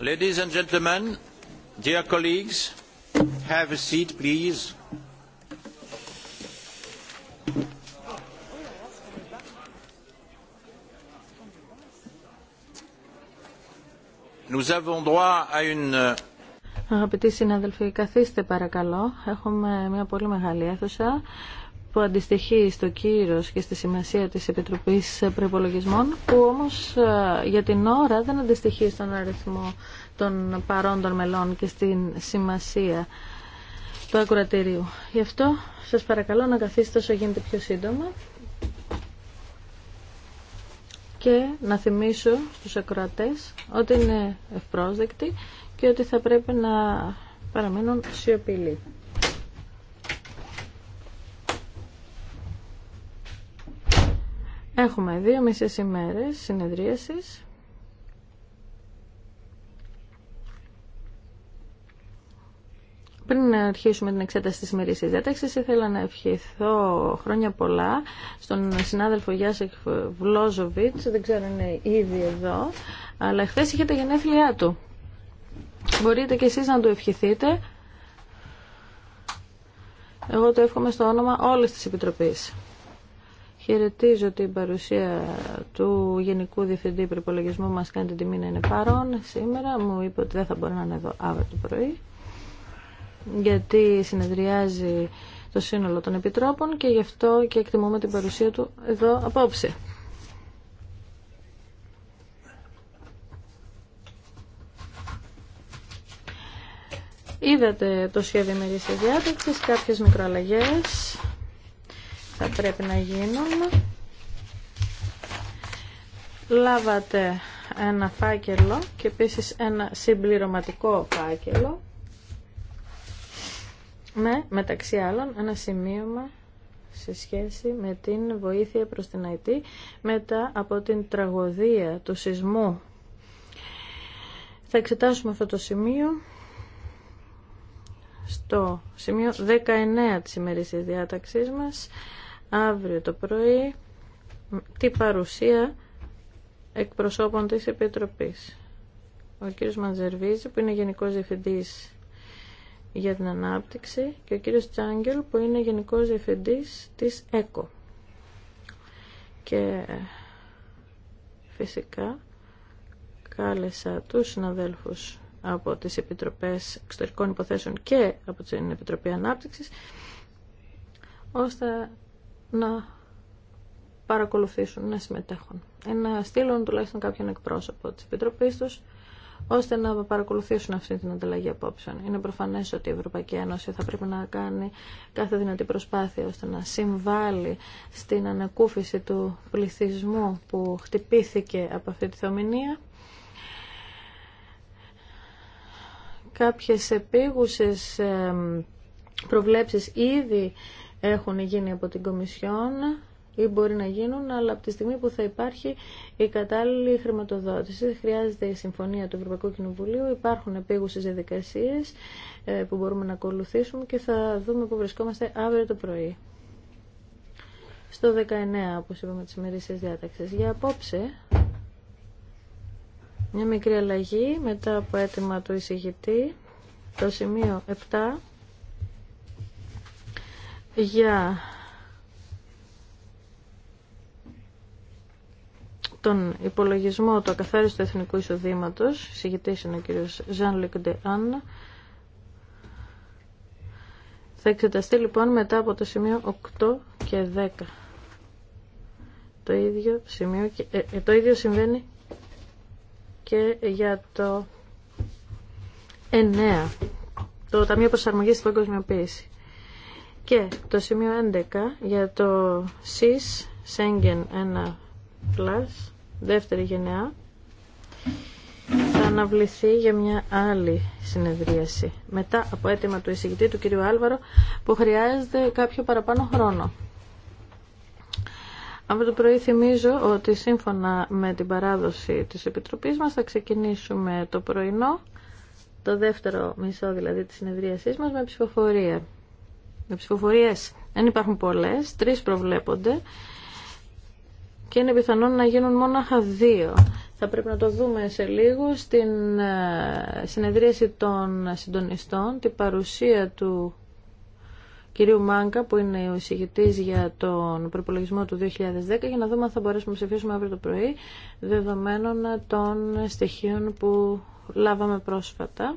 Ladies and gentlemen, dear colleagues, have a seat, please. Nous avons droit à une... Αγαπητοί συναδελφοί, καθίστε παρακαλώ. Έχουμε μια πολύ μεγάλη αίθουσα που αντιστοιχεί στο κύρος και στη σημασία της Επιτροπής Προπολογισμών, που όμως ε, για την ώρα δεν αντιστοιχεί στον αριθμό των παρόντων μελών και στην σημασία του ακροατηρίου. Γι' αυτό σας παρακαλώ να καθίσετε όσο γίνεται πιο σύντομα και να θυμίσω στους ακροατές ότι είναι ευπρόσδεκτοι και ότι θα πρέπει να παραμείνουν σιωπηλοί. Έχουμε δύο μισές ημέρες συνεδρίασης. Πριν να αρχίσουμε την εξέταση της σημερινή διάταξη, ήθελα να ευχηθώ χρόνια πολλά στον συνάδελφο Γιάσεκ Βλόζοβιτς, δεν ξέρω αν είναι ήδη εδώ, αλλά χθε είχε τα γενέθλιά του. Μπορείτε κι εσείς να του ευχηθείτε. Εγώ το εύχομαι στο όνομα όλης της Επιτροπής. Χαιρετίζω την παρουσία του Γενικού Διευθυντή Προπολογισμού μας κάνει την τιμή να είναι παρόν σήμερα. Μου είπε ότι δεν θα μπορεί να είναι εδώ αύριο το πρωί γιατί συνεδριάζει το σύνολο των επιτρόπων και γι' αυτό και εκτιμούμε την παρουσία του εδώ απόψε. Είδατε το σχέδιο μερικής διάταξης, κάποιες μικροαλλαγές θα πρέπει να γίνουν. Λάβατε ένα φάκελο και επίση ένα συμπληρωματικό φάκελο με μεταξύ άλλων ένα σημείωμα σε σχέση με την βοήθεια προς την ΑΕΤ μετά από την τραγωδία του σεισμού. Θα εξετάσουμε αυτό το σημείο στο σημείο 19 της ημερήσιας διάταξής μας αύριο το πρωί τη παρουσία εκπροσώπων της Επιτροπής. Ο κύριος Μαντζερβίζη που είναι Γενικός Διευθυντής για την Ανάπτυξη και ο κύριος Τσάγγελ που είναι Γενικός Διευθυντής της ΕΚΟ. Και φυσικά κάλεσα τους συναδέλφους από τις Επιτροπές Εξωτερικών Υποθέσεων και από την Επιτροπή Ανάπτυξης ώστε να παρακολουθήσουν, να συμμετέχουν. Να στείλουν τουλάχιστον κάποιον εκπρόσωπο της επιτροπή του, ώστε να παρακολουθήσουν αυτή την ανταλλαγή απόψεων. Είναι προφανές ότι η Ευρωπαϊκή Ένωση θα πρέπει να κάνει κάθε δυνατή προσπάθεια ώστε να συμβάλλει στην ανακούφιση του πληθυσμού που χτυπήθηκε από αυτή τη θεομηνία. Κάποιες επίγουσες προβλέψεις ήδη έχουν γίνει από την Κομισιόν ή μπορεί να γίνουν, αλλά από τη στιγμή που θα υπάρχει η κατάλληλη χρηματοδότηση. Χρειάζεται η συμφωνία του Ευρωπαϊκού Κοινοβουλίου, υπάρχουν επίγουσες διαδικασίες ε, που μπορούμε να ακολουθήσουμε και θα δούμε που βρισκόμαστε αύριο το πρωί. Στο 19, όπως είπαμε, τις μερίσεις διάταξης. Για απόψε, μια μικρή αλλαγή μετά από έτοιμα του εισηγητή, το σημείο 7, για τον υπολογισμό του ακαθάριστου εθνικού εισοδήματος, συγητής είναι ο κύριος Ζαν Λικντε Άννα, Θα εξεταστεί λοιπόν μετά από το σημείο 8 και 10. Το ίδιο, σημείο, ε, ε, το ίδιο συμβαίνει και για το 9. Το Ταμείο Προσαρμογής στην Παγκοσμιοποίηση. Και το σημείο 11 για το ΣΥΣ, Σένγεν 1 δεύτερη γενεά, θα αναβληθεί για μια άλλη συνεδρίαση μετά από αίτημα του εισηγητή του κ. Άλβαρο που χρειάζεται κάποιο παραπάνω χρόνο. Από το πρωί θυμίζω ότι σύμφωνα με την παράδοση της Επιτροπής μας θα ξεκινήσουμε το πρωινό, το δεύτερο μισό δηλαδή της συνεδρίασής μας με ψηφοφορία. Οι ψηφοφορίε δεν υπάρχουν πολλές, τρει προβλέπονται και είναι πιθανόν να γίνουν μόνο δύο. Θα πρέπει να το δούμε σε λίγο στην ε, συνεδρίαση των συντονιστών, την παρουσία του κυρίου Μάνκα που είναι ο εισηγητή για τον προπολογισμό του 2010 για να δούμε αν θα μπορέσουμε να ψηφίσουμε αύριο το πρωί δεδομένων των στοιχείων που λάβαμε πρόσφατα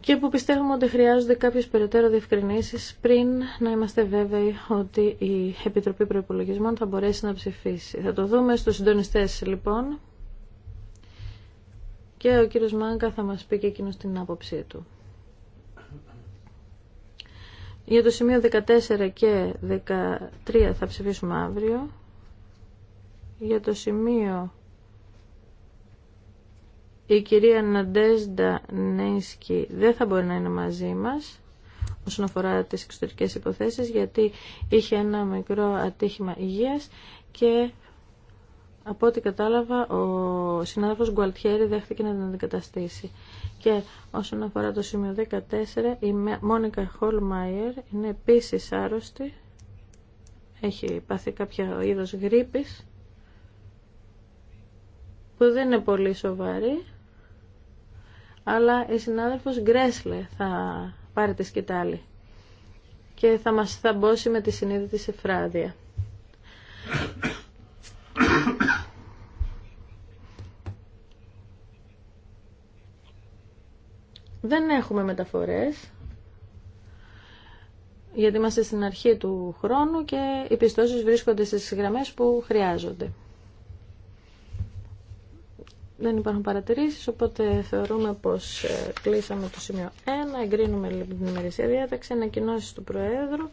και που πιστεύουμε ότι χρειάζονται κάποιες περαιτέρω διευκρινήσεις πριν να είμαστε βέβαιοι ότι η Επιτροπή Προϋπολογισμών θα μπορέσει να ψηφίσει. Θα το δούμε στους συντονιστές λοιπόν και ο κύριος Μάνκα θα μας πει και εκείνος την άποψή του. Για το σημείο 14 και 13 θα ψηφίσουμε αύριο. Για το σημείο η κυρία Ναντέζντα Νέισκι δεν θα μπορεί να είναι μαζί μας όσον αφορά τις εξωτερικές υποθέσεις γιατί είχε ένα μικρό ατύχημα υγείας και από ό,τι κατάλαβα ο συνάδελφος Γκουαλτιέρη δέχτηκε να την αντικαταστήσει. Και όσον αφορά το σημείο 14 η Μόνικα Χολμάιερ είναι επίσης άρρωστη έχει πάθει κάποια είδος γρήπης που δεν είναι πολύ σοβαρή αλλά η συνάδελφος Γκρέσλε θα πάρει τη σκητάλη και θα μας θαμπώσει με τη συνείδητη της φράδια. Δεν έχουμε μεταφορές γιατί είμαστε στην αρχή του χρόνου και οι πιστώσεις βρίσκονται στις γραμμές που χρειάζονται δεν υπάρχουν παρατηρήσεις, οπότε θεωρούμε πως ε, κλείσαμε το σημείο 1, εγκρίνουμε λοιπόν την ημερησία διάταξη, ανακοινώσει του Προέδρου,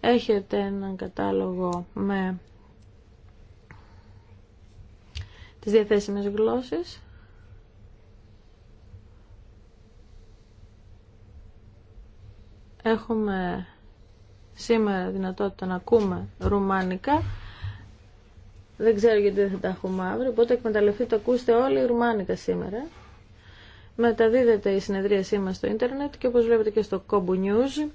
έχετε έναν κατάλογο με τις διαθέσιμες γλώσσες. Έχουμε σήμερα δυνατότητα να ακούμε ρουμάνικα. Δεν ξέρω γιατί θα τα έχουμε αύριο, οπότε εκμεταλλευτείτε το ακούσετε όλοι οι Ρουμάνικα σήμερα. Μεταδίδεται η συνεδρίασή μας στο ίντερνετ και όπως βλέπετε και στο Κόμπου News.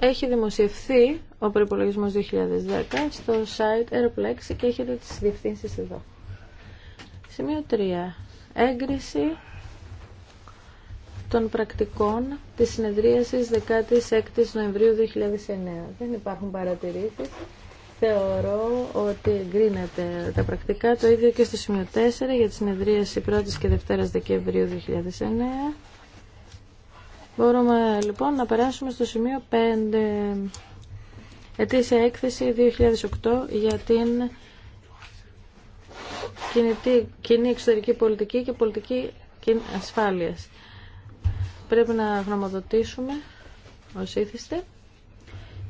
Έχει δημοσιευθεί ο προπολογισμό 2010 στο site Aeroplex και έχετε τις διευθύνσεις εδώ. Σημείο 3. Έγκριση των πρακτικών της συνεδρίασης 16 Νοεμβρίου 2009. Δεν υπάρχουν παρατηρήσεις. Θεωρώ ότι εγκρίνεται τα πρακτικά το ίδιο και στο σημείο 4 για τη συνεδρίαση 1ης και 2 ης Δεκεμβρίου 2009. Μπορούμε λοιπόν να περάσουμε στο σημείο 5. Ετήσια έκθεση 2008 για την κοινή εξωτερική πολιτική και πολιτική ασφάλειας πρέπει να γνωμοδοτήσουμε ως ήθιστε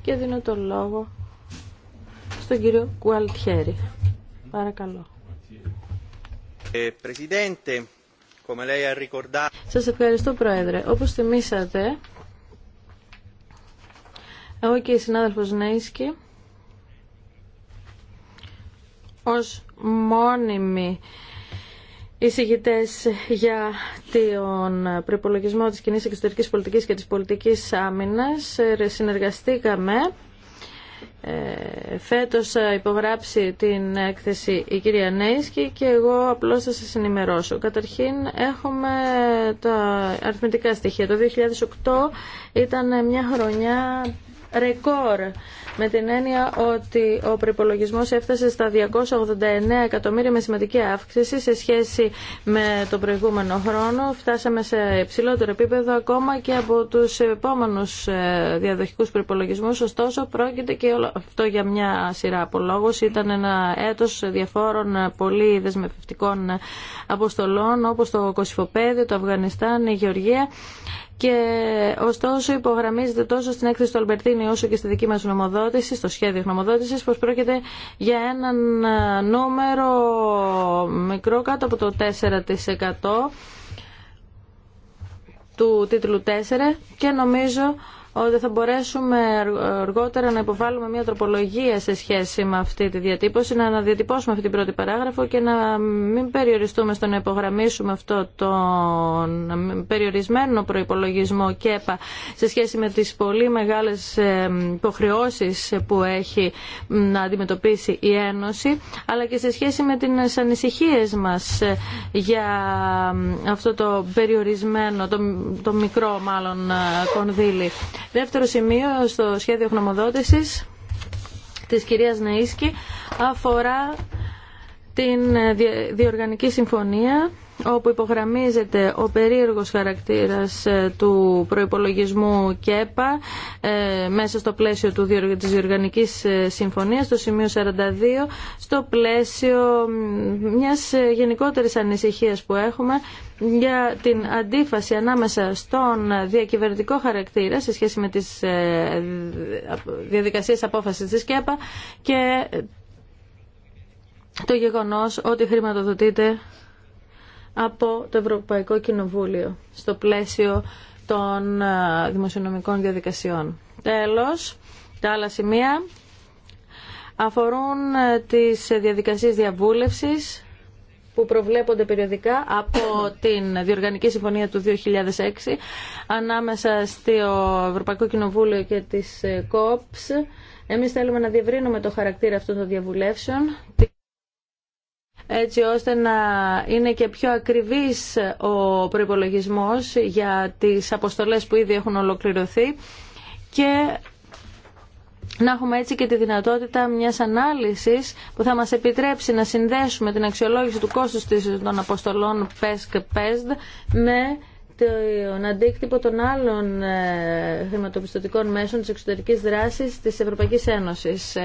και δίνω το λόγο στον κύριο Κουαλτιέρη. Παρακαλώ. Ε, Σα ευχαριστώ Πρόεδρε. Όπως θυμήσατε, εγώ και η συνάδελφος Νέισκη ως μόνιμη εισηγητές για τον προπολογισμό της κοινή εξωτερικής πολιτικής και της πολιτικής Άμυνα. Ε, συνεργαστήκαμε ε, φέτος υπογράψει την έκθεση η κυρία Νέισκη και εγώ απλώς θα σας ενημερώσω. Καταρχήν έχουμε τα αριθμητικά στοιχεία. Το 2008 ήταν μια χρονιά ρεκόρ με την έννοια ότι ο προπολογισμό έφτασε στα 289 εκατομμύρια με σημαντική αύξηση σε σχέση με τον προηγούμενο χρόνο. Φτάσαμε σε υψηλότερο επίπεδο ακόμα και από τους επόμενου ε, διαδοχικούς προπολογισμού. Ωστόσο, πρόκειται και αυτό για μια σειρά από λόγου. Ήταν ένα έτος διαφόρων ε, πολύ δεσμευτικών ε, αποστολών όπω το Κωσυφοπέδιο, το Αφγανιστάν, η Γεωργία και ωστόσο υπογραμμίζεται τόσο στην έκθεση του Αλμπερτίνη όσο και στη δική μας νομοδότηση, στο σχέδιο γνωμοδότησης, πως πρόκειται για έναν ε, νούμερο μικρό κάτω από το 4% του τίτλου 4 και νομίζω ότι θα μπορέσουμε αργότερα να υποβάλουμε μια τροπολογία σε σχέση με αυτή τη διατύπωση, να αναδιατυπώσουμε αυτή την πρώτη παράγραφο και να μην περιοριστούμε στο να υπογραμμίσουμε αυτό τον περιορισμένο προϋπολογισμό ΚΕΠΑ σε σχέση με τις πολύ μεγάλες υποχρεώσει που έχει να αντιμετωπίσει η Ένωση, αλλά και σε σχέση με τις ανησυχίες μας για αυτό το περιορισμένο, το, το μικρό μάλλον ε, κονδύλι. Δεύτερο σημείο στο σχέδιο γνωμοδότησης της κυρίας Νεΐσκη αφορά την διοργανική συμφωνία όπου υπογραμμίζεται ο περίεργος χαρακτήρας ε, του προϋπολογισμού ΚΕΠΑ ε, μέσα στο πλαίσιο του, της Διοργανικής ε, Συμφωνίας, το σημείο 42, στο πλαίσιο μιας γενικότερης ανησυχίας που έχουμε για την αντίφαση ανάμεσα στον διακυβερνητικό χαρακτήρα σε σχέση με τις διαδικασίες απόφασης της ΚΕΠΑ και το γεγονός ότι χρηματοδοτείται από το Ευρωπαϊκό Κοινοβούλιο στο πλαίσιο των ε, δημοσιονομικών διαδικασιών. Τέλος, τα άλλα σημεία αφορούν ε, τις διαδικασίες διαβούλευσης που προβλέπονται περιοδικά από την Διοργανική Συμφωνία του 2006 ανάμεσα στο Ευρωπαϊκό Κοινοβούλιο και τις ε, ΚΟΠΣ. Εμείς θέλουμε να διευρύνουμε το χαρακτήρα αυτών των διαβουλεύσεων έτσι ώστε να είναι και πιο ακριβής ο προϋπολογισμός για τις αποστολές που ήδη έχουν ολοκληρωθεί και να έχουμε έτσι και τη δυνατότητα μιας ανάλυσης που θα μας επιτρέψει να συνδέσουμε την αξιολόγηση του κόστους των αποστολών PESC PESD με τον αντίκτυπο των άλλων ε, χρηματοπιστωτικών μέσων της εξωτερικής δράσης της Ευρωπαϊκής Ένωσης.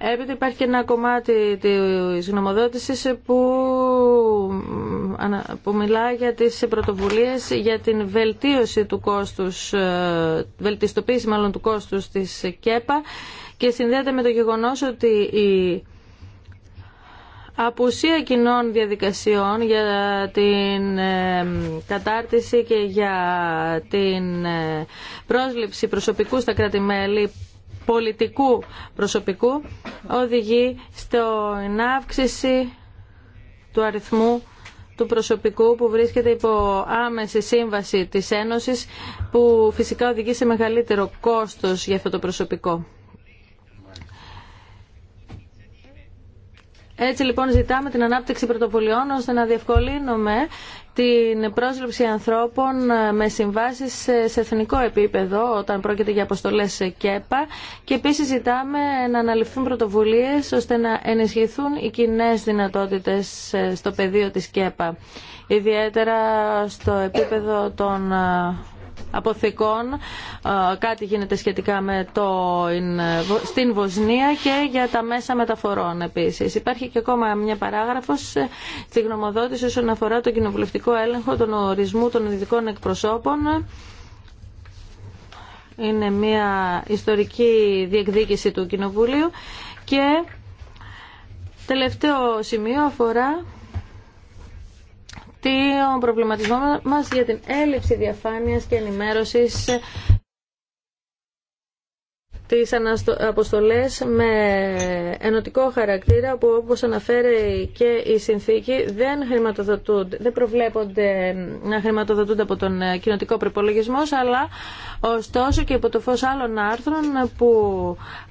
Έπειτα υπάρχει και ένα κομμάτι της γνωμοδότησης που, που μιλά για τις πρωτοβουλίες για την βελτίωση του κόστους, ε, βελτιστοποίηση μάλλον του κόστους της ΚΕΠΑ και συνδέεται με το γεγονός ότι η απουσία κοινών διαδικασιών για την ε, κατάρτιση και για την ε, πρόσληψη προσωπικού στα κράτη-μέλη πολιτικού προσωπικού οδηγεί στην αύξηση του αριθμού του προσωπικού που βρίσκεται υπό άμεση σύμβαση της Ένωσης που φυσικά οδηγεί σε μεγαλύτερο κόστος για αυτό το προσωπικό. Έτσι λοιπόν ζητάμε την ανάπτυξη πρωτοβουλειών ώστε να διευκολύνουμε την πρόσληψη ανθρώπων ε, με συμβάσεις σε εθνικό επίπεδο όταν πρόκειται για αποστολές ΚΕΠΑ και επίσης ζητάμε να αναλυφθούν πρωτοβουλίες ώστε να ενισχυθούν οι κοινέ δυνατότητες ε, στο πεδίο της ΚΕΠΑ ιδιαίτερα στο επίπεδο των ε, αποθηκών. Κάτι γίνεται σχετικά με το ε, στην Βοσνία και για τα μέσα μεταφορών επίσης. Υπάρχει και ακόμα μια παράγραφο ε, στη γνωμοδότηση όσον αφορά το κοινοβουλευτικό έλεγχο των ορισμού των ειδικών εκπροσώπων. Είναι μια ιστορική διεκδίκηση του Κοινοβουλίου και τελευταίο σημείο αφορά ο προβληματισμό μας για την έλλειψη διαφάνειας και ενημέρωσης τις αποστολές με ενωτικό χαρακτήρα που όπως αναφέρει και η συνθήκη δεν, χρηματοδοτούνται, δεν προβλέπονται να χρηματοδοτούνται από τον ε, κοινοτικό προπολογισμό, αλλά ωστόσο και υπό το φως άλλων άρθρων που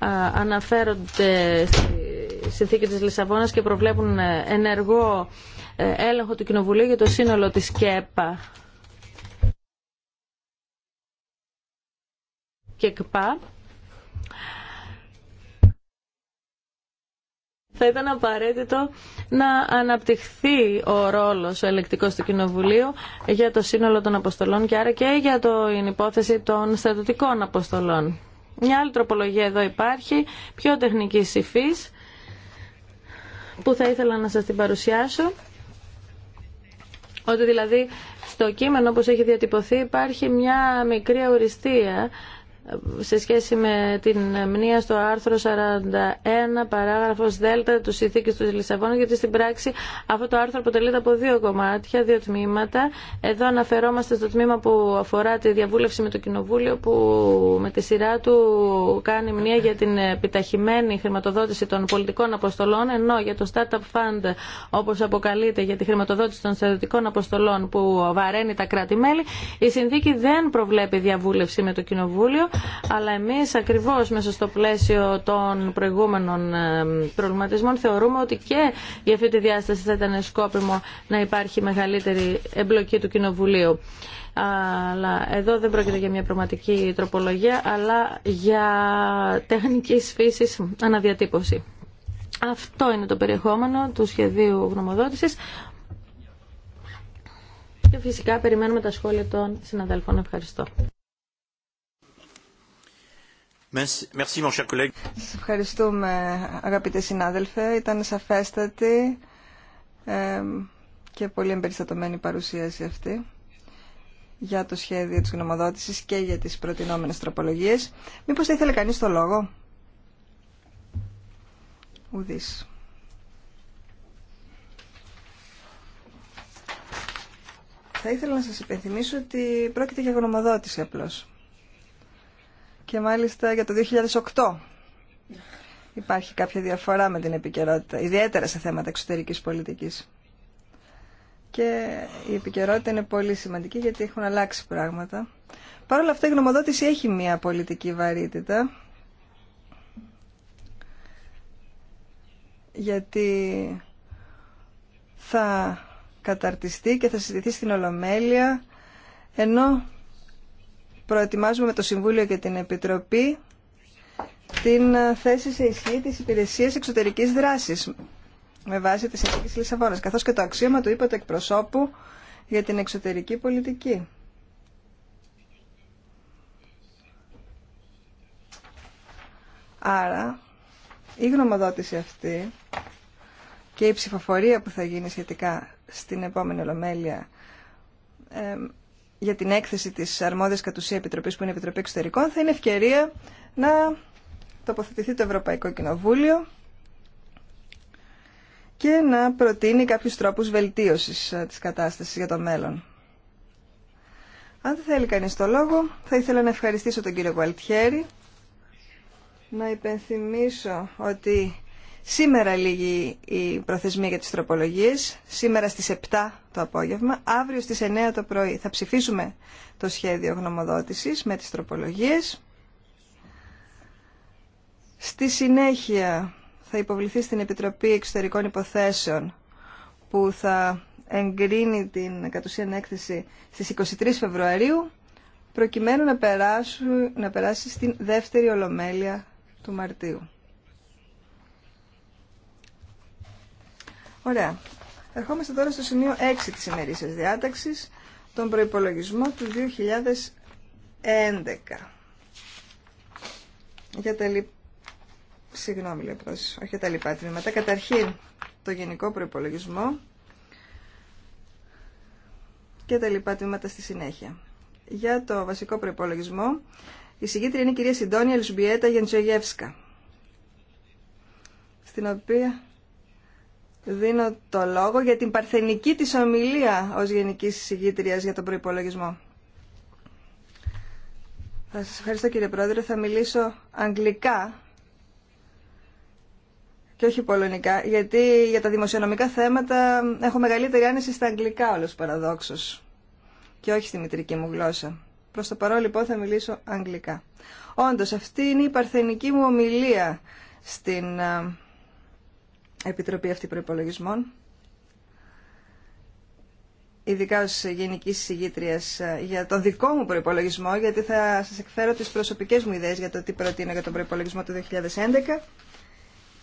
ε, αναφέρονται στη συνθήκη της Λισαβόνας και προβλέπουν ε, ενεργό έλεγχο του Κοινοβουλίου για το σύνολο της ΚΕΠΑ και ΚΠΑ. θα ήταν απαραίτητο να αναπτυχθεί ο ρόλος ο ελεκτικός του Κοινοβουλίου για το σύνολο των αποστολών και άρα και για την υπόθεση των στρατιωτικών αποστολών. Μια άλλη τροπολογία εδώ υπάρχει, πιο τεχνική υφής, που θα ήθελα να σας την παρουσιάσω. Ότι δηλαδή στο κείμενο όπως έχει διατυπωθεί υπάρχει μια μικρή οριστία σε σχέση με την μνήμα στο άρθρο 41 παράγραφος Δέλτα του Συνθήκης του Λισαβόνα γιατί στην πράξη αυτό το άρθρο αποτελείται από δύο κομμάτια, δύο τμήματα. Εδώ αναφερόμαστε στο τμήμα που αφορά τη διαβούλευση με το Κοινοβούλιο που με τη σειρά του κάνει μνήμα για την επιταχυμένη χρηματοδότηση των πολιτικών αποστολών ενώ για το Startup Fund όπως αποκαλείται για τη χρηματοδότηση των στρατιωτικών αποστολών που βαραίνει τα κράτη-μέλη η συνθήκη δεν προβλέπει διαβούλευση με το Κοινοβούλιο αλλά εμείς ακριβώς μέσα στο πλαίσιο των προηγούμενων ε, προβληματισμών θεωρούμε ότι και για αυτή τη διάσταση θα ήταν σκόπιμο να υπάρχει μεγαλύτερη εμπλοκή του Κοινοβουλίου αλλά εδώ δεν πρόκειται για μια πραγματική τροπολογία, αλλά για τεχνικής φύσης αναδιατύπωση. Αυτό είναι το περιεχόμενο του σχεδίου γνωμοδότησης. Και φυσικά περιμένουμε τα σχόλια των συναδέλφων. Ευχαριστώ. Merci, Σας ευχαριστούμε αγαπητέ συνάδελφε. Ήταν σαφέστατη και πολύ εμπεριστατωμένη παρουσίαση αυτή για το σχέδιο της γνωμοδότησης και για τις προτινόμενες τροπολογίες. Μήπως θα ήθελε κανείς το λόγο. Ουδής. Θα ήθελα να σας υπενθυμίσω ότι πρόκειται για γνωμοδότηση απλώς και μάλιστα για το 2008 υπάρχει κάποια διαφορά με την επικαιρότητα, ιδιαίτερα σε θέματα εξωτερικής πολιτικής. Και η επικαιρότητα είναι πολύ σημαντική γιατί έχουν αλλάξει πράγματα. Παρ' όλα αυτά η γνωμοδότηση έχει μια πολιτική βαρύτητα γιατί θα καταρτιστεί και θα συζητηθεί στην Ολομέλεια ενώ προετοιμάζουμε με το Συμβούλιο και την Επιτροπή την ε, θέση σε ισχύ της υπηρεσίας εξωτερικής δράσης με βάση τη συνθήκη Λισαβόνας, καθώς και το αξίωμα του είπα εκπροσώπου για την εξωτερική πολιτική. Άρα, η γνωμοδότηση αυτή και η ψηφοφορία που θα γίνει σχετικά στην επόμενη Ολομέλεια ε, για την έκθεση της αρμόδιας κατουσία επιτροπής που είναι η Επιτροπή Εξωτερικών θα είναι ευκαιρία να τοποθετηθεί το Ευρωπαϊκό Κοινοβούλιο και να προτείνει κάποιους τρόπους βελτίωσης ε, της κατάστασης για το μέλλον. Αν δεν θέλει κανείς το λόγο, θα ήθελα να ευχαριστήσω τον κύριο Γουαλτιέρη, να υπενθυμίσω ότι Σήμερα λίγη η προθεσμία για τις τροπολογίες, σήμερα στις 7 το απόγευμα, αύριο στις 9 το πρωί θα ψηφίσουμε το σχέδιο γνωμοδότησης με τις τροπολογίες. Στη συνέχεια θα υποβληθεί στην Επιτροπή Εξωτερικών Υποθέσεων που θα εγκρίνει την κατουσίαν έκθεση στις 23 Φεβρουαρίου προκειμένου να, περάσουν, να περάσει στην δεύτερη ολομέλεια του Μαρτίου. Ωραία. Ερχόμαστε τώρα στο σημείο 6 της ημερήσιας διάταξης, τον προϋπολογισμό του 2011. Για τα Συγγνώμη, λεπτός, όχι τα λοιπά τμήματα. Καταρχήν, το γενικό προϋπολογισμό και τα λοιπά τμήματα στη συνέχεια. Για το βασικό προϋπολογισμό, η συγκήτρια είναι η κυρία Συντόνια Λουσμπιέτα Γεντζογεύσκα, στην οποία δίνω το λόγο για την παρθενική της ομιλία ως Γενικής Συγγήτριας για τον προϋπολογισμό. Θα σας ευχαριστώ κύριε Πρόεδρε, θα μιλήσω αγγλικά και όχι πολωνικά, γιατί για τα δημοσιονομικά θέματα έχω μεγαλύτερη άνεση στα αγγλικά όλος παραδόξως και όχι στη μητρική μου γλώσσα. Προς το παρόν λοιπόν θα μιλήσω αγγλικά. Όντως αυτή είναι η παρθενική μου ομιλία στην Επιτροπή αυτή προπολογισμών, ειδικά ως γενική συγγήτρια ε, για τον δικό μου προϋπολογισμό, γιατί θα σας εκφέρω τις προσωπικές μου ιδέες για το τι προτείνω για τον προϋπολογισμό του 2011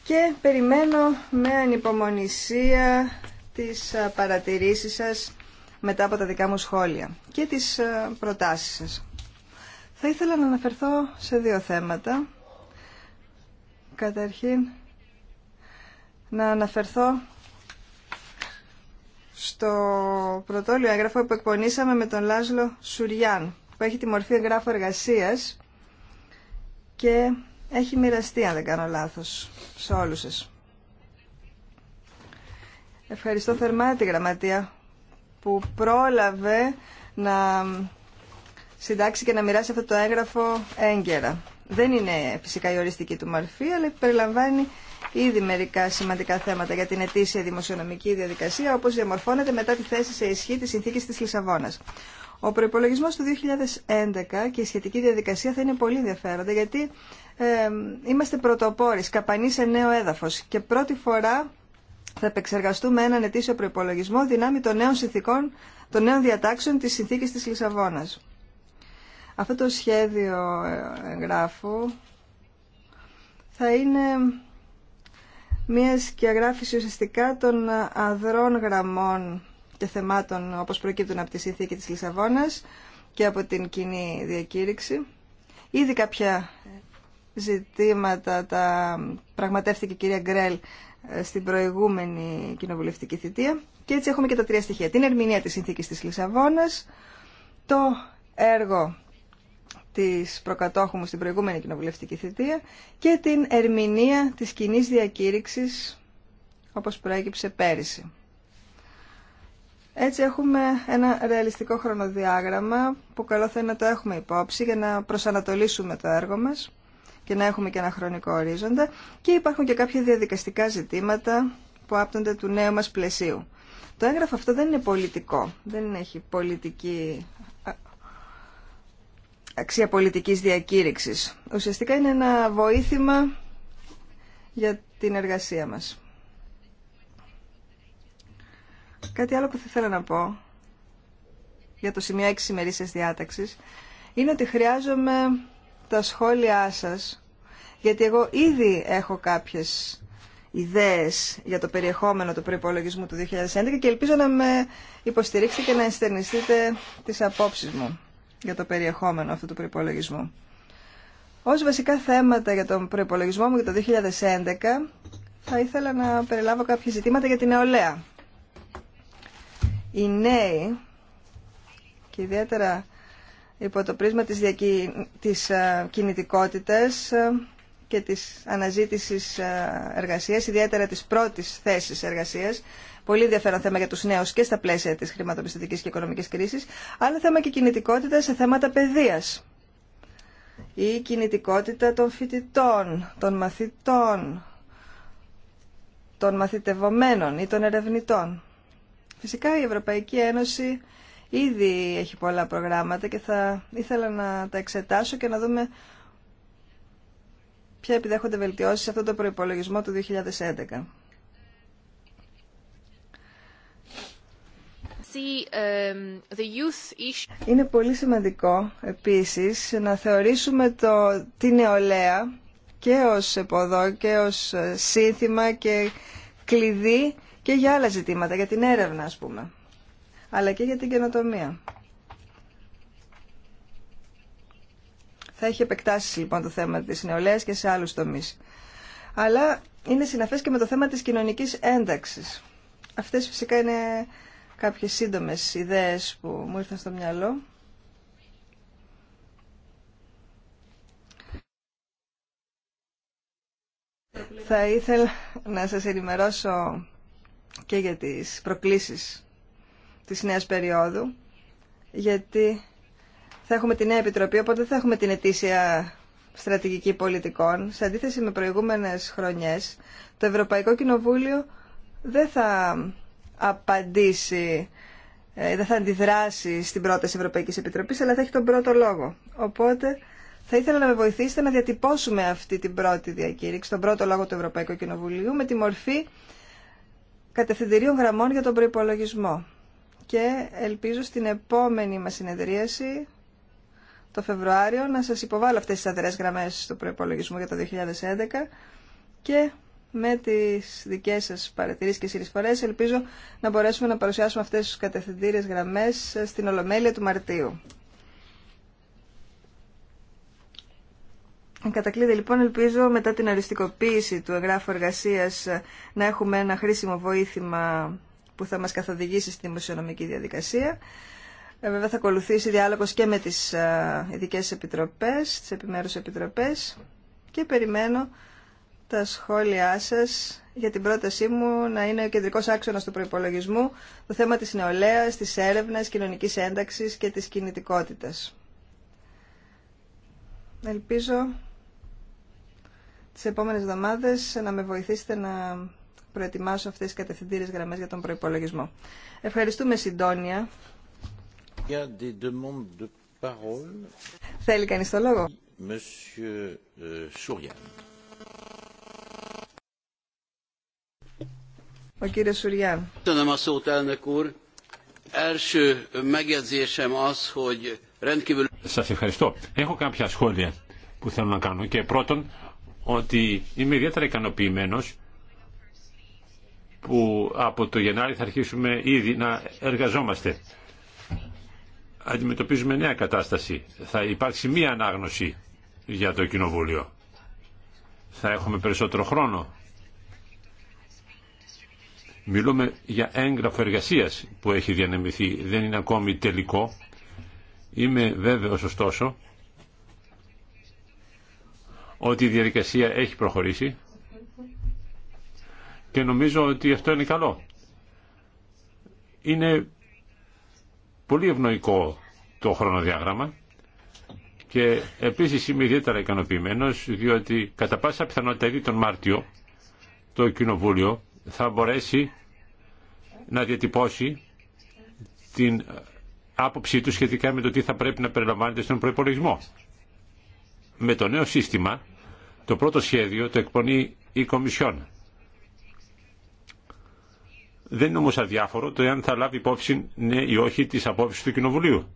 και περιμένω με ανυπομονησία τις ε, παρατηρήσεις σας μετά από τα δικά μου σχόλια και τις ε, προτάσεις σας. Θα ήθελα να αναφερθώ σε δύο θέματα. Καταρχήν, να αναφερθώ στο πρωτόλιο έγγραφο που εκπονήσαμε με τον Λάζλο Σουριάν, που έχει τη μορφή εγγράφου εργασίας και έχει μοιραστεί, αν δεν κάνω λάθος, σε όλους σας. Ευχαριστώ θερμά τη Γραμματεία που πρόλαβε να συντάξει και να μοιράσει αυτό το έγγραφο έγκαιρα. Δεν είναι φυσικά η οριστική του μορφή, αλλά περιλαμβάνει ήδη μερικά σημαντικά θέματα για την ετήσια δημοσιονομική διαδικασία, όπω διαμορφώνεται μετά τη θέση σε ισχύ τη συνθήκη τη Λισαβόνα. Ο προπολογισμό του 2011 και η σχετική διαδικασία θα είναι πολύ ενδιαφέροντα, γιατί ε, είμαστε πρωτοπόροι, καπανεί σε νέο έδαφο και πρώτη φορά θα επεξεργαστούμε έναν ετήσιο προπολογισμό δυνάμει των νέων συνθήκων, των νέων διατάξεων τη συνθήκη τη Λισαβόνα. Αυτό το σχέδιο ε, εγγράφου θα είναι μια σκιαγράφηση ουσιαστικά των αδρών γραμμών και θεμάτων όπως προκύπτουν από τη συνθήκη της Λισαβόνας και από την κοινή διακήρυξη. Ήδη κάποια ζητήματα τα πραγματεύτηκε η κυρία Γκρέλ ε, στην προηγούμενη κοινοβουλευτική θητεία και έτσι έχουμε και τα τρία στοιχεία. Την ερμηνεία της συνθήκης της Λισαβόνας, το έργο της προκατόχου μου στην προηγούμενη κοινοβουλευτική θητεία και την ερμηνεία της κοινή διακήρυξης όπως προέκυψε πέρυσι. Έτσι έχουμε ένα ρεαλιστικό χρονοδιάγραμμα που καλό θα είναι να το έχουμε υπόψη για να προσανατολίσουμε το έργο μας και να έχουμε και ένα χρονικό ορίζοντα και υπάρχουν και κάποια διαδικαστικά ζητήματα που άπτονται του νέου μας πλαισίου. Το έγγραφο αυτό δεν είναι πολιτικό, δεν έχει πολιτική αξία πολιτικής διακήρυξης. Ουσιαστικά είναι ένα βοήθημα για την εργασία μας. Κάτι άλλο που θα ήθελα να πω για το σημείο 6 ημερήσιας διάταξης είναι ότι χρειάζομαι τα σχόλιά σας γιατί εγώ ήδη έχω κάποιες ιδέες για το περιεχόμενο του προϋπολογισμού του 2011 και ελπίζω να με υποστηρίξετε και να ενστερνιστείτε τις απόψεις μου για το περιεχόμενο αυτού του προπολογισμού. Ω βασικά θέματα για τον προπολογισμό μου για το 2011 θα ήθελα να περιλάβω κάποια ζητήματα για την νεολαία. Οι νέοι και ιδιαίτερα υπό το πρίσμα της, διακι... της ε, κινητικότητας ε, και της αναζήτησης ε, εργασίας, ιδιαίτερα της πρώτης θέσης εργασίας, πολύ ενδιαφέρον θέμα για του νέου και στα πλαίσια της χρηματοπιστωτικής και οικονομικής κρίσης, αλλά θέμα και κινητικότητα σε θέματα παιδείας. Η κινητικότητα των φοιτητών, των μαθητών, των μαθητευομένων ή των ερευνητών. Φυσικά η Ευρωπαϊκή Ένωση ήδη έχει πολλά προγράμματα και θα ήθελα να τα εξετάσω και να δούμε ποια επιδέχονται βελτιώσεις σε αυτό το προϋπολογισμό του 2011. Um, είναι πολύ σημαντικό επίσης να θεωρήσουμε το, τη νεολαία και ως εποδό και ως σύνθημα και κλειδί και για άλλα ζητήματα, για την έρευνα ας πούμε, αλλά και για την καινοτομία. Θα έχει επεκτάσει λοιπόν το θέμα της νεολαίας και σε άλλους τομείς. Αλλά είναι συναφές και με το θέμα της κοινωνικής ένταξης. Αυτές φυσικά είναι κάποιες σύντομες ιδέες που μου ήρθαν στο μυαλό. Θα ήθελα να σας ενημερώσω και για τις προκλήσεις της νέας περίοδου, γιατί θα έχουμε τη νέα επιτροπή, οπότε θα έχουμε την ετήσια στρατηγική πολιτικών. Σε αντίθεση με προηγούμενες χρονιές, το Ευρωπαϊκό Κοινοβούλιο δεν θα απαντήσει, ε, δεν θα αντιδράσει στην πρόταση Ευρωπαϊκής Επιτροπής, αλλά θα έχει τον πρώτο λόγο. Οπότε θα ήθελα να με βοηθήσετε να διατυπώσουμε αυτή την πρώτη διακήρυξη, τον πρώτο λόγο του Ευρωπαϊκού Κοινοβουλίου, με τη μορφή κατευθυντηρίων γραμμών για τον προπολογισμό. Και ελπίζω στην επόμενη μας συνεδρίαση, το Φεβρουάριο, να σας υποβάλω αυτές τις αδερές γραμμές του προϋπολογισμού για το 2011 και με τις δικές σας παρατηρήσεις και συνεισφορές. Ελπίζω να μπορέσουμε να παρουσιάσουμε αυτές τις κατευθυντήριες γραμμές στην Ολομέλεια του Μαρτίου. Κατακλείδη, λοιπόν, ελπίζω μετά την αριστικοποίηση του εγγράφου εργασία να έχουμε ένα χρήσιμο βοήθημα που θα μας καθοδηγήσει στη δημοσιονομική διαδικασία. Ε, βέβαια θα ακολουθήσει διάλογος και με τις ε, ειδικέ επιτροπές, τις επιμέρους επιτροπές και περιμένω τα σχόλιά σας για την πρότασή μου να είναι ο κεντρικός άξονας του προϋπολογισμού το θέμα της νεολαίας, της έρευνας, κοινωνικής ένταξης και της κινητικότητας. Ελπίζω τις επόμενες εβδομάδε, να με βοηθήσετε να προετοιμάσω αυτές τις κατευθυντήριες γραμμές για τον προϋπολογισμό. Ευχαριστούμε συντόνια. Θέλει κανείς το λόγο. Monsieur, euh, Ο Σουριάν. Σας ευχαριστώ. Έχω κάποια σχόλια που θέλω να κάνω και πρώτον ότι είμαι ιδιαίτερα ικανοποιημένο που από το Γενάρη θα αρχίσουμε ήδη να εργαζόμαστε. Αντιμετωπίζουμε νέα κατάσταση. Θα υπάρξει μία ανάγνωση για το Κοινοβούλιο. Θα έχουμε περισσότερο χρόνο Μιλούμε για έγγραφο εργασία που έχει διανεμηθεί, δεν είναι ακόμη τελικό. Είμαι βέβαιος ωστόσο ότι η διαδικασία έχει προχωρήσει και νομίζω ότι αυτό είναι καλό. Είναι πολύ ευνοϊκό το χρονοδιάγραμμα και επίσης είμαι ιδιαίτερα ικανοποιημένος διότι κατά πάσα πιθανότητα ήδη τον Μάρτιο το Κοινοβούλιο θα μπορέσει να διατυπώσει την άποψή του σχετικά με το τι θα πρέπει να περιλαμβάνεται στον προπολογισμό. Με το νέο σύστημα, το πρώτο σχέδιο το εκπονεί η Κομισιόν. Δεν είναι όμως αδιάφορο το εάν θα λάβει υπόψη ναι ή όχι τις απόψεις του Κοινοβουλίου.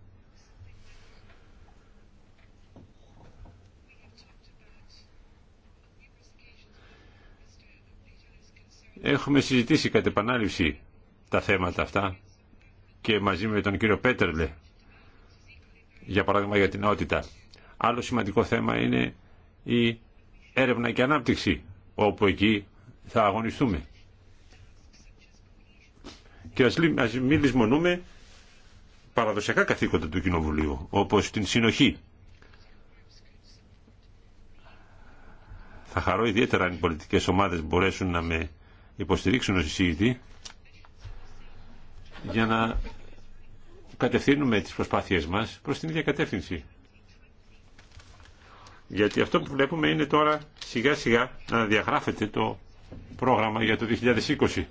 Έχουμε συζητήσει κατ' επανάληψη τα θέματα αυτά και μαζί με τον κύριο Πέτερλε, για παράδειγμα για την νεότητα. Άλλο σημαντικό θέμα είναι η έρευνα και ανάπτυξη, όπου εκεί θα αγωνιστούμε. Και ας, μη μην λησμονούμε παραδοσιακά καθήκοντα του Κοινοβουλίου, όπως την συνοχή. Θα χαρώ ιδιαίτερα αν οι πολιτικές ομάδες μπορέσουν να με υποστηρίξουν ως εισηγητή για να κατευθύνουμε τις προσπάθειές μας προς την ίδια κατεύθυνση. Γιατί αυτό που βλέπουμε είναι τώρα σιγά σιγά να διαγράφεται το πρόγραμμα για το 2020.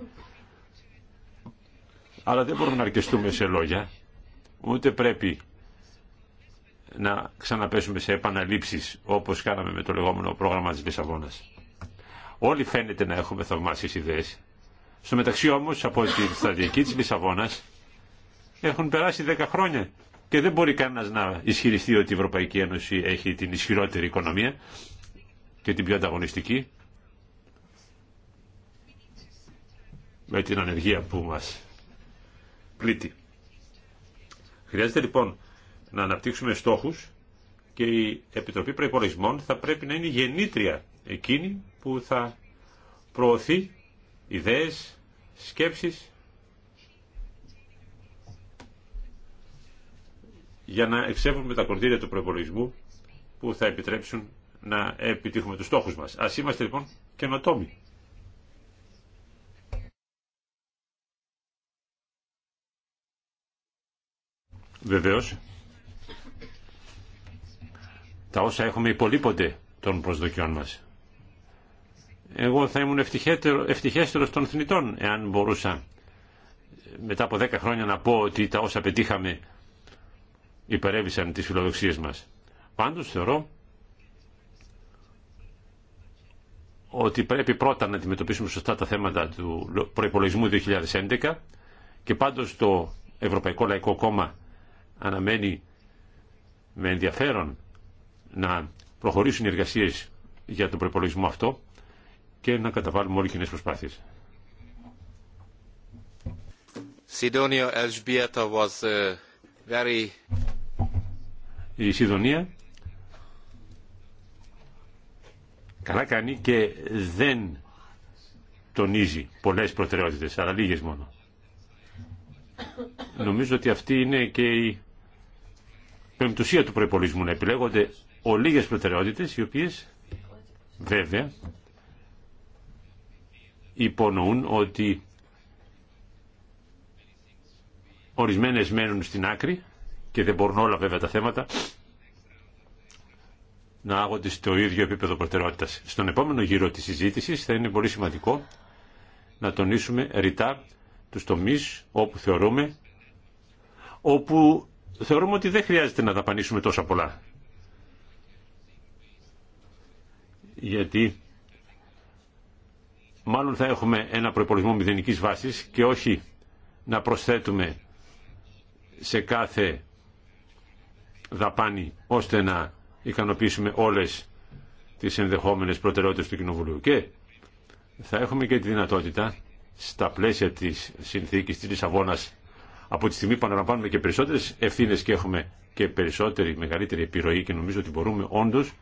Αλλά δεν μπορούμε να αρκεστούμε σε λόγια, ούτε πρέπει να ξαναπέσουμε σε επαναλήψεις όπως κάναμε με το λεγόμενο πρόγραμμα της Λισαβόνας. Όλοι φαίνεται να έχουμε θαυμάσιες ιδέες. Στο μεταξύ όμως από τη στρατηγική της Λισαβόνας έχουν περάσει 10 χρόνια και δεν μπορεί κανένα να ισχυριστεί ότι η Ευρωπαϊκή Ένωση έχει την ισχυρότερη οικονομία και την πιο ανταγωνιστική με την ανεργία που μας πλήττει. Χρειάζεται λοιπόν να αναπτύξουμε στόχους και η Επιτροπή Προϋπολογισμών θα πρέπει να είναι γεννήτρια εκείνη που θα προωθεί ιδέες, σκέψεις για να εξεύουμε τα κονδύλια του προπολογισμού που θα επιτρέψουν να επιτύχουμε τους στόχους μας. Ας είμαστε λοιπόν καινοτόμοι. Βεβαίως, τα όσα έχουμε υπολείπονται των προσδοκιών μας. Εγώ θα ήμουν ευτυχέστερος των θνητών εάν μπορούσα μετά από δέκα χρόνια να πω ότι τα όσα πετύχαμε υπερέβησαν τις φιλοδοξίες μας. Πάντως θεωρώ ότι πρέπει πρώτα να αντιμετωπίσουμε σωστά τα θέματα του προϋπολογισμού 2011 και πάντως το Ευρωπαϊκό Λαϊκό Κόμμα αναμένει με ενδιαφέρον να προχωρήσουν οι εργασίες για τον προϋπολογισμό αυτό και να καταβάλουμε όλοι κοινέ προσπάθειες. Uh, η Σιδωνία καλά κάνει και δεν τονίζει πολλές προτεραιότητες, αλλά λίγες μόνο. Νομίζω ότι αυτή είναι και η πεμπτουσία του προϋπολισμού να επιλέγονται ολίγες προτεραιότητες, οι οποίες βέβαια υπονοούν ότι ορισμένες μένουν στην άκρη και δεν μπορούν όλα βέβαια τα θέματα να άγονται στο ίδιο επίπεδο προτεραιότητας. Στον επόμενο γύρο της συζήτησης θα είναι πολύ σημαντικό να τονίσουμε ρητά τους τομείς όπου θεωρούμε όπου θεωρούμε ότι δεν χρειάζεται να δαπανίσουμε τόσα πολλά. Γιατί μάλλον θα έχουμε ένα προπολογισμό μηδενική βάσης και όχι να προσθέτουμε σε κάθε δαπάνη ώστε να ικανοποιήσουμε όλες τις ενδεχόμενες προτεραιότητες του Κοινοβουλίου. Και θα έχουμε και τη δυνατότητα στα πλαίσια της συνθήκης της Λισαβόνας από τη στιγμή που αναλαμβάνουμε και περισσότερες ευθύνε και έχουμε και περισσότερη μεγαλύτερη επιρροή και νομίζω ότι μπορούμε όντως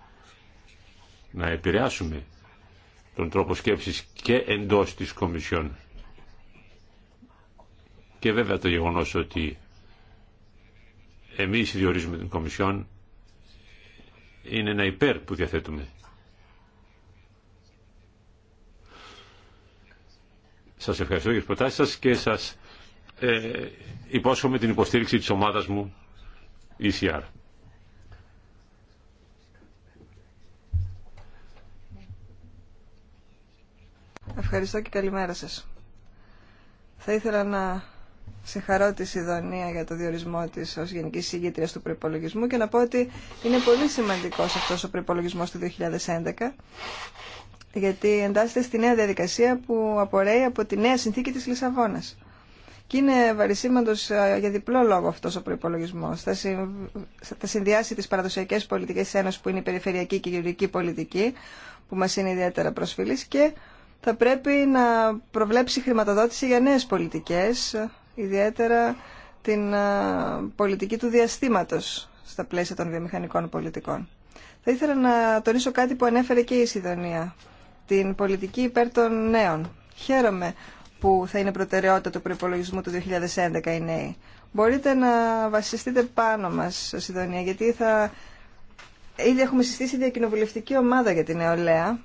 να επηρεάσουμε τον τρόπο σκέψης και εντός της Κομισιόν. Και βέβαια το γεγονός ότι εμείς διορίζουμε την Κομισιόν είναι ένα υπέρ που διαθέτουμε. Σας ευχαριστώ για τις προτάσεις σας και σας ε, υπόσχομαι την υποστήριξη της ομάδας μου ECR. Ευχαριστώ και καλημέρα σας. Θα ήθελα να συγχαρώ τη Σιδωνία για το διορισμό της ως Γενική Συγγήτριας του Προϋπολογισμού και να πω ότι είναι πολύ σημαντικό αυτός ο προϋπολογισμός του 2011 γιατί εντάσσεται στη νέα διαδικασία που απορρέει από τη νέα συνθήκη της Λισαβόνας. Και είναι βαρισίμαντο ε, για διπλό λόγο αυτό ο προπολογισμό. Θα, θα συνδυάσει τι παραδοσιακέ πολιτικέ ένωση που είναι η περιφερειακή και η γεωργική πολιτική, που μα είναι ιδιαίτερα προσφυλή, και θα πρέπει να προβλέψει χρηματοδότηση για νέες πολιτικές, ιδιαίτερα την πολιτική του διαστήματος στα πλαίσια των βιομηχανικών πολιτικών. Θα ήθελα να τονίσω κάτι που ανέφερε και η Σιδονία, την πολιτική υπέρ των νέων. Χαίρομαι που θα είναι προτεραιότητα του προπολογισμού του 2011 οι νέοι. Μπορείτε να βασιστείτε πάνω μας, Σιδονία, γιατί θα... ήδη έχουμε συστήσει διακοινοβουλευτική ομάδα για την νεολαία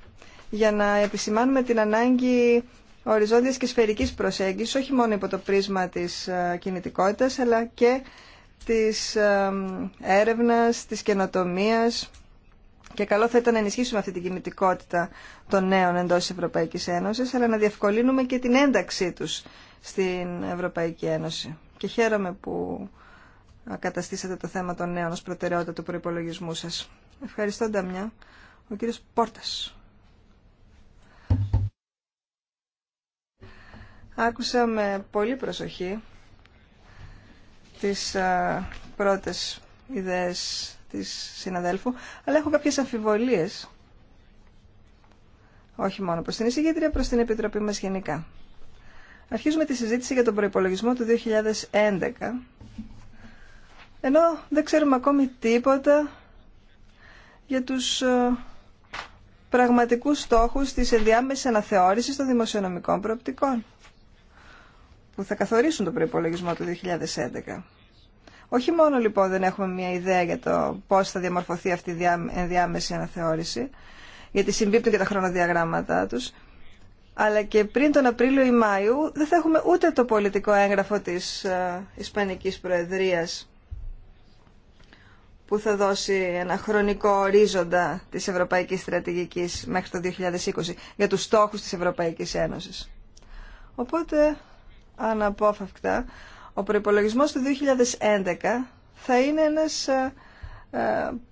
για να επισημάνουμε την ανάγκη οριζόντιας και σφαιρικής προσέγγισης, όχι μόνο υπό το πρίσμα της ε, κινητικότητας, αλλά και της ε, έρευνας, της καινοτομίας και καλό θα ήταν να ενισχύσουμε αυτή την κινητικότητα των νέων εντός της Ευρωπαϊκής Ένωσης, αλλά να διευκολύνουμε και την ένταξή τους στην Ευρωπαϊκή Ένωση. Και χαίρομαι που καταστήσατε το θέμα των νέων ως προτεραιότητα του προϋπολογισμού σας. Ευχαριστώ, Νταμιά. Ο κύριος Πόρτας. Άκουσα με πολύ προσοχή τις πρώτες ιδέες της συναδέλφου, αλλά έχω κάποιες αμφιβολίες. Όχι μόνο προς την εισηγήτρια, προς την Επιτροπή μας γενικά. Αρχίζουμε τη συζήτηση για τον προϋπολογισμό του 2011, ενώ δεν ξέρουμε ακόμη τίποτα για τους πραγματικούς στόχους της ενδιάμεσης αναθεώρησης των δημοσιονομικών προοπτικών που θα καθορίσουν τον προϋπολογισμό του 2011. Όχι μόνο λοιπόν δεν έχουμε μια ιδέα για το πώς θα διαμορφωθεί αυτή η ενδιάμεση αναθεώρηση, γιατί συμπίπτουν και τα χρονοδιαγράμματά του. αλλά και πριν τον Απρίλιο ή Μάιο δεν θα έχουμε ούτε το πολιτικό έγγραφο της ε, Ισπανικής Προεδρίας που θα δώσει ένα χρονικό ορίζοντα της Ευρωπαϊκής Στρατηγικής μέχρι το 2020 για τους στόχους της Ευρωπαϊκής Ένωσης. Οπότε αναπόφευκτα ο προϋπολογισμός του 2011 θα είναι ένας ε, ε,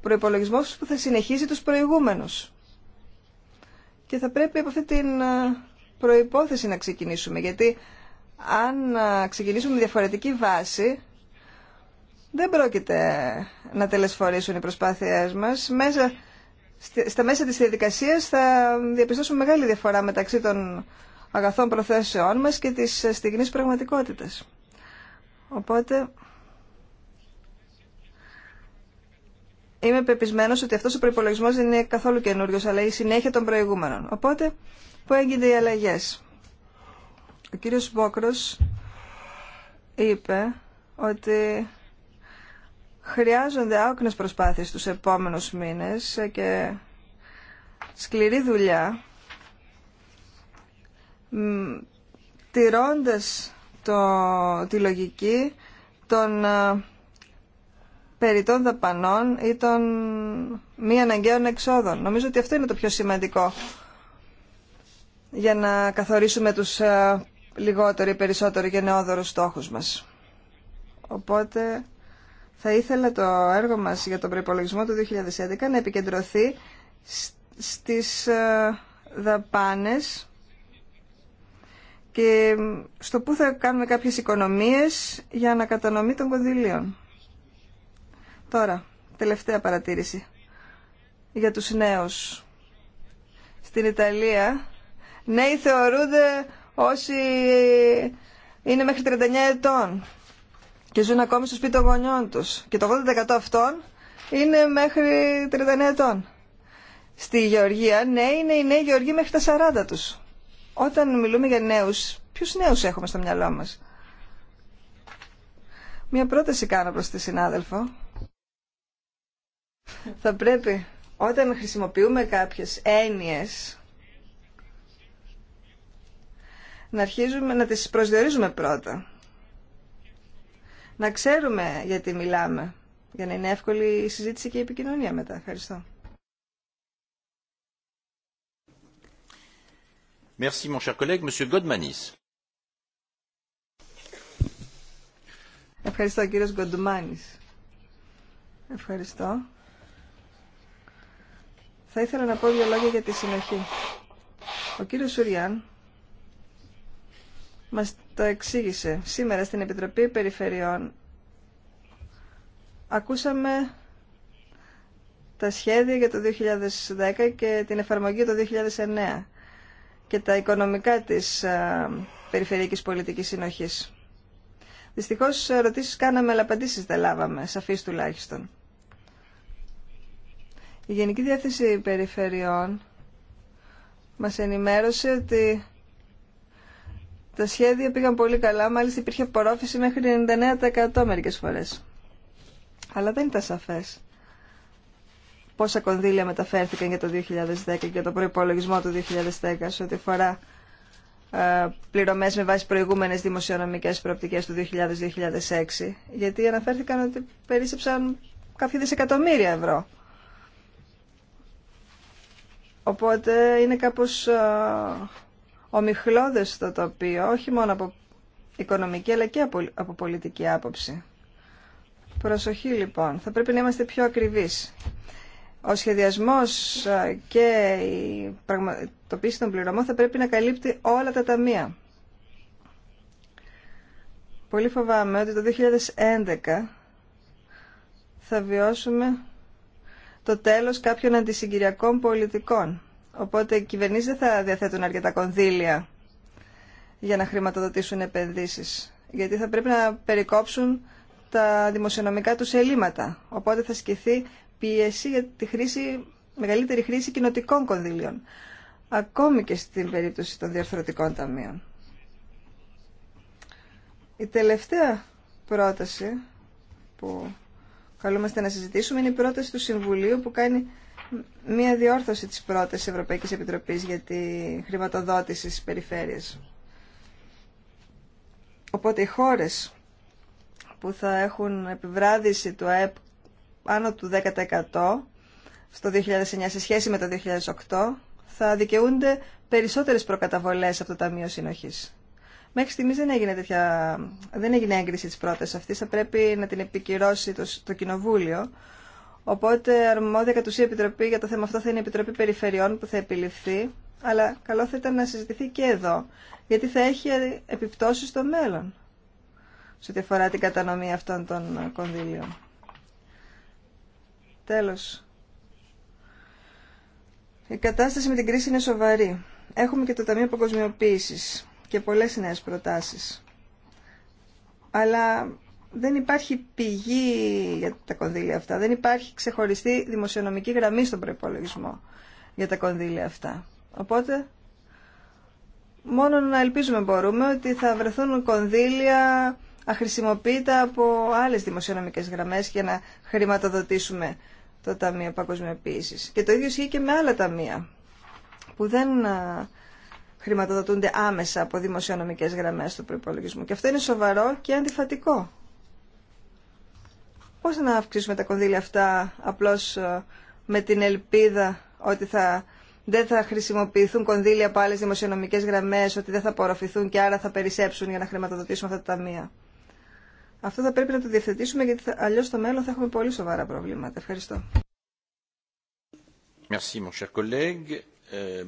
προϋπολογισμός που θα συνεχίζει τους προηγούμενους. Και θα πρέπει από αυτή την ε, προϋπόθεση να ξεκινήσουμε, γιατί αν ξεκινήσουμε με διαφορετική βάση, δεν πρόκειται να τελεσφορήσουν οι προσπάθειές μας. Μέσα, στα μέσα της διαδικασίας θα διαπιστώσουμε μεγάλη διαφορά μεταξύ των αγαθών προθέσεών μας και της στιγμής πραγματικότητας. Οπότε είμαι πεπισμένος ότι αυτός ο προϋπολογισμός δεν είναι καθόλου καινούριος, αλλά η συνέχεια των προηγούμενων. Οπότε, πού έγινε οι αλλαγές. Ο κύριος Μπόκρος είπε ότι χρειάζονται άοκνες προσπάθειες τους επόμενους μήνες και σκληρή δουλειά τηρώντας το, τη λογική των ε, περιττών δαπανών ή των μη αναγκαίων εξόδων. Νομίζω ότι αυτό είναι το πιο σημαντικό για να καθορίσουμε τους ε, λιγότερο ή περισσότερο γενναιόδωρους στόχους μας. Οπότε θα ήθελα το έργο μας για τον προϋπολογισμό του 2011 να επικεντρωθεί στις ε, δαπάνες και στο πού θα κάνουμε κάποιες οικονομίες για ανακατανομή των κονδυλίων. Τώρα, τελευταία παρατήρηση για τους νέους. Στην Ιταλία, νέοι θεωρούνται όσοι είναι μέχρι 39 ετών και ζουν ακόμη στο σπίτι των γονιών τους. Και το 80% αυτών είναι μέχρι 39 ετών. Στη Γεωργία, νέοι είναι οι νέοι Γεωργοί μέχρι τα 40 τους. Όταν μιλούμε για νέους, ποιους νέους έχουμε στο μυαλό μας. Μία πρόταση κάνω προς τη συνάδελφο. Θα πρέπει όταν χρησιμοποιούμε κάποιες έννοιες να αρχίζουμε να τις προσδιορίζουμε πρώτα. Να ξέρουμε γιατί μιλάμε, για να είναι εύκολη η συζήτηση και η επικοινωνία μετά. Ευχαριστώ. Ευχαριστώ, κύριος Γκοντουμάνης. Ευχαριστώ. Θα ήθελα να πω δύο λόγια για τη συνοχή. Ο κύριος Σουριάν μας το εξήγησε. Σήμερα στην Επιτροπή Περιφερειών ακούσαμε τα σχέδια για το 2010 και την εφαρμογή το 2009 και τα οικονομικά της ε, περιφερειακής πολιτικής συνοχής. Δυστυχώς ερωτήσεις κάναμε, αλλά απαντήσεις δεν λάβαμε, σαφείς τουλάχιστον. Η Γενική Διεύθυνση Περιφερειών μας ενημέρωσε ότι τα σχέδια πήγαν πολύ καλά, μάλιστα υπήρχε απορρόφηση μέχρι 99% μερικές φορές. Αλλά δεν ήταν σαφές πόσα κονδύλια μεταφέρθηκαν για το 2010 και για τον προϋπολογισμό του 2010 σε ό,τι αφορά ε, πληρωμές με βάση προηγούμενες δημοσιονομικές προοπτικέ του 2000-2006 γιατί αναφέρθηκαν ότι περίσσεψαν κάποια δισεκατομμύρια ευρώ. Οπότε είναι κάπως ε, ομιχλώδες το τοπίο, όχι μόνο από οικονομική αλλά και από πολιτική άποψη. Προσοχή λοιπόν, θα πρέπει να είμαστε πιο ακριβείς ο σχεδιασμός και η πραγματοποίηση των πληρωμών θα πρέπει να καλύπτει όλα τα ταμεία. Πολύ φοβάμαι ότι το 2011 θα βιώσουμε το τέλος κάποιων αντισυγκυριακών πολιτικών. Οπότε οι κυβερνήσεις δεν θα διαθέτουν αρκετά κονδύλια για να χρηματοδοτήσουν επενδύσεις. Γιατί θα πρέπει να περικόψουν τα δημοσιονομικά τους ελλείμματα. Οπότε θα σκηθεί πίεση για τη χρήση, μεγαλύτερη χρήση κοινοτικών κονδύλιων, ακόμη και στην περίπτωση των διαρθρωτικών ταμείων. Η τελευταία πρόταση που καλούμαστε να συζητήσουμε είναι η πρόταση του Συμβουλίου που κάνει μία διόρθωση της πρότασης Ευρωπαϊκής Επιτροπής για τη χρηματοδότηση στις περιφέρειες. Οπότε οι χώρες που θα έχουν επιβράδυση του ΑΕΠ άνω του 10% στο 2009 σε σχέση με το 2008 θα δικαιούνται περισσότερες προκαταβολές από το Ταμείο Συνοχής. Μέχρι στιγμής δεν έγινε, τέτοια, δεν έγινε έγκριση της πρότασης αυτής, θα πρέπει να την επικυρώσει το, Κοινοβούλιο. Οπότε αρμόδια κατ' ουσία επιτροπή για το θέμα αυτό θα είναι η Επιτροπή Περιφερειών που θα επιληφθεί, αλλά καλό θα ήταν να συζητηθεί και εδώ, γιατί θα έχει επιπτώσεις στο μέλλον σε ό,τι αφορά την κατανομή αυτών των κονδύλιων. Τέλος. Η κατάσταση με την κρίση είναι σοβαρή. Έχουμε και το Ταμείο Παγκοσμιοποίησης και πολλές νέες προτάσεις. Αλλά δεν υπάρχει πηγή για τα κονδύλια αυτά. Δεν υπάρχει ξεχωριστή δημοσιονομική γραμμή στον προπολογισμό για τα κονδύλια αυτά. Οπότε, μόνο να ελπίζουμε μπορούμε ότι θα βρεθούν κονδύλια αχρησιμοποιητά από άλλες δημοσιονομικές γραμμές για να χρηματοδοτήσουμε το Ταμείο Παγκοσμιοποίησης. Και το ίδιο ισχύει και με άλλα ταμεία που δεν χρηματοδοτούνται άμεσα από δημοσιονομικές γραμμές του προϋπολογισμού. Και αυτό είναι σοβαρό και αντιφατικό. Πώς να αυξήσουμε τα κονδύλια αυτά απλώς με την ελπίδα ότι θα, δεν θα χρησιμοποιηθούν κονδύλια από άλλες δημοσιονομικές γραμμές, ότι δεν θα απορροφηθούν και άρα θα περισσέψουν για να χρηματοδοτήσουμε αυτά τα ταμεία. Αυτό θα πρέπει να το διευθετήσουμε γιατί θα, αλλιώς στο μέλλον θα έχουμε πολύ σοβαρά προβλήματα. Ευχαριστώ. Merci, mon cher collègue. Ε,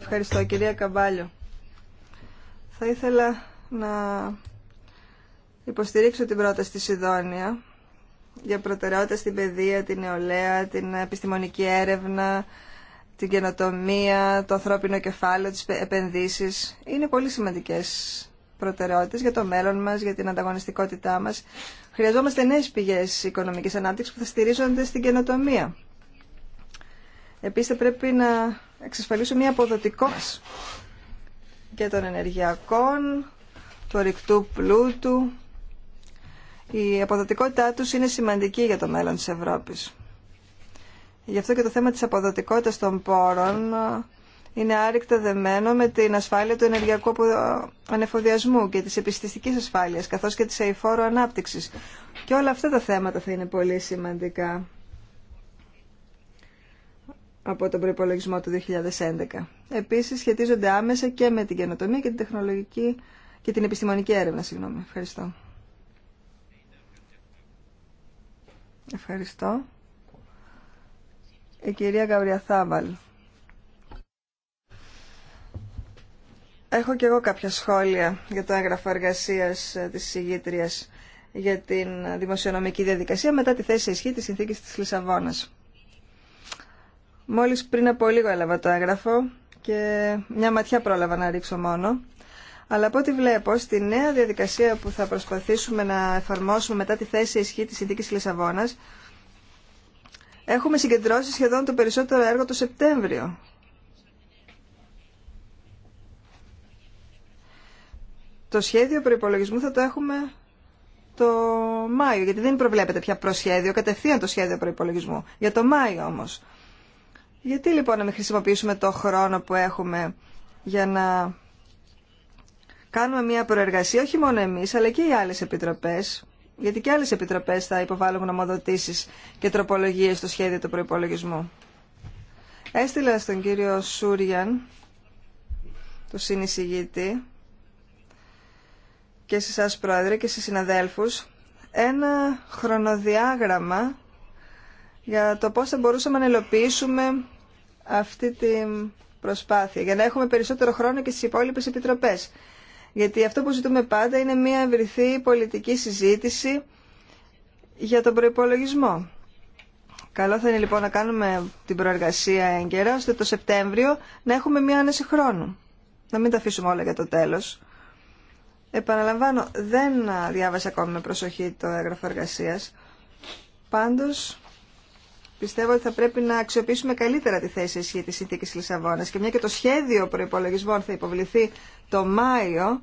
Ευχαριστώ, κυρία Καμπάλιο. Θα ήθελα να υποστηρίξω την πρόταση στη Σιδόνια για προτεραιότητα στην παιδεία, την νεολαία, την επιστημονική έρευνα, την καινοτομία, το ανθρώπινο κεφάλαιο, τις επενδύσεις. Είναι πολύ σημαντικές προτεραιότητες για το μέλλον μας, για την ανταγωνιστικότητά μας. Χρειαζόμαστε νέες πηγές οικονομικής ανάπτυξης που θα στηρίζονται στην καινοτομία. Επίσης θα πρέπει να εξασφαλίσουμε μια αποδοτικότητα και των ενεργειακών, του ρηκτού πλούτου. Η αποδοτικότητά τους είναι σημαντική για το μέλλον της Ευρώπης. Γι' αυτό και το θέμα της αποδοτικότητας των πόρων ε, είναι άρρηκτα δεμένο με την ασφάλεια του ενεργειακού ανεφοδιασμού και της επιστηστικής ασφάλειας, καθώς και της αηφόρου ανάπτυξης. Και όλα αυτά τα θέματα θα είναι πολύ σημαντικά από τον προϋπολογισμό του 2011. Επίσης σχετίζονται άμεσα και με την καινοτομία και την τεχνολογική και την επιστημονική έρευνα. Συγγνώμη. Ευχαριστώ. Ευχαριστώ η κυρία Γαβριά Έχω και εγώ κάποια σχόλια για το έγγραφο εργασία ε, της συγγήτρια για την δημοσιονομική διαδικασία μετά τη θέση ισχύ τη συνθήκη της Λισαβόνας. Μόλις πριν από λίγο έλαβα το έγγραφο και μια ματιά πρόλαβα να ρίξω μόνο. Αλλά από ό,τι βλέπω, στη νέα διαδικασία που θα προσπαθήσουμε να εφαρμόσουμε μετά τη θέση ισχύ της συνθήκη Λισαβόνα. Έχουμε συγκεντρώσει σχεδόν το περισσότερο έργο το Σεπτέμβριο. Το σχέδιο προϋπολογισμού θα το έχουμε το Μάιο, γιατί δεν προβλέπεται πια προσχέδιο, κατευθείαν το σχέδιο προϋπολογισμού. Για το Μάιο όμως. Γιατί λοιπόν να μην χρησιμοποιήσουμε το χρόνο που έχουμε για να κάνουμε μια προεργασία, όχι μόνο εμείς, αλλά και οι άλλες επιτροπές γιατί και άλλες επιτροπές θα υποβάλουν γνωμοδοτήσεις και τροπολογίες στο σχέδιο του προϋπολογισμού. Έστειλα στον κύριο Σούριαν, το συνεισηγήτη, και σε εσάς πρόεδρε και σε συναδέλφους, ένα χρονοδιάγραμμα για το πώς θα μπορούσαμε να υλοποιήσουμε αυτή την προσπάθεια, για να έχουμε περισσότερο χρόνο και στις υπόλοιπες επιτροπές. Γιατί αυτό που ζητούμε πάντα είναι μια ευρυθή πολιτική συζήτηση για τον προϋπολογισμό. Καλό θα είναι λοιπόν να κάνουμε την προεργασία έγκαιρα, ώστε το Σεπτέμβριο να έχουμε μια άνεση χρόνου. Να μην τα αφήσουμε όλα για το τέλος. Επαναλαμβάνω, δεν διάβασα ακόμη με προσοχή το έγγραφο εργασίας. Πάντως, πιστεύω ότι θα πρέπει να αξιοποιήσουμε καλύτερα τη θέση ισχύ τη συνθήκη Λισαβόνα και μια και το σχέδιο προπολογισμών θα υποβληθεί το Μάιο,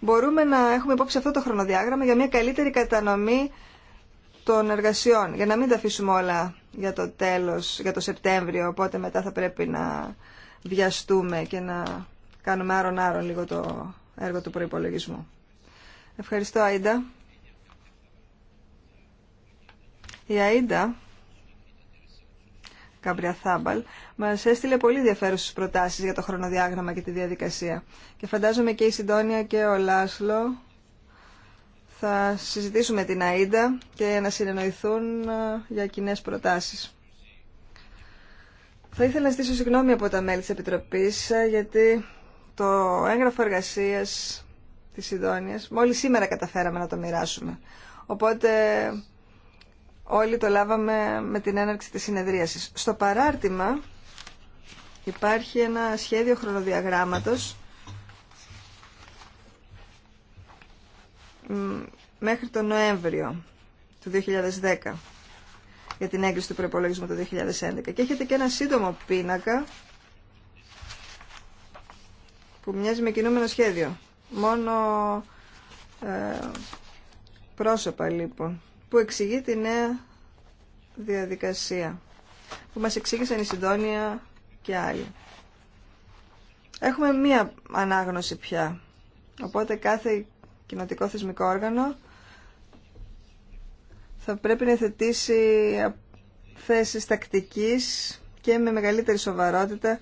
μπορούμε να έχουμε υπόψη αυτό το χρονοδιάγραμμα για μια καλύτερη κατανομή των εργασιών, για να μην τα αφήσουμε όλα για το τέλος, για το Σεπτέμβριο, οπότε μετά θα πρέπει να βιαστούμε και να κάνουμε άρον-άρον λίγο το έργο του προπολογισμού. Ευχαριστώ, Αΐντα. Η Αΐντα Καμπριαθάμπαλ, μα έστειλε πολύ ενδιαφέρουσε προτάσει για το χρονοδιάγραμμα και τη διαδικασία. Και φαντάζομαι και η Συντόνια και ο Λάσλο θα συζητήσουμε την ΑΕΝΤΑ και να συνεννοηθούν ε, για κοινέ προτάσει. Θα ήθελα να ζητήσω συγγνώμη από τα μέλη τη Επιτροπή, ε, γιατί το έγγραφο εργασία τη Συντόνια μόλι σήμερα καταφέραμε να το μοιράσουμε. Οπότε όλοι το λάβαμε με την έναρξη της συνεδρίασης. Στο παράρτημα υπάρχει ένα σχέδιο χρονοδιαγράμματος μέχρι τον Νοέμβριο του 2010 για την έγκριση του προπολογισμού του 2011 και έχετε και ένα σύντομο πίνακα που μοιάζει με κινούμενο σχέδιο. Μόνο ε, πρόσωπα λοιπόν που εξηγεί τη νέα διαδικασία που μας εξήγησαν η Συντόνια και άλλοι. Έχουμε μία ανάγνωση πια, οπότε κάθε κοινοτικό θεσμικό όργανο θα πρέπει να θετήσει θέσεις τακτικής και με μεγαλύτερη σοβαρότητα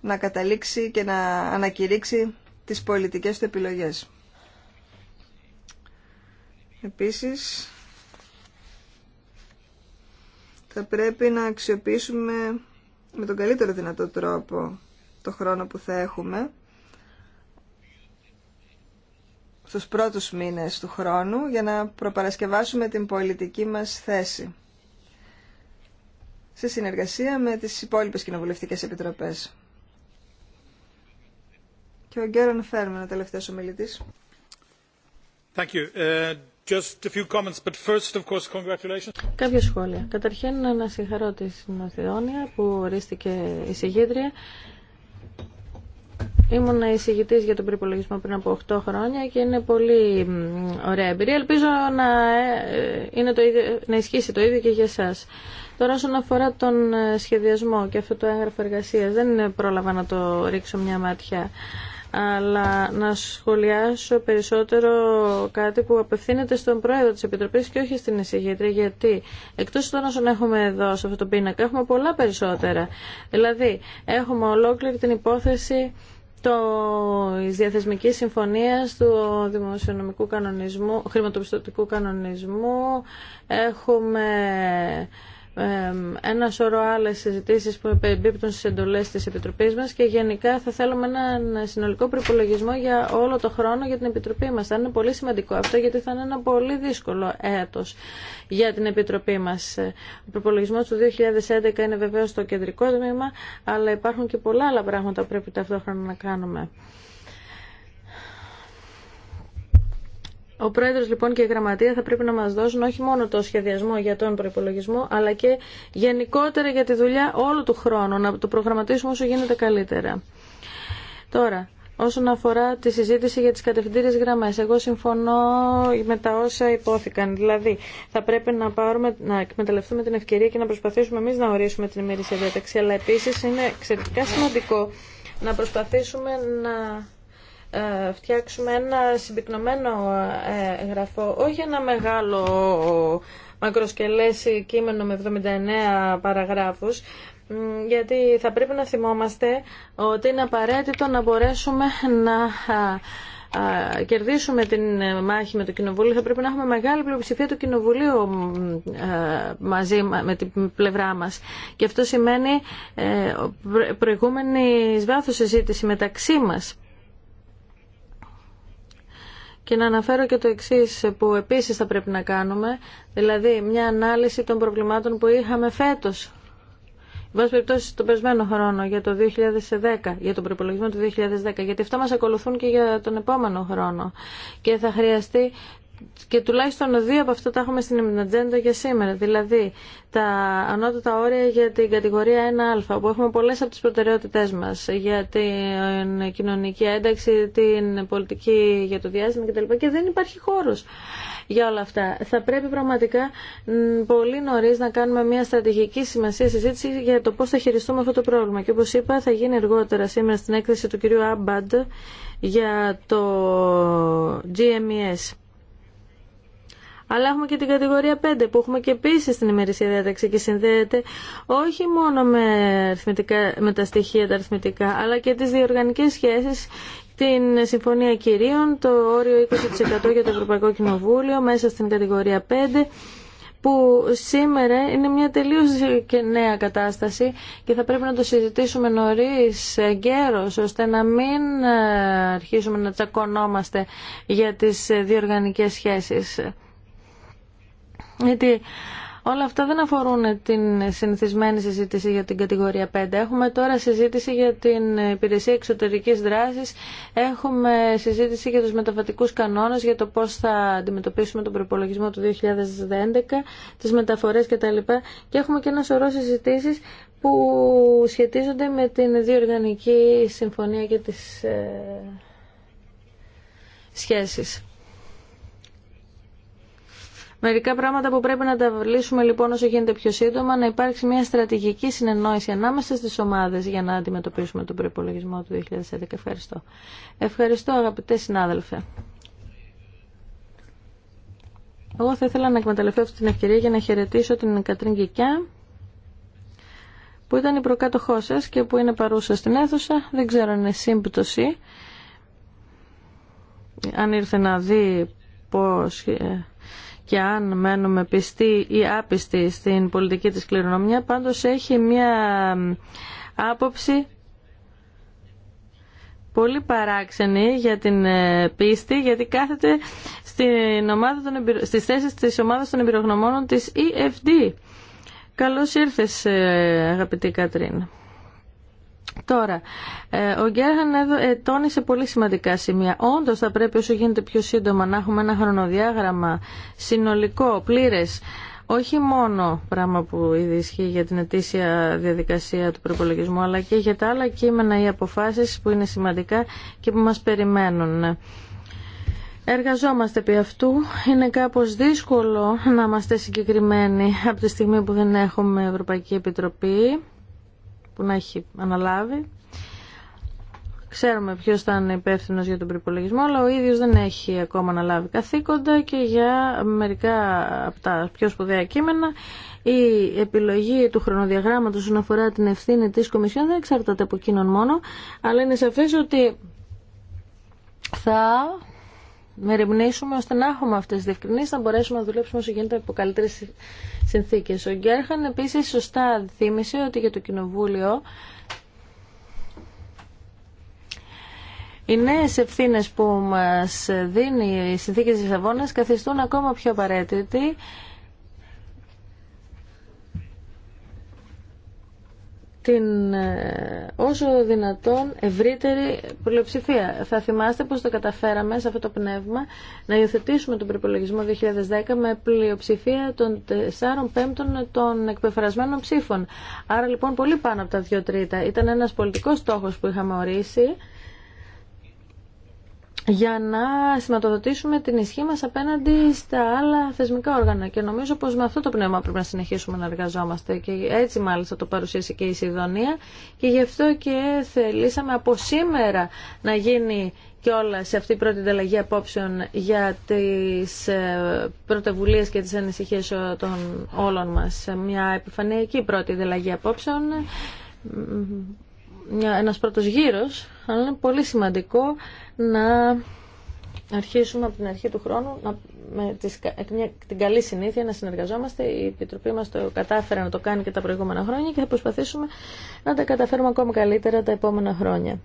να καταλήξει και να ανακηρύξει τις πολιτικές του επιλογές. Επίσης, θα πρέπει να αξιοποιήσουμε με τον καλύτερο δυνατό τρόπο το χρόνο που θα έχουμε στους πρώτους μήνες του χρόνου για να προπαρασκευάσουμε την πολιτική μας θέση σε συνεργασία με τις υπόλοιπες κοινοβουλευτικές επιτροπές. Και ο Γκέρον Φέρμαν, ο τελευταίος ομιλητής. Thank ε, Κάποια σχόλια. Καταρχήν να συγχαρώ τη Μαθηδόνια που ορίστηκε εισηγήτρια. Ήμουν εισηγητής για τον προπολογισμό πριν από 8 χρόνια και είναι πολύ ωραία εμπειρία. Ελπίζω να, ε, είναι το ίδιο, να ισχύσει το ίδιο και για σας. Τώρα όσον αφορά τον ε, σχεδιασμό και αυτό το έγγραφο εργασίας, δεν πρόλαβα να το ρίξω μια μάτια αλλά να σχολιάσω περισσότερο κάτι που απευθύνεται στον πρόεδρο της Επιτροπής και όχι στην εισηγήτρια, γιατί εκτός των όσων έχουμε εδώ σε αυτό το πίνακα έχουμε πολλά περισσότερα. Δηλαδή, έχουμε ολόκληρη την υπόθεση της διαθεσμικής συμφωνίας του δημοσιονομικού κανονισμού, χρηματοπιστωτικού κανονισμού, έχουμε ένα σώρο άλλε συζητήσει που επεμπίπτουν στι εντολέ τη Επιτροπή μα και γενικά θα θέλουμε έναν συνολικό προπολογισμό για όλο το χρόνο για την Επιτροπή μα. Θα είναι πολύ σημαντικό αυτό γιατί θα είναι ένα πολύ δύσκολο έτο για την Επιτροπή μα. Ο προπολογισμό του 2011 είναι βεβαίω το κεντρικό τμήμα, αλλά υπάρχουν και πολλά άλλα πράγματα που πρέπει ταυτόχρονα να κάνουμε. Ο πρόεδρο λοιπόν και η Γραμματεία θα πρέπει να μα δώσουν όχι μόνο το σχεδιασμό για τον προπολογισμό, αλλά και γενικότερα για τη δουλειά όλου του χρόνου, να το προγραμματίσουμε όσο γίνεται καλύτερα. Τώρα, όσον αφορά τη συζήτηση για τι κατευθυντήριες γραμμέ, Εγώ συμφωνώ με τα όσα υπόθηκαν. Δηλαδή, θα πρέπει να, πάρουμε, να εκμεταλλευτούμε την ευκαιρία και να προσπαθήσουμε εμεί να ορίσουμε την ημερήσια διάταξη. Αλλά επίση είναι εξαιρετικά σημαντικό να προσπαθήσουμε να ε, φτιάξουμε ένα συμπυκνωμένο ε, γραφό, όχι ένα μεγάλο μακροσκελές κείμενο με 79 παραγράφους, γιατί θα πρέπει να θυμόμαστε ότι είναι απαραίτητο να μπορέσουμε να κερδίσουμε την μάχη με το Κοινοβούλιο, θα πρέπει να έχουμε μεγάλη πλειοψηφία του Κοινοβουλίου μαζί με την πλευρά μας. Και αυτό σημαίνει ε, προηγούμενη βάθος συζήτηση μεταξύ μας. Και να αναφέρω και το εξή που επίσης θα πρέπει να κάνουμε, δηλαδή μια ανάλυση των προβλημάτων που είχαμε φέτος. πάση περιπτώσει τον περσμένο χρόνο για το 2010, για τον προπολογισμό του 2010, γιατί αυτά μας ακολουθούν και για τον επόμενο χρόνο. Και θα χρειαστεί και τουλάχιστον δύο από αυτά τα έχουμε στην ατζέντα για σήμερα. Δηλαδή τα ανώτατα όρια για την κατηγορία 1α που έχουμε πολλέ από τι προτεραιότητε μα για την κοινωνική ένταξη, την πολιτική για το διάστημα κτλ. Και δεν υπάρχει χώρο για όλα αυτά. Θα πρέπει πραγματικά πολύ νωρί να κάνουμε μια στρατηγική σημασία συζήτηση για το πώ θα χειριστούμε αυτό το πρόβλημα. Και όπω είπα, θα γίνει αργότερα σήμερα στην έκθεση του κυρίου Άμπαντ για το GMES. Αλλά έχουμε και την κατηγορία 5 που έχουμε και επίση στην ημερησία διάταξη και συνδέεται όχι μόνο με, αριθμητικά, με τα στοιχεία τα αριθμητικά, αλλά και τι διοργανικέ σχέσει την Συμφωνία Κυρίων, το όριο 20% για το Ευρωπαϊκό Κοινοβούλιο μέσα στην κατηγορία 5 που σήμερα είναι μια τελείως και νέα κατάσταση και θα πρέπει να το συζητήσουμε νωρίς, γέρος, ώστε να μην ε, αρχίσουμε να τσακωνόμαστε για τις ε, διοργανικές σχέσεις. Γιατί όλα αυτά δεν αφορούν την συνηθισμένη συζήτηση για την κατηγορία 5. Έχουμε τώρα συζήτηση για την υπηρεσία εξωτερικής δράσης. Έχουμε συζήτηση για τους μεταβατικούς κανόνες, για το πώς θα αντιμετωπίσουμε τον προπολογισμό του 2011, τις μεταφορές κτλ. Και έχουμε και ένα σωρό συζητήσει που σχετίζονται με την διοργανική συμφωνία και τις ε, σχέσεις. Μερικά πράγματα που πρέπει να τα λύσουμε λοιπόν όσο γίνεται πιο σύντομα, να υπάρξει μια στρατηγική συνεννόηση ανάμεσα στι ομάδε για να αντιμετωπίσουμε τον προπολογισμό του 2011. Ευχαριστώ. Ευχαριστώ αγαπητέ συνάδελφε. Εγώ θα ήθελα να εκμεταλλευτώ αυτή την ευκαιρία για να χαιρετήσω την Κατρίν Κικιά που ήταν η προκάτοχό σα και που είναι παρούσα στην αίθουσα. Δεν ξέρω αν είναι σύμπτωση. Αν ήρθε να δει πώς ε, και αν μένουμε πιστοί ή άπιστοι στην πολιτική της κληρονομιά, πάντως έχει μια άποψη πολύ παράξενη για την ε, πίστη, γιατί κάθεται στην ομάδα των, στις θέσεις της ομάδας των εμπειρογνωμόνων της EFD. Καλώς ήρθες ε, αγαπητή Κατρίνα. Τώρα, ε, ο Γκέρχαν ε, τόνισε πολύ σημαντικά σημεία. Όντω θα πρέπει όσο γίνεται πιο σύντομα να έχουμε ένα χρονοδιάγραμμα συνολικό, πλήρε. Όχι μόνο πράγμα που ήδη ισχύει για την ετήσια διαδικασία του προπολογισμού, αλλά και για τα άλλα κείμενα ή αποφάσεις που είναι σημαντικά και που μας περιμένουν. Εργαζόμαστε επί αυτού. Είναι κάπως δύσκολο να είμαστε συγκεκριμένοι από τη στιγμή που δεν έχουμε Ευρωπαϊκή Επιτροπή που να έχει αναλάβει. Ξέρουμε ποιος θα είναι υπεύθυνο για τον προπολογισμό, αλλά ο ίδιος δεν έχει ακόμα αναλάβει καθήκοντα και για μερικά από τα πιο σπουδαία κείμενα η επιλογή του χρονοδιαγράμματος όσον αφορά την ευθύνη της Κομισιόν δεν εξαρτάται από εκείνον μόνο, αλλά είναι σαφές ότι θα μεριμνήσουμε ώστε να έχουμε αυτές τις διευκρινήσεις, να μπορέσουμε να δουλέψουμε όσο γίνεται από καλύτερε συνθήκες. Ο Γκέρχαν επίσης σωστά θύμισε ότι για το Κοινοβούλιο Οι νέε ευθύνε που μα δίνει η συνθήκη τη Λισαβόνα καθιστούν ακόμα πιο απαραίτητοι την ε, όσο δυνατόν ευρύτερη πλειοψηφία. Θα θυμάστε πως το καταφέραμε σε αυτό το πνεύμα να υιοθετήσουμε τον προπολογισμό 2010 με πλειοψηφία των 4 πέμπτων των εκπεφρασμένων ψήφων. Άρα λοιπόν πολύ πάνω από τα δυο τρίτα. Ήταν ένας πολιτικός στόχος που είχαμε ορίσει για να σηματοδοτήσουμε την ισχύ μας απέναντι στα άλλα θεσμικά όργανα. Και νομίζω πως με αυτό το πνεύμα πρέπει να συνεχίσουμε να εργαζόμαστε. Και έτσι μάλιστα το παρουσίασε και η Σιδονία. Και γι' αυτό και θελήσαμε από σήμερα να γίνει και όλα σε αυτή η πρώτη ανταλλαγή απόψεων για τις ε, πρωτοβουλίες και τις ανησυχίες των όλων μας. Μια επιφανειακή πρώτη ανταλλαγή απόψεων ένας πρώτος γύρος, αλλά είναι πολύ σημαντικό να αρχίσουμε από την αρχή του χρόνου να, με τις, την καλή συνήθεια να συνεργαζόμαστε. Η Επιτροπή μας το κατάφερε να το κάνει και τα προηγούμενα χρόνια και θα προσπαθήσουμε να τα καταφέρουμε ακόμα καλύτερα τα επόμενα χρόνια.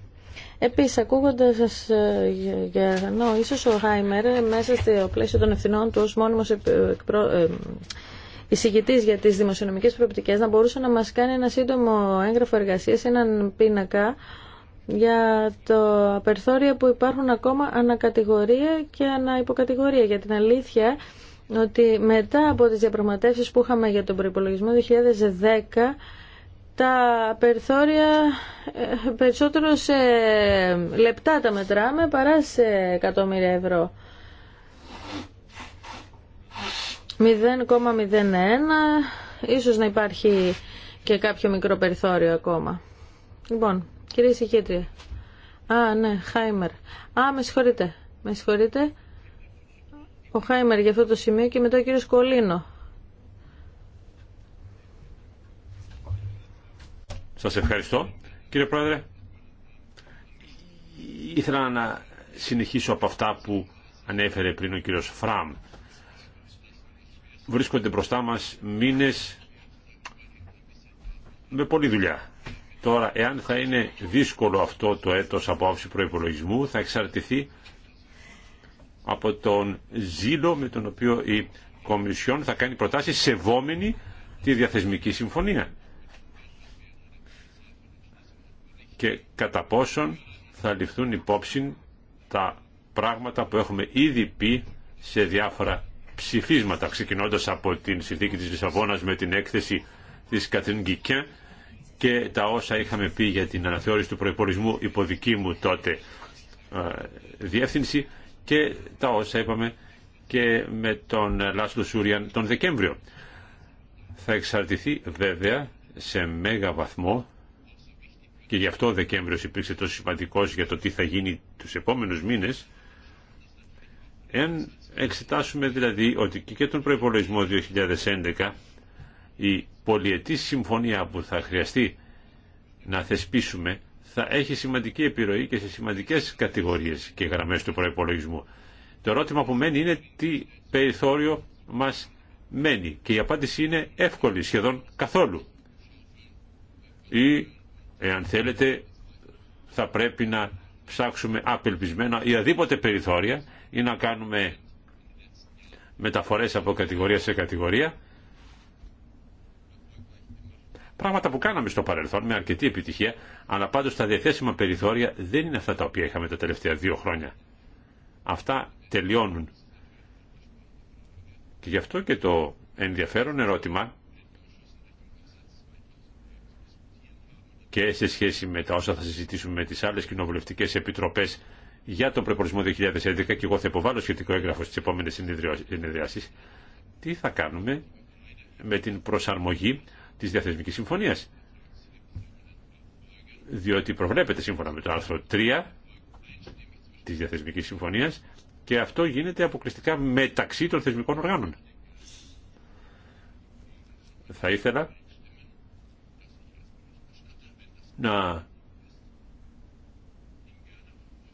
Επίσης, ακούγοντας σας ε, για, νο, ίσως ο Χάιμερ ε, μέσα στο πλαίσιο των ευθυνών του ως μόνιμος ε, εισηγητή για τι δημοσιονομικέ προοπτικέ να μπορούσε να μα κάνει ένα σύντομο έγγραφο εργασία, έναν πίνακα για το απερθώρια που υπάρχουν ακόμα ανακατηγορία και αναυποκατηγορία. Για την αλήθεια ότι μετά από τις διαπραγματεύσεις που είχαμε για τον προϋπολογισμό 2010 τα περιθώρια ε, περισσότερο σε λεπτά τα μετράμε παρά σε εκατομμύρια ευρώ. 0,01 ίσως να υπάρχει και κάποιο μικρό περιθώριο ακόμα. Λοιπόν, κύριε Συγχύτρια. Α, ναι, Χάιμερ. Α, με συγχωρείτε. Με συγχωρείτε. Ο Χάιμερ για αυτό το σημείο και μετά ο κύριος Κολίνο. Σας ευχαριστώ. Κύριε Πρόεδρε, ήθελα να συνεχίσω από αυτά που ανέφερε πριν ο κύριος Φραμ βρίσκονται μπροστά μας μήνες με πολλή δουλειά. Τώρα, εάν θα είναι δύσκολο αυτό το έτος από άψη προϋπολογισμού, θα εξαρτηθεί από τον ζήλο με τον οποίο η Κομισιόν θα κάνει προτάσεις σεβόμενη τη διαθεσμική συμφωνία. Και κατά πόσον θα ληφθούν υπόψη τα πράγματα που έχουμε ήδη πει σε διάφορα ψηφίσματα, ξεκινώντας από την συνθήκη τη Λισαβόνα με την έκθεση τη Καθήν και τα όσα είχαμε πει για την αναθεώρηση του προπορισμού υπό δική μου τότε ε, διεύθυνση και τα όσα είπαμε και με τον Λάσλο Σούριαν τον Δεκέμβριο. Θα εξαρτηθεί βέβαια σε μέγα βαθμό και γι' αυτό ο Δεκέμβριο υπήρξε τόσο σημαντικός για το τι θα γίνει τους επόμενους μήνες, εξετάσουμε δηλαδή ότι και τον προϋπολογισμό 2011 η πολιετή συμφωνία που θα χρειαστεί να θεσπίσουμε θα έχει σημαντική επιρροή και σε σημαντικές κατηγορίες και γραμμές του προϋπολογισμού. Το ερώτημα που μένει είναι τι περιθώριο μας μένει και η απάντηση είναι εύκολη σχεδόν καθόλου. Ή εάν θέλετε θα πρέπει να ψάξουμε απελπισμένα ή αδίποτε περιθώρια ή να κάνουμε μεταφορές από κατηγορία σε κατηγορία. Πράγματα που κάναμε στο παρελθόν με αρκετή επιτυχία, αλλά πάντως τα διαθέσιμα περιθώρια δεν είναι αυτά τα οποία είχαμε τα τελευταία δύο χρόνια. Αυτά τελειώνουν. Και γι' αυτό και το ενδιαφέρον ερώτημα και σε σχέση με τα όσα θα συζητήσουμε με τις άλλες κοινοβουλευτικές επιτροπές για τον προπορισμό 2011 και εγώ θα υποβάλω σχετικό έγγραφο στις επόμενες συνεδριάσεις τι θα κάνουμε με την προσαρμογή της διαθεσμικής συμφωνίας διότι προβλέπεται σύμφωνα με το άρθρο 3 της διαθεσμικής συμφωνίας και αυτό γίνεται αποκλειστικά μεταξύ των θεσμικών οργάνων θα ήθελα να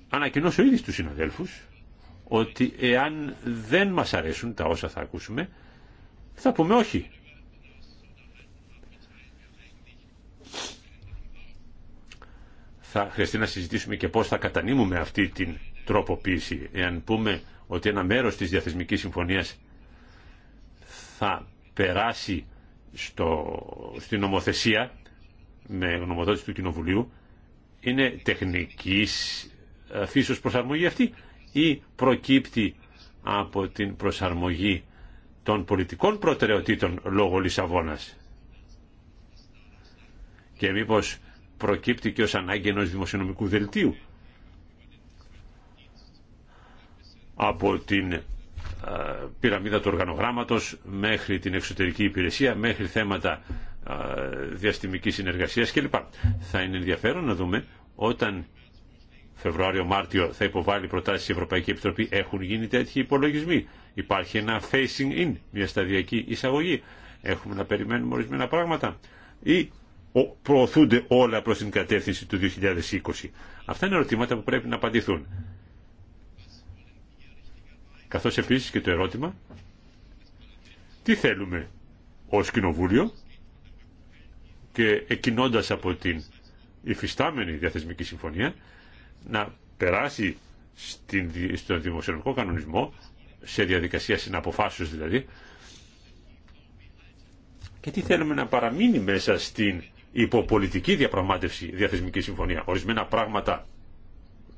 ανακοινώσω ήδη στους συναδέλφους ότι εάν δεν μας αρέσουν τα όσα θα ακούσουμε, θα πούμε όχι. Θα χρειαστεί να συζητήσουμε και πώς θα κατανείμουμε αυτή την τροποποίηση. Εάν πούμε ότι ένα μέρος της διαθεσμικής συμφωνίας θα περάσει στο, στην νομοθεσία με γνωμοδότηση του Κοινοβουλίου, είναι τεχνικής ε, φύσεως προσαρμογή αυτή ή προκύπτει από την προσαρμογή των πολιτικών προτεραιοτήτων λόγω Λισαβόνας. Και μήπως προκύπτει και ως ανάγκη ενός δημοσιονομικού δελτίου από την ε, πυραμίδα του οργανογράμματος μέχρι την εξωτερική υπηρεσία, μέχρι θέματα ε, διαστημικής συνεργασίας κλπ. Θα είναι ενδιαφέρον να δούμε όταν Φεβρουάριο-Μάρτιο θα υποβάλει προτάσεις η Ευρωπαϊκή Επιτροπή. Έχουν γίνει τέτοιοι υπολογισμοί. Υπάρχει ένα facing in, μια σταδιακή εισαγωγή. Έχουμε να περιμένουμε ορισμένα πράγματα. Ή προωθούνται όλα προς την κατεύθυνση του 2020. Αυτά είναι ερωτήματα που πρέπει να απαντηθούν. Καθώς επίσης και το ερώτημα, τι θέλουμε ως Κοινοβούλιο και εκκινώντας από την υφιστάμενη διαθεσμική συμφωνία, να περάσει στην, στον δημοσιονομικό κανονισμό, σε διαδικασία συναποφάσεως δηλαδή, και τι θέλουμε να παραμείνει μέσα στην υποπολιτική διαπραγμάτευση διαθεσμική συμφωνία. Ορισμένα πράγματα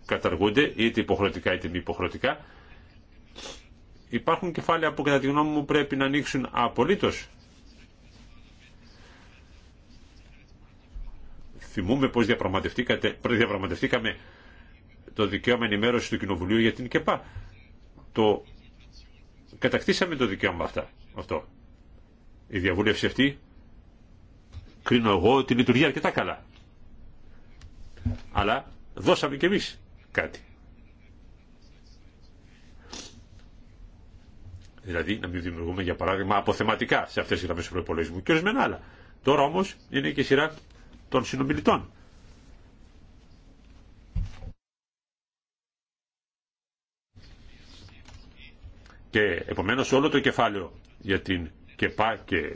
καταργούνται, είτε υποχρεωτικά είτε μη υποχρεωτικά. Υπάρχουν κεφάλαια που κατά τη γνώμη μου πρέπει να ανοίξουν απολύτως. Θυμούμε πώς διαπραγματευτήκαμε το δικαίωμα ενημέρωση του Κοινοβουλίου για την ΚΕΠΑ. Το κατακτήσαμε το δικαίωμα αυτά, αυτό. Η διαβούλευση αυτή, κρίνω εγώ, τη λειτουργεί αρκετά καλά. Αλλά δώσαμε και εμείς κάτι. Δηλαδή να μην δημιουργούμε για παράδειγμα αποθεματικά σε αυτές τις γραμμές του προπολογισμού και ορισμένα άλλα. Τώρα όμως είναι και η σειρά των συνομιλητών Και επομένως όλο το κεφάλαιο για την ΚΕΠΑ και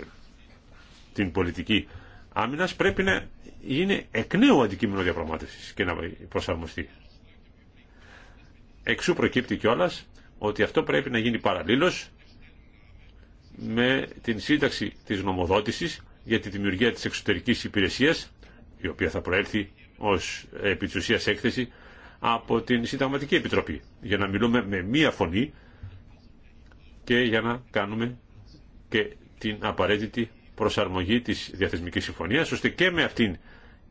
την πολιτική Άμυνα πρέπει να είναι εκ νέου αντικείμενο διαπραγμάτευση και να προσαρμοστεί. Εξού προκύπτει κιόλα ότι αυτό πρέπει να γίνει παραλίλω με την σύνταξη της νομοδότησης για τη δημιουργία της εξωτερικής υπηρεσίας η οποία θα προέλθει ως επί έκθεση από την Συνταγματική Επιτροπή για να μιλούμε με μία φωνή και για να κάνουμε και την απαραίτητη προσαρμογή της διαθεσμικής συμφωνίας, ώστε και με αυτήν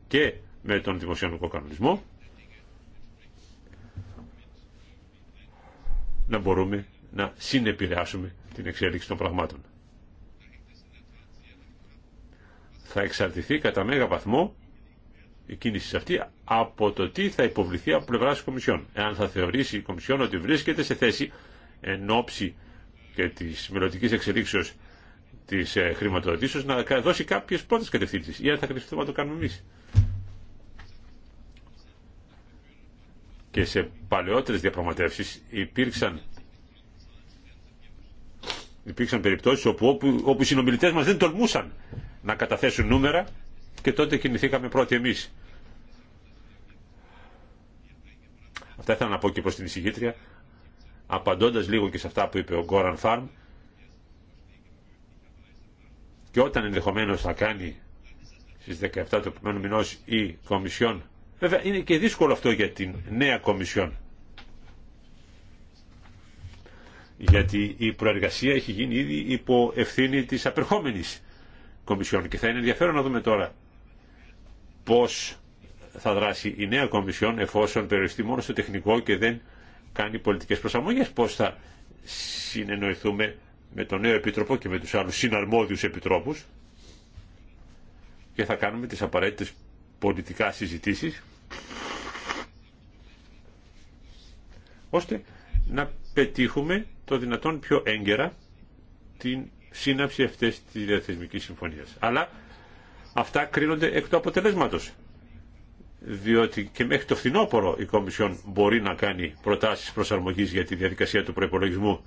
και με τον δημοσιονομικό κανονισμό να μπορούμε να συνεπηρεάσουμε την εξέλιξη των πραγμάτων. Θα εξαρτηθεί κατά μέγα βαθμό η κίνηση αυτή από το τι θα υποβληθεί από πλευρά τη Κομισιόν. Εάν θα θεωρήσει η Κομισιόν ότι βρίσκεται σε θέση εν ώψη και τη μελλοντική εξελίξεως της ε, χρηματοδοτήσεω να δώσει κάποιες πρώτε κατευθύνσει. ή αν θα χρειαστούμε να το κάνουμε εμείς. Και σε παλαιότερες διαπραγματεύσει. υπήρξαν υπήρξαν περιπτώσεις όπου, όπου, όπου οι συνομιλητές μας δεν τολμούσαν να καταθέσουν νούμερα και τότε κινηθήκαμε πρώτοι εμείς. Αυτά ήθελα να πω και προς την εισηγήτρια απαντώντας λίγο και σε αυτά που είπε ο Γκόραν Φάρμ και όταν ενδεχομένως θα κάνει στις 17 του επόμενου μηνός η Κομισιόν βέβαια είναι και δύσκολο αυτό για την νέα Κομισιόν γιατί η προεργασία έχει γίνει ήδη υπό ευθύνη της απερχόμενης Κομισιόν και θα είναι ενδιαφέρον να δούμε τώρα πώς θα δράσει η νέα Κομισιόν εφόσον περιοριστεί μόνο στο τεχνικό και δεν κάνει πολιτικές προσαρμογές, πώς θα συνεννοηθούμε με τον νέο Επίτροπο και με τους άλλους συναρμόδιους Επιτρόπους και θα κάνουμε τις απαραίτητες πολιτικά συζητήσεις ώστε να πετύχουμε το δυνατόν πιο έγκαιρα την σύναψη αυτής της διαθεσμικής συμφωνίας. Αλλά αυτά κρίνονται εκ του αποτελέσματος διότι και μέχρι το φθινόπωρο η Κομισιόν μπορεί να κάνει προτάσεις προσαρμογής για τη διαδικασία του προπολογισμού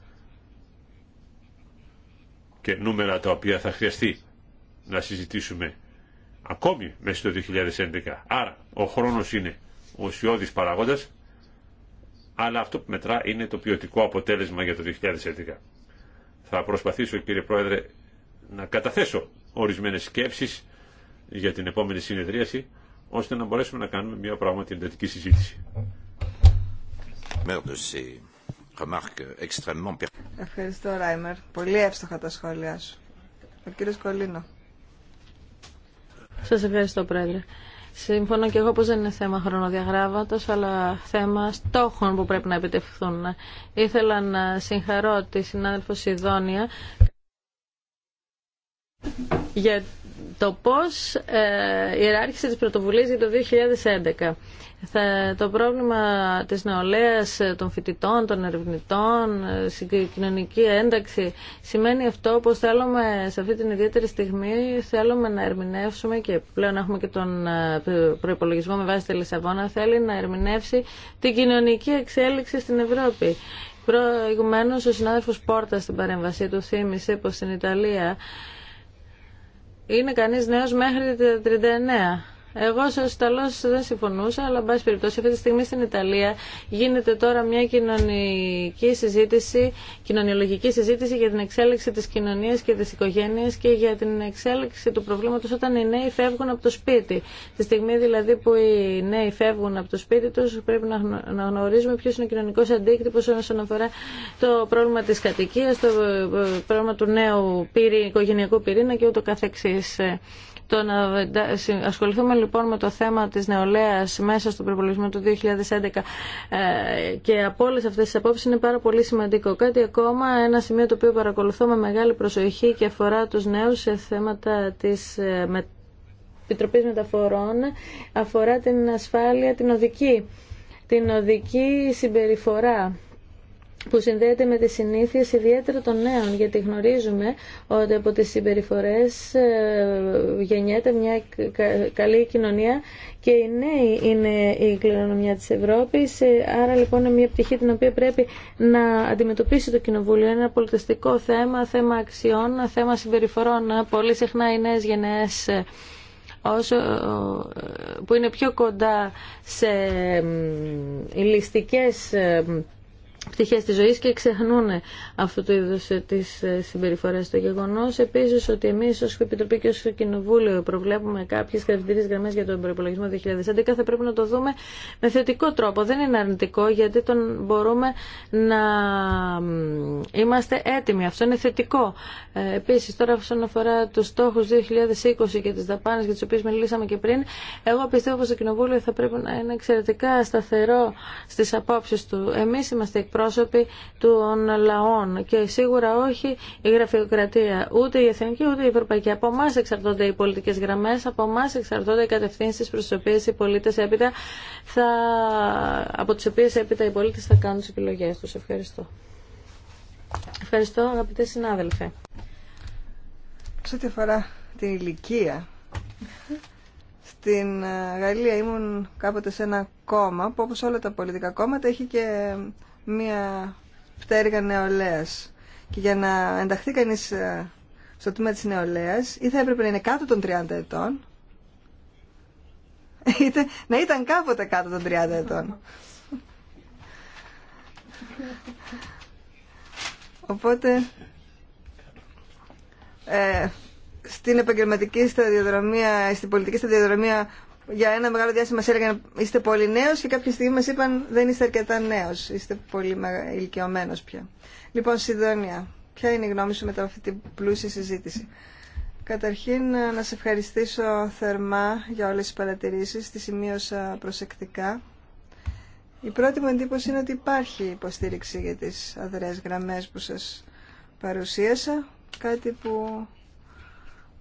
και νούμερα τα οποία θα χρειαστεί να συζητήσουμε ακόμη μέσα στο 2011. Άρα ο χρόνος είναι ουσιώδης παράγοντας, αλλά αυτό που μετρά είναι το ποιοτικό αποτέλεσμα για το 2011. Θα προσπαθήσω κύριε Πρόεδρε να καταθέσω ορισμένες σκέψεις για την επόμενη συνεδρίαση ώστε να μπορέσουμε να κάνουμε μια πράγματι εντατική συζήτηση. Ευχαριστώ, Ράιμερ. Πολύ εύστοχα τα σχόλιά σου. Ο κύριο Κολίνο. Σα ευχαριστώ, Πρόεδρε. Συμφωνώ και εγώ πω δεν είναι θέμα χρονοδιαγράμματος, αλλά θέμα στόχων που πρέπει να επιτευχθούν. Ήθελα να συγχαρώ τη συνάδελφο Σιδόνια για το πώς ε, ιεράρχησε τις πρωτοβουλίες για το 2011. Θα, το πρόβλημα της νεολαίας ε, των φοιτητών, των ερευνητών, ε, κοινωνική ένταξη, σημαίνει αυτό πως θέλουμε σε αυτή την ιδιαίτερη στιγμή, θέλουμε να ερμηνεύσουμε και πλέον έχουμε και τον ε, προϋπολογισμό με βάση τη Λισαβόνα, θέλει να ερμηνεύσει την κοινωνική εξέλιξη στην Ευρώπη. Προηγουμένως ο συνάδελφος Πόρτα στην παρέμβασή του θύμισε πως στην Ιταλία είναι κανείς νέος μέχρι τα 39. Εγώ ω Ιταλό δεν συμφωνούσα, αλλά εν πάση περιπτώσει αυτή τη στιγμή στην Ιταλία γίνεται τώρα μια κοινωνική συζήτηση, κοινωνιολογική συζήτηση για την εξέλιξη τη κοινωνία και τη οικογένεια και για την εξέλιξη του προβλήματο όταν οι νέοι φεύγουν από το σπίτι. Τη στιγμή δηλαδή που οι νέοι φεύγουν από το σπίτι του, πρέπει να γνωρίζουμε ποιο είναι ο κοινωνικό αντίκτυπο όσον αφορά το πρόβλημα τη κατοικία, το ε, ε, πρόβλημα του νέου οικογενειακού πυρήνα και ούτω κάθεξή. Το να ασχοληθούμε λοιπόν με το θέμα της νεολαίας μέσα στον προπολογισμό του 2011 ε, και από όλε αυτές τις απόψεις είναι πάρα πολύ σημαντικό. Κάτι ακόμα, ένα σημείο το οποίο παρακολουθώ με μεγάλη προσοχή και αφορά τους νέους σε θέματα της ε, Επιτροπής Μεταφορών, αφορά την ασφάλεια, την οδική, την οδική συμπεριφορά που συνδέεται με τις συνήθειες ιδιαίτερα των νέων, γιατί γνωρίζουμε ότι από τις συμπεριφορές ε, γεννιέται μια καλή κοινωνία και οι νέοι είναι η κληρονομιά της Ευρώπης, ε, άρα λοιπόν είναι μια πτυχή την οποία πρέπει να αντιμετωπίσει το Κοινοβούλιο. Είναι ένα πολιτιστικό θέμα, θέμα αξιών, θέμα συμπεριφορών. Πολύ συχνά οι νέες γενναίες ε, όσο, που είναι πιο κοντά σε ληστικές πτυχές της ζωής και ξεχνούν αυτού του είδους της ε, συμπεριφορές. Το γεγονός επίσης ότι εμείς ως Επιτροπή και ως Κοινοβούλιο προβλέπουμε κάποιες χαρακτηρίες γραμμές για τον προπολογισμό 2011 θα πρέπει να το δούμε με θετικό τρόπο. Δεν είναι αρνητικό γιατί τον μπορούμε να είμαστε έτοιμοι. Αυτό είναι θετικό. Ε, επίσης τώρα όσον αφορά τους στόχους 2020 και τις δαπάνες για τις οποίες μιλήσαμε και πριν, εγώ πιστεύω πως το Κοινοβούλιο θα πρέπει να είναι εξαιρετικά σταθερό στις απόψεις του. Εμείς είμαστε εκπρόσωποι των λαών και σίγουρα όχι η γραφειοκρατία. Ούτε η εθνική ούτε η ευρωπαϊκή. Από εμά εξαρτώνται οι πολιτικέ γραμμέ, από εμά εξαρτώνται οι κατευθύνσει προ τι οποίε οι πολίτε έπειτα θα... από τι οποίε έπειτα οι πολίτε θα κάνουν τι επιλογέ του. Ευχαριστώ. Ευχαριστώ αγαπητέ συνάδελφε. Σε ό,τι αφορά την ηλικία, στην ε, Γαλλία ήμουν κάποτε σε ένα κόμμα που όπως όλα τα πολιτικά κόμματα έχει και μια πτέρυγα νεολαία. Και για να ενταχθεί κανείς ε, στο τμήμα τη νεολαία ή θα έπρεπε να είναι κάτω των 30 ετών, είτε να ήταν κάποτε κάτω των 30 ετών. Οπότε, ε, στην επαγγελματική σταδιοδρομία, στην πολιτική σταδιοδρομία για ένα μεγάλο διάστημα μας έλεγαν είστε πολύ νέος και κάποια στιγμή μας είπαν δεν είστε αρκετά νέος, είστε πολύ ηλικιωμένο πια. Λοιπόν, Σιδόνια, ποια είναι η γνώμη σου μετά αυτή την πλούσια συζήτηση. Καταρχήν να σε ευχαριστήσω θερμά για όλες τις παρατηρήσεις, τη σημείωσα προσεκτικά. Η πρώτη μου εντύπωση είναι ότι υπάρχει υποστήριξη για τις αδρές γραμμές που σας παρουσίασα, κάτι που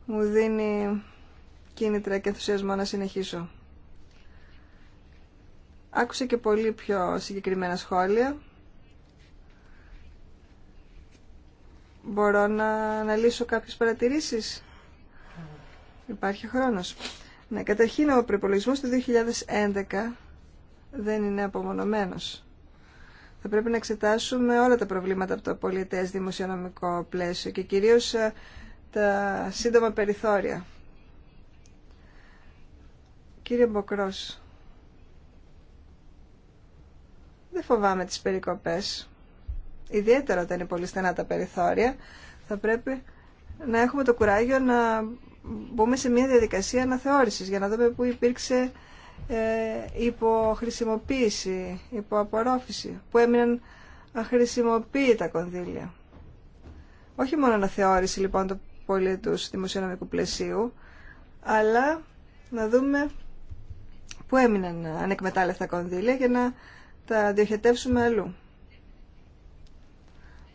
μου δίνει κίνητρα και ενθουσιασμό να συνεχίσω. Άκουσα και πολύ πιο συγκεκριμένα σχόλια. Μπορώ να αναλύσω κάποιες παρατηρήσεις. Υπάρχει χρόνος. Ναι, καταρχήν ο προπολογισμό του 2011 δεν είναι απομονωμένος. Θα πρέπει να εξετάσουμε όλα τα προβλήματα από το πολιτές δημοσιονομικό πλαίσιο και κυρίως ε, τα σύντομα περιθώρια. Κύριε Μποκρός, δεν φοβάμαι τις περικοπές. Ιδιαίτερα όταν είναι πολύ στενά τα περιθώρια, θα πρέπει να έχουμε το κουράγιο να μπούμε σε μια διαδικασία αναθεώρησης για να δούμε πού υπήρξε ε, υποχρησιμοποίηση, υποαπορρόφηση, που έμειναν αχρησιμοποίητα κονδύλια. Όχι μόνο αναθεώρηση λοιπόν του πολίτους δημοσιονομικού πλαισίου, αλλά να δούμε που έμειναν ανεκμετάλλευτα κονδύλια για να τα διοχετεύσουμε αλλού.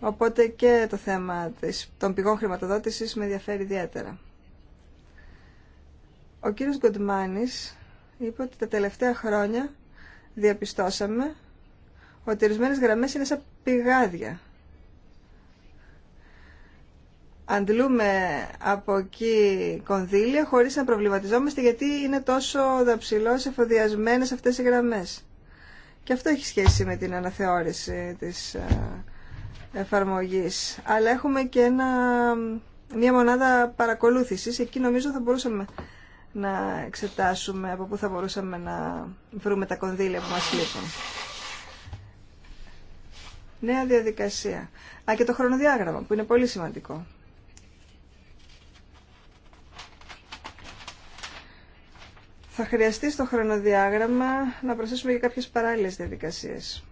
Οπότε και το θέμα της, των πηγών χρηματοδότησης με ενδιαφέρει ιδιαίτερα. Ο κύριος Γκοντμάνης είπε ότι τα τελευταία χρόνια διαπιστώσαμε ότι ορισμένε γραμμές είναι σαν πηγάδια αντλούμε από εκεί κονδύλια χωρίς να προβληματιζόμαστε γιατί είναι τόσο δαψιλώς εφοδιασμένες αυτές οι γραμμές. Και αυτό έχει σχέση με την αναθεώρηση της ε, εφαρμογής. Αλλά έχουμε και μια μονάδα παρακολούθησης. Εκεί νομίζω θα μπορούσαμε να εξετάσουμε από πού θα μπορούσαμε να βρούμε τα κονδύλια που μας λείπουν. Νέα διαδικασία. Α, και το χρονοδιάγραμμα που είναι πολύ σημαντικό. θα χρειαστεί στο χρονοδιάγραμμα να προσθέσουμε και κάποιες παράλληλες διαδικασίες.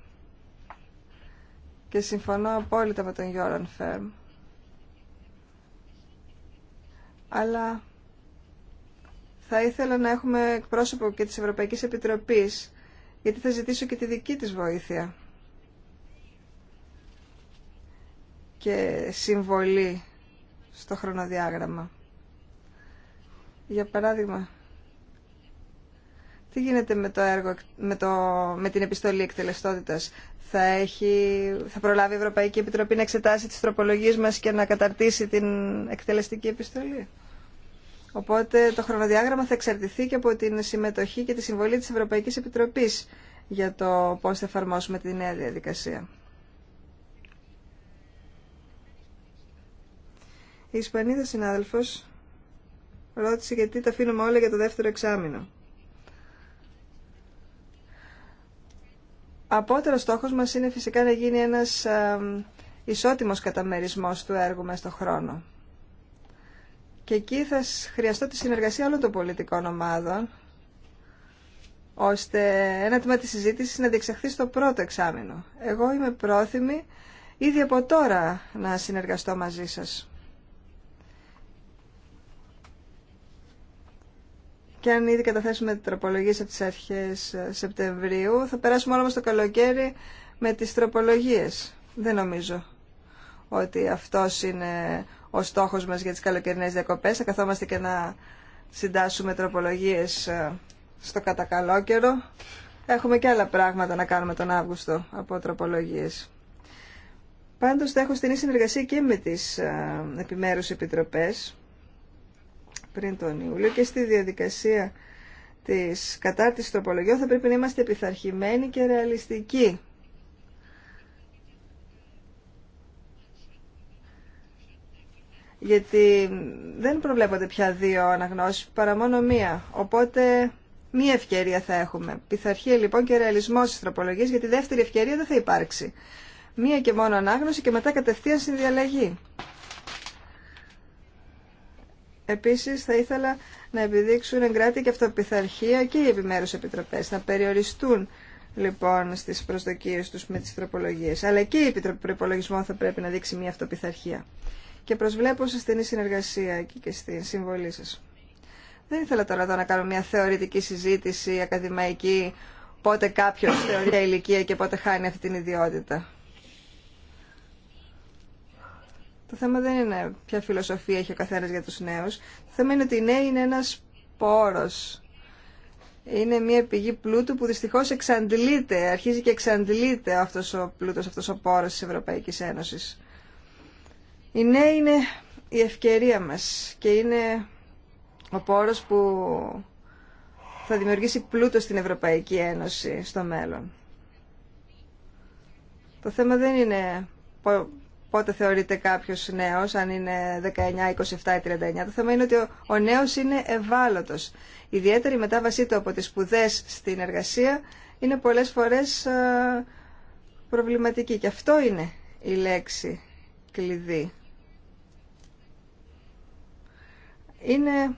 Και συμφωνώ απόλυτα με τον Γιώραν Φέρμ. Αλλά θα ήθελα να έχουμε εκπρόσωπο και της Ευρωπαϊκής Επιτροπής, γιατί θα ζητήσω και τη δική της βοήθεια και συμβολή στο χρονοδιάγραμμα. Για παράδειγμα, τι γίνεται με το έργο, με, το, με την επιστολή εκτελεστότητας. Θα, έχει, θα προλάβει η Ευρωπαϊκή Επιτροπή να εξετάσει τις τροπολογίες μας και να καταρτήσει την εκτελεστική επιστολή. Οπότε το χρονοδιάγραμμα θα εξαρτηθεί και από την συμμετοχή και τη συμβολή της Ευρωπαϊκής Επιτροπής για το πώς θα εφαρμόσουμε τη νέα διαδικασία. Η Ισπανίδα συνάδελφος ρώτησε γιατί τα αφήνουμε όλα για το δεύτερο εξάμεινο. Απότερο στόχος μας είναι φυσικά να γίνει ένας ισότιμος καταμερισμός του έργου μας στον χρόνο. Και εκεί θα χρειαστώ τη συνεργασία όλων των πολιτικών ομάδων, ώστε ένα τμήμα της συζήτησης να διεξαχθεί στο πρώτο εξάμεινο. Εγώ είμαι πρόθυμη ήδη από τώρα να συνεργαστώ μαζί σας. και αν ήδη καταθέσουμε τροπολογίες από τις αρχές ε, Σεπτεμβρίου, θα περάσουμε όλο μας το καλοκαίρι με τις τροπολογίες. Δεν νομίζω ότι αυτός είναι ο στόχος μας για τις καλοκαιρινές διακοπές. Θα καθόμαστε και να συντάσσουμε τροπολογίες ε, στο κατακαλό καιρό. Έχουμε και άλλα πράγματα να κάνουμε τον Αύγουστο από τροπολογίες. Πάντως θα έχω στενή συνεργασία και με τις ε, επιμέρους επιτροπές πριν τον Ιούλιο και στη διαδικασία της κατάρτισης τροπολογιών θα πρέπει να είμαστε επιθαρχημένοι και ρεαλιστικοί. Γιατί δεν προβλέπονται πια δύο αναγνώσεις, παρά μόνο μία. Οπότε μία ευκαιρία θα έχουμε. Πειθαρχία λοιπόν και ρεαλισμό τη τροπολογία γιατί δεύτερη ευκαιρία δεν θα υπάρξει. Μία και μόνο ανάγνωση και μετά κατευθείαν συνδιαλλαγή. Επίσης θα ήθελα να επιδείξουν εγκράτη και αυτοπιθαρχία και οι επιμέρους επιτροπές. Να περιοριστούν λοιπόν στις προσδοκίες τους με τις τροπολογίες. Αλλά και η Επιτροπή προϋπολογισμών θα πρέπει να δείξει μια αυτοπιθαρχία. Και προσβλέπω σε στενή συνεργασία και στη συμβολή σας. Δεν ήθελα τώρα εδώ να κάνω μια θεωρητική συζήτηση ακαδημαϊκή πότε κάποιος θεωρεί ηλικία και πότε χάνει αυτή την ιδιότητα. Το θέμα δεν είναι ποια φιλοσοφία έχει ο καθένα για τους νέους. Το θέμα είναι ότι οι νέοι είναι ένας πόρος. Είναι μια πηγή πλούτου που δυστυχώς εξαντλείται, αρχίζει και εξαντλείται αυτός ο πλούτος, αυτός ο πόρος της ευρωπαϊκή Ένωσης. Οι νέοι είναι η ευκαιρία μας και είναι ο πόρος που θα δημιουργήσει πλούτο στην Ευρωπαϊκή Ένωση στο μέλλον. Το θέμα δεν είναι πότε θεωρείται κάποιο νέο, αν είναι 19, 27 ή 39. Το θέμα είναι ότι ο, νέος νέο είναι ευάλωτο. Ιδιαίτερη μετάβασή του από τι σπουδέ στην εργασία είναι πολλέ φορέ ε, προβληματική. Και αυτό είναι η λέξη κλειδί. Είναι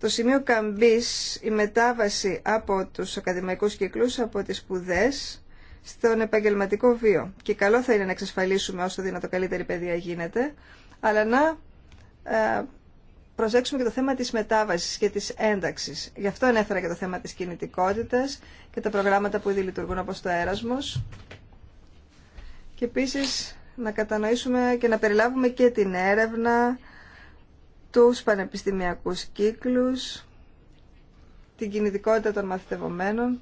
το σημείο καμπής η μετάβαση από τους ακαδημαϊκούς κύκλους, από τις σπουδές, στον επαγγελματικό βίο. Και καλό θα είναι να εξασφαλίσουμε όσο δυνατό καλύτερη παιδεία γίνεται, αλλά να ε, προσέξουμε και το θέμα της μετάβασης και της ένταξης. Γι' αυτό ανέφερα και το θέμα της κινητικότητας και τα προγράμματα που ήδη λειτουργούν όπως το Έρασμος. Και επίσης να κατανοήσουμε και να περιλάβουμε και την έρευνα, τους πανεπιστημιακούς κύκλους, την κινητικότητα των μαθητευομένων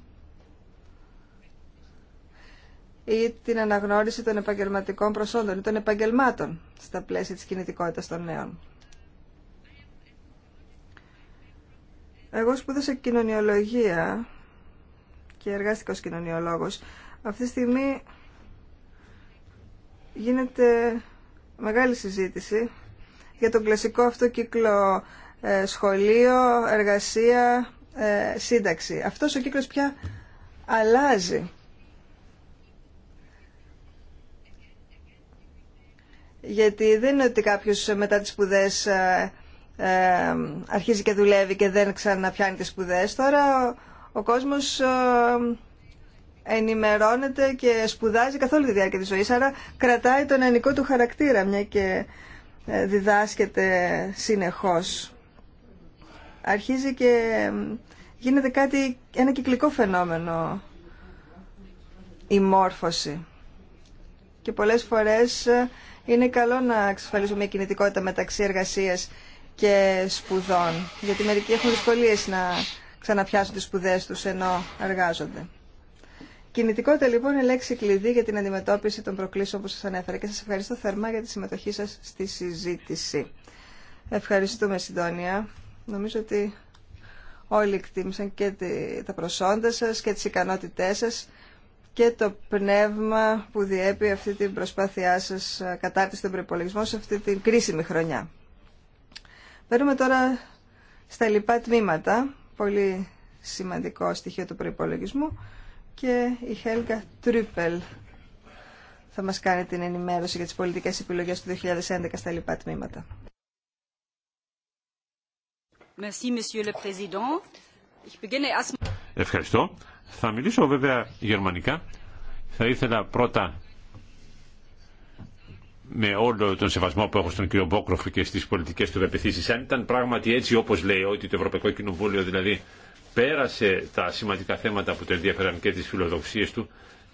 ή την αναγνώριση των επαγγελματικών προσόντων ή των επαγγελμάτων στα πλαίσια της κινητικότητας των νέων. Εγώ σπούδασα κοινωνιολογία και εργάστηκα ως κοινωνιολόγος. Αυτή τη στιγμή γίνεται μεγάλη συζήτηση για τον κλασικό αυτό κύκλο ε, σχολείο, εργασία, ε, σύνταξη. Αυτός ο κύκλος πια αλλάζει. Γιατί δεν είναι ότι κάποιο μετά τις σπουδές ε, ε, αρχίζει και δουλεύει και δεν ξαναπιάνει τις σπουδές. Τώρα ο, ο κόσμος ε, ενημερώνεται και σπουδάζει καθ' όλη τη διάρκεια της ζωή. άρα κρατάει τον ενικό του χαρακτήρα, μια και ε, διδάσκεται συνεχώς. Αρχίζει και γίνεται κάτι, ένα κυκλικό φαινόμενο η μόρφωση. Και πολλές φορές είναι καλό να εξασφαλίσουμε μια κινητικότητα μεταξύ εργασία και σπουδών, γιατί μερικοί έχουν δυσκολίε να ξαναπιάσουν τι σπουδέ του ενώ εργάζονται. Κινητικότητα λοιπόν είναι λέξη κλειδί για την αντιμετώπιση των προκλήσεων που σας ανέφερα και σας ευχαριστώ θερμά για τη συμμετοχή σας στη συζήτηση. Ευχαριστούμε Συντόνια. Νομίζω ότι όλοι εκτίμησαν και τα προσόντα σας και τις ικανότητές σας και το πνεύμα που διέπει αυτή την προσπάθειά σας ε, κατάρτιση των προπολογισμών σε αυτή την κρίσιμη χρονιά. Παίρνουμε τώρα στα λοιπά τμήματα, πολύ σημαντικό στοιχείο του προπολογισμού και η Χέλγα Τρίπελ θα μας κάνει την ενημέρωση για τις πολιτικές επιλογές του 2011 στα λοιπά τμήματα. Merci, Monsieur le Président. Ευχαριστώ. Θα μιλήσω βέβαια γερμανικά. Θα ήθελα πρώτα με όλο τον σεβασμό που έχω στον κύριο Μπόκροφ και στις πολιτικές του επιθύσεις αν ήταν πράγματι έτσι όπως λέει ότι το Ευρωπαϊκό Κοινοβούλιο δηλαδή πέρασε τα σημαντικά θέματα που το ενδιαφέραν και τις φιλοδοξίες του,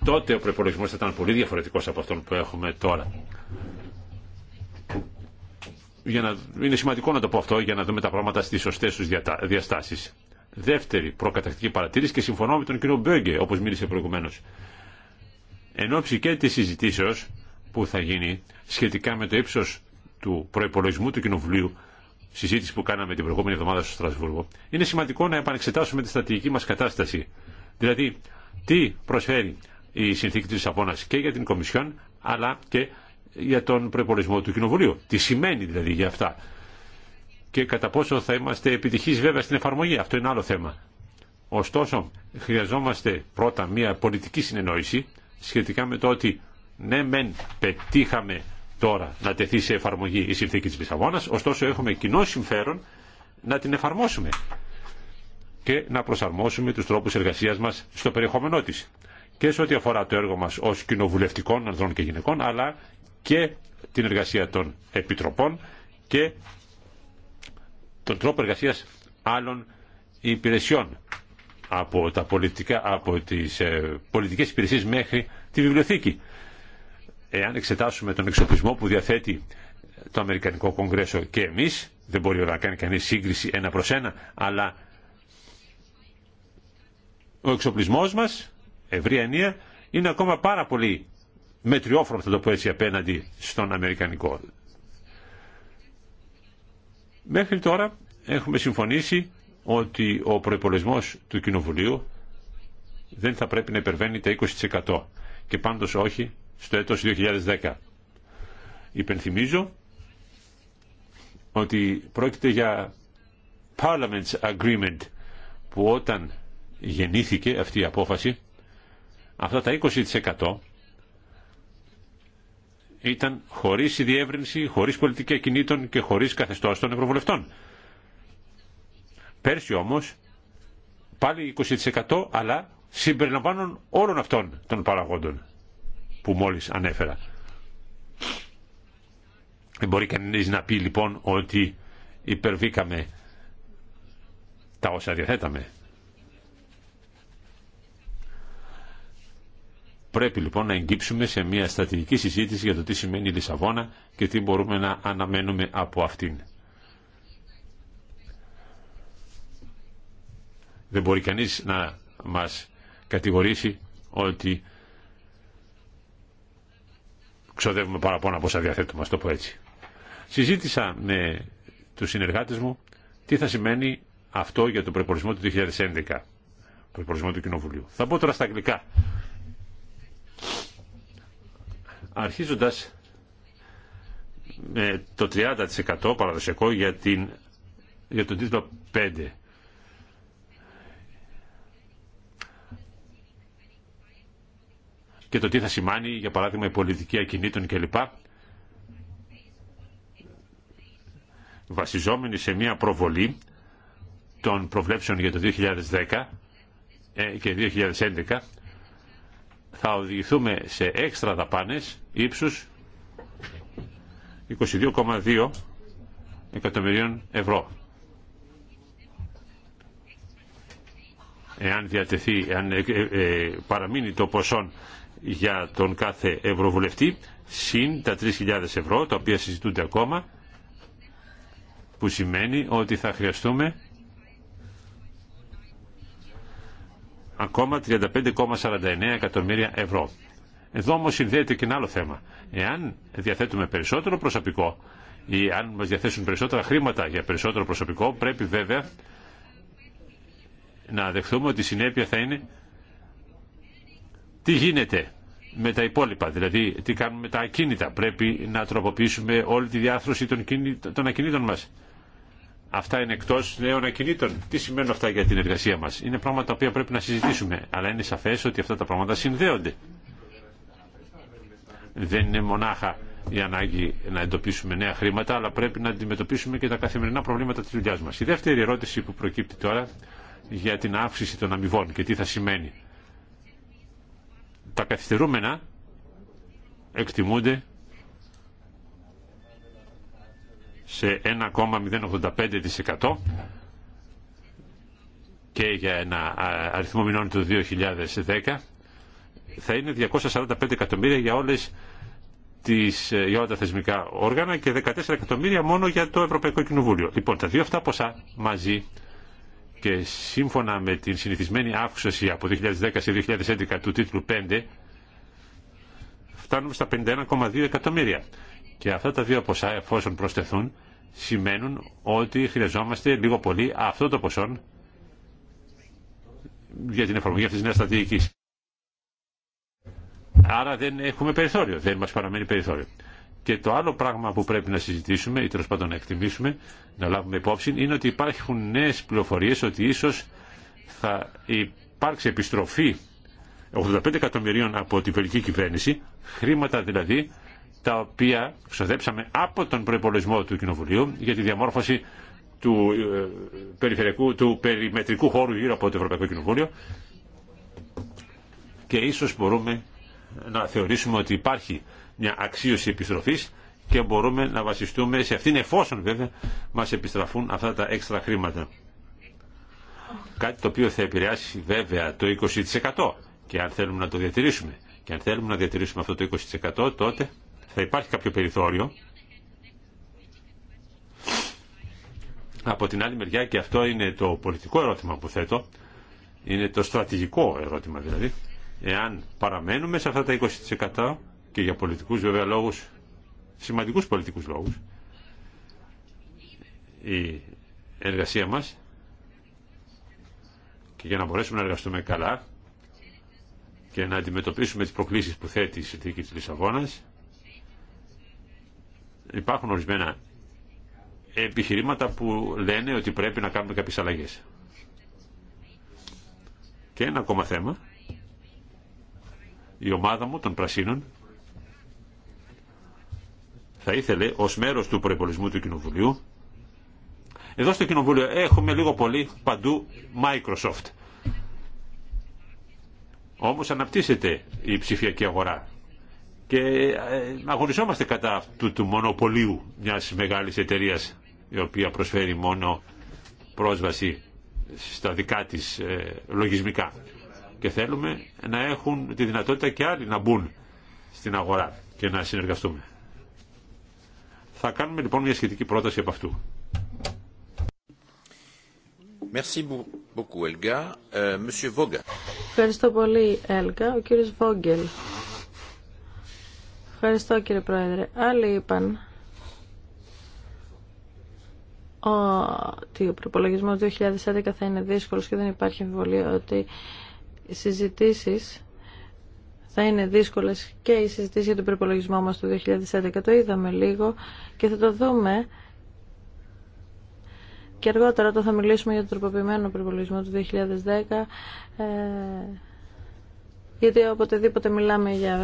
τότε ο προπολογισμό θα ήταν πολύ διαφορετικός από αυτόν που έχουμε τώρα. Για να... Είναι σημαντικό να το πω αυτό για να δούμε τα πράγματα στις σωστές τους διαστάσεις. Δεύτερη προκατακτική παρατήρηση και συμφωνώ με τον κύριο Μπέγκε, όπω μίλησε προηγουμένω. Εν ώψη και τη συζητήσεω που θα γίνει σχετικά με το ύψο του προπολογισμού του Κοινοβουλίου, συζήτηση που κάναμε την προηγούμενη εβδομάδα στο Στρασβούργο, είναι σημαντικό να επανεξετάσουμε τη στρατηγική μα κατάσταση. Δηλαδή, τι προσφέρει η συνθήκη τη Λισαβόνας και για την Κομισιόν, αλλά και για τον προπολογισμό του Κοινοβουλίου. Τι σημαίνει δηλαδή για αυτά και κατά πόσο θα είμαστε επιτυχείς βέβαια στην εφαρμογή. Αυτό είναι άλλο θέμα. Ωστόσο, χρειαζόμαστε πρώτα μια πολιτική συνεννόηση σχετικά με το ότι ναι μεν πετύχαμε τώρα να τεθεί σε εφαρμογή η συνθήκη της Λισαβόνας, ωστόσο έχουμε κοινό συμφέρον να την εφαρμόσουμε και να προσαρμόσουμε τους τρόπους εργασίας μας στο περιεχόμενό της. Και σε ό,τι αφορά το έργο μας ως κοινοβουλευτικών ανδρών και γυναικών, αλλά και την εργασία των επιτροπών και τον τρόπο εργασίας άλλων υπηρεσιών από, τα πολιτικά, από τις ε, πολιτικές υπηρεσίες μέχρι τη βιβλιοθήκη. Εάν εξετάσουμε τον εξοπλισμό που διαθέτει το Αμερικανικό Κογκρέσο και εμείς, δεν μπορεί να κάνει κανείς σύγκριση ένα προς ένα, αλλά ο εξοπλισμός μας, ευρία ενία, είναι ακόμα πάρα πολύ μετριόφρονο θα το πω έτσι, απέναντι στον Αμερικανικό. Μέχρι τώρα έχουμε συμφωνήσει ότι ο προπολογισμό του Κοινοβουλίου δεν θα πρέπει να υπερβαίνει τα 20% και πάντως όχι στο έτος 2010. Υπενθυμίζω ότι πρόκειται για Parliament's Agreement που όταν γεννήθηκε αυτή η απόφαση αυτά τα 20% ήταν χωρίς η διεύρυνση, χωρίς πολιτική κινήτων και χωρίς καθεστώς των ευρωβουλευτών. Πέρσι όμως πάλι 20% αλλά συμπεριλαμβάνουν όλων αυτών των παραγόντων που μόλις ανέφερα. Ε, μπορεί κανείς να πει λοιπόν ότι υπερβήκαμε τα όσα διαθέταμε. Πρέπει λοιπόν να εγκύψουμε σε μια στρατηγική συζήτηση για το τι σημαίνει η Λισαβόνα και τι μπορούμε να αναμένουμε από αυτήν. Δεν μπορεί κανείς να μας κατηγορήσει ότι ξοδεύουμε παραπάνω από όσα διαθέτουμε, α το πω έτσι. Συζήτησα με τους συνεργάτες μου τι θα σημαίνει αυτό για το προπολογισμό του 2011, προπολογισμό του Κοινοβουλίου. Θα πω τώρα στα αγγλικά αρχίζοντας με το 30% παραδοσιακό για, την, για τον τίτλο 5. και το τι θα σημάνει, για παράδειγμα, η πολιτική ακινήτων κλπ. Βασιζόμενοι σε μια προβολή των προβλέψεων για το 2010 ε, και 2011, θα οδηγηθούμε σε έξτρα δαπάνες ύψους 22,2 εκατομμυρίων ευρώ. Εάν διατεθεί, εάν ε, ε, ε, παραμείνει το ποσό για τον κάθε ευρωβουλευτή, συν τα 3.000 ευρώ, τα οποία συζητούνται ακόμα, που σημαίνει ότι θα χρειαστούμε ακόμα 35,49 εκατομμύρια ευρώ. Εδώ όμω συνδέεται και ένα άλλο θέμα. Εάν διαθέτουμε περισσότερο προσωπικό ή αν μας διαθέσουν περισσότερα χρήματα για περισσότερο προσωπικό, πρέπει βέβαια να δεχθούμε ότι η συνέπεια θα είναι τι γίνεται με τα υπόλοιπα, δηλαδή τι κάνουμε με τα ακίνητα. Πρέπει να τροποποιήσουμε όλη τη διάθρωση των, ακινήτων μας αυτά είναι εκτό νέων ακινήτων. Τι σημαίνουν αυτά για την εργασία μα. Είναι πράγματα τα οποία πρέπει να συζητήσουμε. Αλλά είναι σαφέ ότι αυτά τα πράγματα συνδέονται. Δεν είναι μονάχα η ανάγκη να εντοπίσουμε νέα χρήματα, αλλά πρέπει να αντιμετωπίσουμε και τα καθημερινά προβλήματα τη δουλειά μα. Η δεύτερη ερώτηση που προκύπτει τώρα για την αύξηση των αμοιβών και τι θα σημαίνει. Τα καθυστερούμενα εκτιμούνται σε 1,085% και για ένα αριθμό μηνών του 2010 θα είναι 245 εκατομμύρια για όλες τις, για θεσμικά όργανα και 14 εκατομμύρια μόνο για το Ευρωπαϊκό Κοινοβούλιο. Λοιπόν, τα δύο αυτά ποσά μαζί και σύμφωνα με την συνηθισμένη αύξηση από 2010 σε 2011 του τίτλου 5 φτάνουμε στα 51,2 εκατομμύρια. Και αυτά τα δύο ποσά, εφόσον προστεθούν σημαίνουν ότι χρειαζόμαστε λίγο πολύ αυτό το ποσό για την εφαρμογή αυτής της νέας στρατηγικής. Άρα δεν έχουμε περιθώριο, δεν μας παραμένει περιθώριο. Και το άλλο πράγμα που πρέπει να συζητήσουμε ή τέλο πάντων να εκτιμήσουμε, να λάβουμε υπόψη, είναι ότι υπάρχουν νέες πληροφορίες ότι ίσως θα υπάρξει επιστροφή 85 εκατομμυρίων από την βελική κυβέρνηση, χρήματα δηλαδή τα οποία ξοδέψαμε από τον προπολογισμό του Κοινοβουλίου για τη διαμόρφωση του, ε, περιφερειακού, του περιμετρικού χώρου γύρω από το Ευρωπαϊκό Κοινοβούλιο και ίσως μπορούμε να θεωρήσουμε ότι υπάρχει μια αξίωση επιστροφής και μπορούμε να βασιστούμε σε αυτήν εφόσον βέβαια μας επιστραφούν αυτά τα έξτρα χρήματα. Κάτι το οποίο θα επηρεάσει βέβαια το 20% και αν θέλουμε να το διατηρήσουμε και αν θέλουμε να διατηρήσουμε αυτό το 20% τότε θα υπάρχει κάποιο περιθώριο. Από την άλλη μεριά, και αυτό είναι το πολιτικό ερώτημα που θέτω, είναι το στρατηγικό ερώτημα δηλαδή, εάν παραμένουμε σε αυτά τα 20% και για πολιτικούς βέβαια λόγους, σημαντικούς πολιτικούς λόγους, η εργασία μας και για να μπορέσουμε να εργαστούμε καλά και να αντιμετωπίσουμε τις προκλήσεις που θέτει η συνθήκη της Λισαβόνας υπάρχουν ορισμένα επιχειρήματα που λένε ότι πρέπει να κάνουμε κάποιες αλλαγές. Και ένα ακόμα θέμα, η ομάδα μου των Πρασίνων θα ήθελε ως μέρος του προϋπολισμού του Κοινοβουλίου εδώ στο Κοινοβούλιο έχουμε λίγο πολύ παντού Microsoft. Όμως αναπτύσσεται η ψηφιακή αγορά και ε, αγωνιζόμαστε κατά αυτού του μονοπωλίου μιας μεγάλης εταιρείας η οποία προσφέρει μόνο πρόσβαση στα δικά της ε, λογισμικά και θέλουμε να έχουν τη δυνατότητα και άλλοι να μπουν στην αγορά και να συνεργαστούμε. Θα κάνουμε λοιπόν μια σχετική πρόταση από αυτού. Euh, Ευχαριστώ πολύ, Έλγα. Ο κύριος Βόγγελ. Ευχαριστώ κύριε Πρόεδρε. Άλλοι είπαν ότι ο προπολογισμό 2011 θα είναι δύσκολο και δεν υπάρχει εμβολία ότι οι συζητήσει θα είναι δύσκολε και οι συζητήσει για τον προπολογισμό μα του 2011. Το είδαμε λίγο και θα το δούμε και αργότερα όταν θα μιλήσουμε για τον τροποποιημένο προπολογισμό του 2010 γιατί οποτεδήποτε μιλάμε για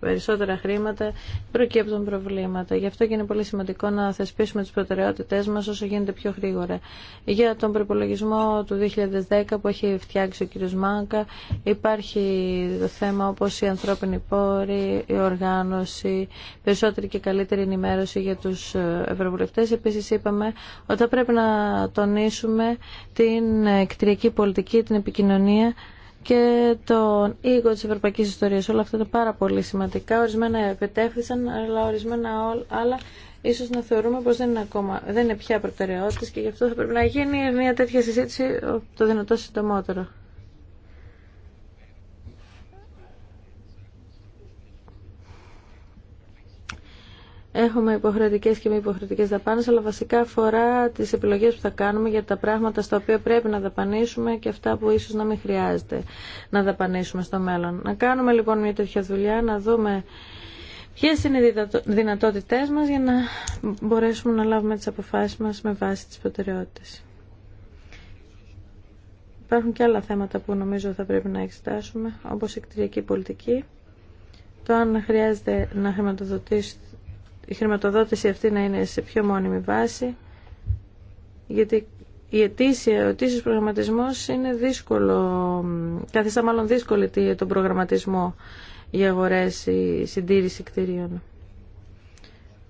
περισσότερα χρήματα προκύπτουν προβλήματα. Γι' αυτό και είναι πολύ σημαντικό να θεσπίσουμε τις προτεραιότητές μας όσο γίνεται πιο γρήγορα. Για τον προπολογισμό του 2010 που έχει φτιάξει ο κ. Μάγκα υπάρχει το θέμα όπως η ανθρώπινη πόρη, η οργάνωση, περισσότερη και καλύτερη ενημέρωση για τους ευρωβουλευτές. Επίσης είπαμε ότι θα πρέπει να τονίσουμε την κτηριακή πολιτική, την επικοινωνία και τον οίκο της Ευρωπαϊκής Ιστορίας. Όλα αυτά είναι πάρα πολύ σημαντικά. Ορισμένα επιτέφθησαν, αλλά ορισμένα άλλα ίσως να θεωρούμε πως δεν είναι, ακόμα, δεν είναι πια προτεραιότητες και γι' αυτό θα πρέπει να γίνει μια τέτοια συζήτηση το δυνατό συντομότερο. Έχουμε υποχρεωτικέ και μη υποχρεωτικέ δαπάνε, αλλά βασικά αφορά τι επιλογέ που θα κάνουμε για τα πράγματα στα οποία πρέπει να δαπανίσουμε και αυτά που ίσω να μην χρειάζεται να δαπανίσουμε στο μέλλον. Να κάνουμε λοιπόν μια τέτοια δουλειά, να δούμε ποιε είναι οι δυνατότητέ μα για να μπορέσουμε να λάβουμε τι αποφάσει μα με βάση τι προτεραιότητε. Υπάρχουν και άλλα θέματα που νομίζω θα πρέπει να εξετάσουμε, όπως η κτηριακή πολιτική, το αν χρειάζεται να χρηματοδοτήσει η χρηματοδότηση αυτή να είναι σε πιο μόνιμη βάση, γιατί η αιτήσια, ο αιτήσιος προγραμματισμός είναι δύσκολο, καθιστά μάλλον δύσκολη τον προγραμματισμό για αγορές ή συντήρηση κτηρίων.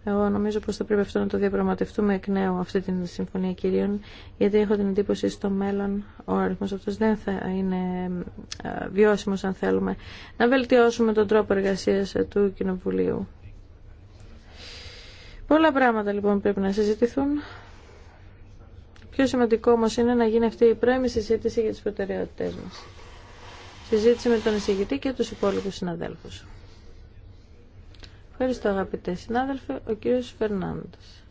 Εγώ νομίζω πως θα πρέπει αυτό να το διαπραγματευτούμε εκ νέου αυτή την συμφωνία κυρίων, γιατί έχω την εντύπωση στο μέλλον ο αριθμός αυτός δεν θα είναι βιώσιμος αν θέλουμε να βελτιώσουμε τον τρόπο εργασίας του Κοινοβουλίου. Πολλά πράγματα λοιπόν πρέπει να συζητηθούν. Πιο σημαντικό όμως είναι να γίνει αυτή η πρώιμη συζήτηση για τις προτεραιότητες μας. Συζήτηση με τον εισηγητή και τους υπόλοιπους συναδέλφους. Ευχαριστώ αγαπητέ συνάδελφε, ο κύριος Φερνάνδης.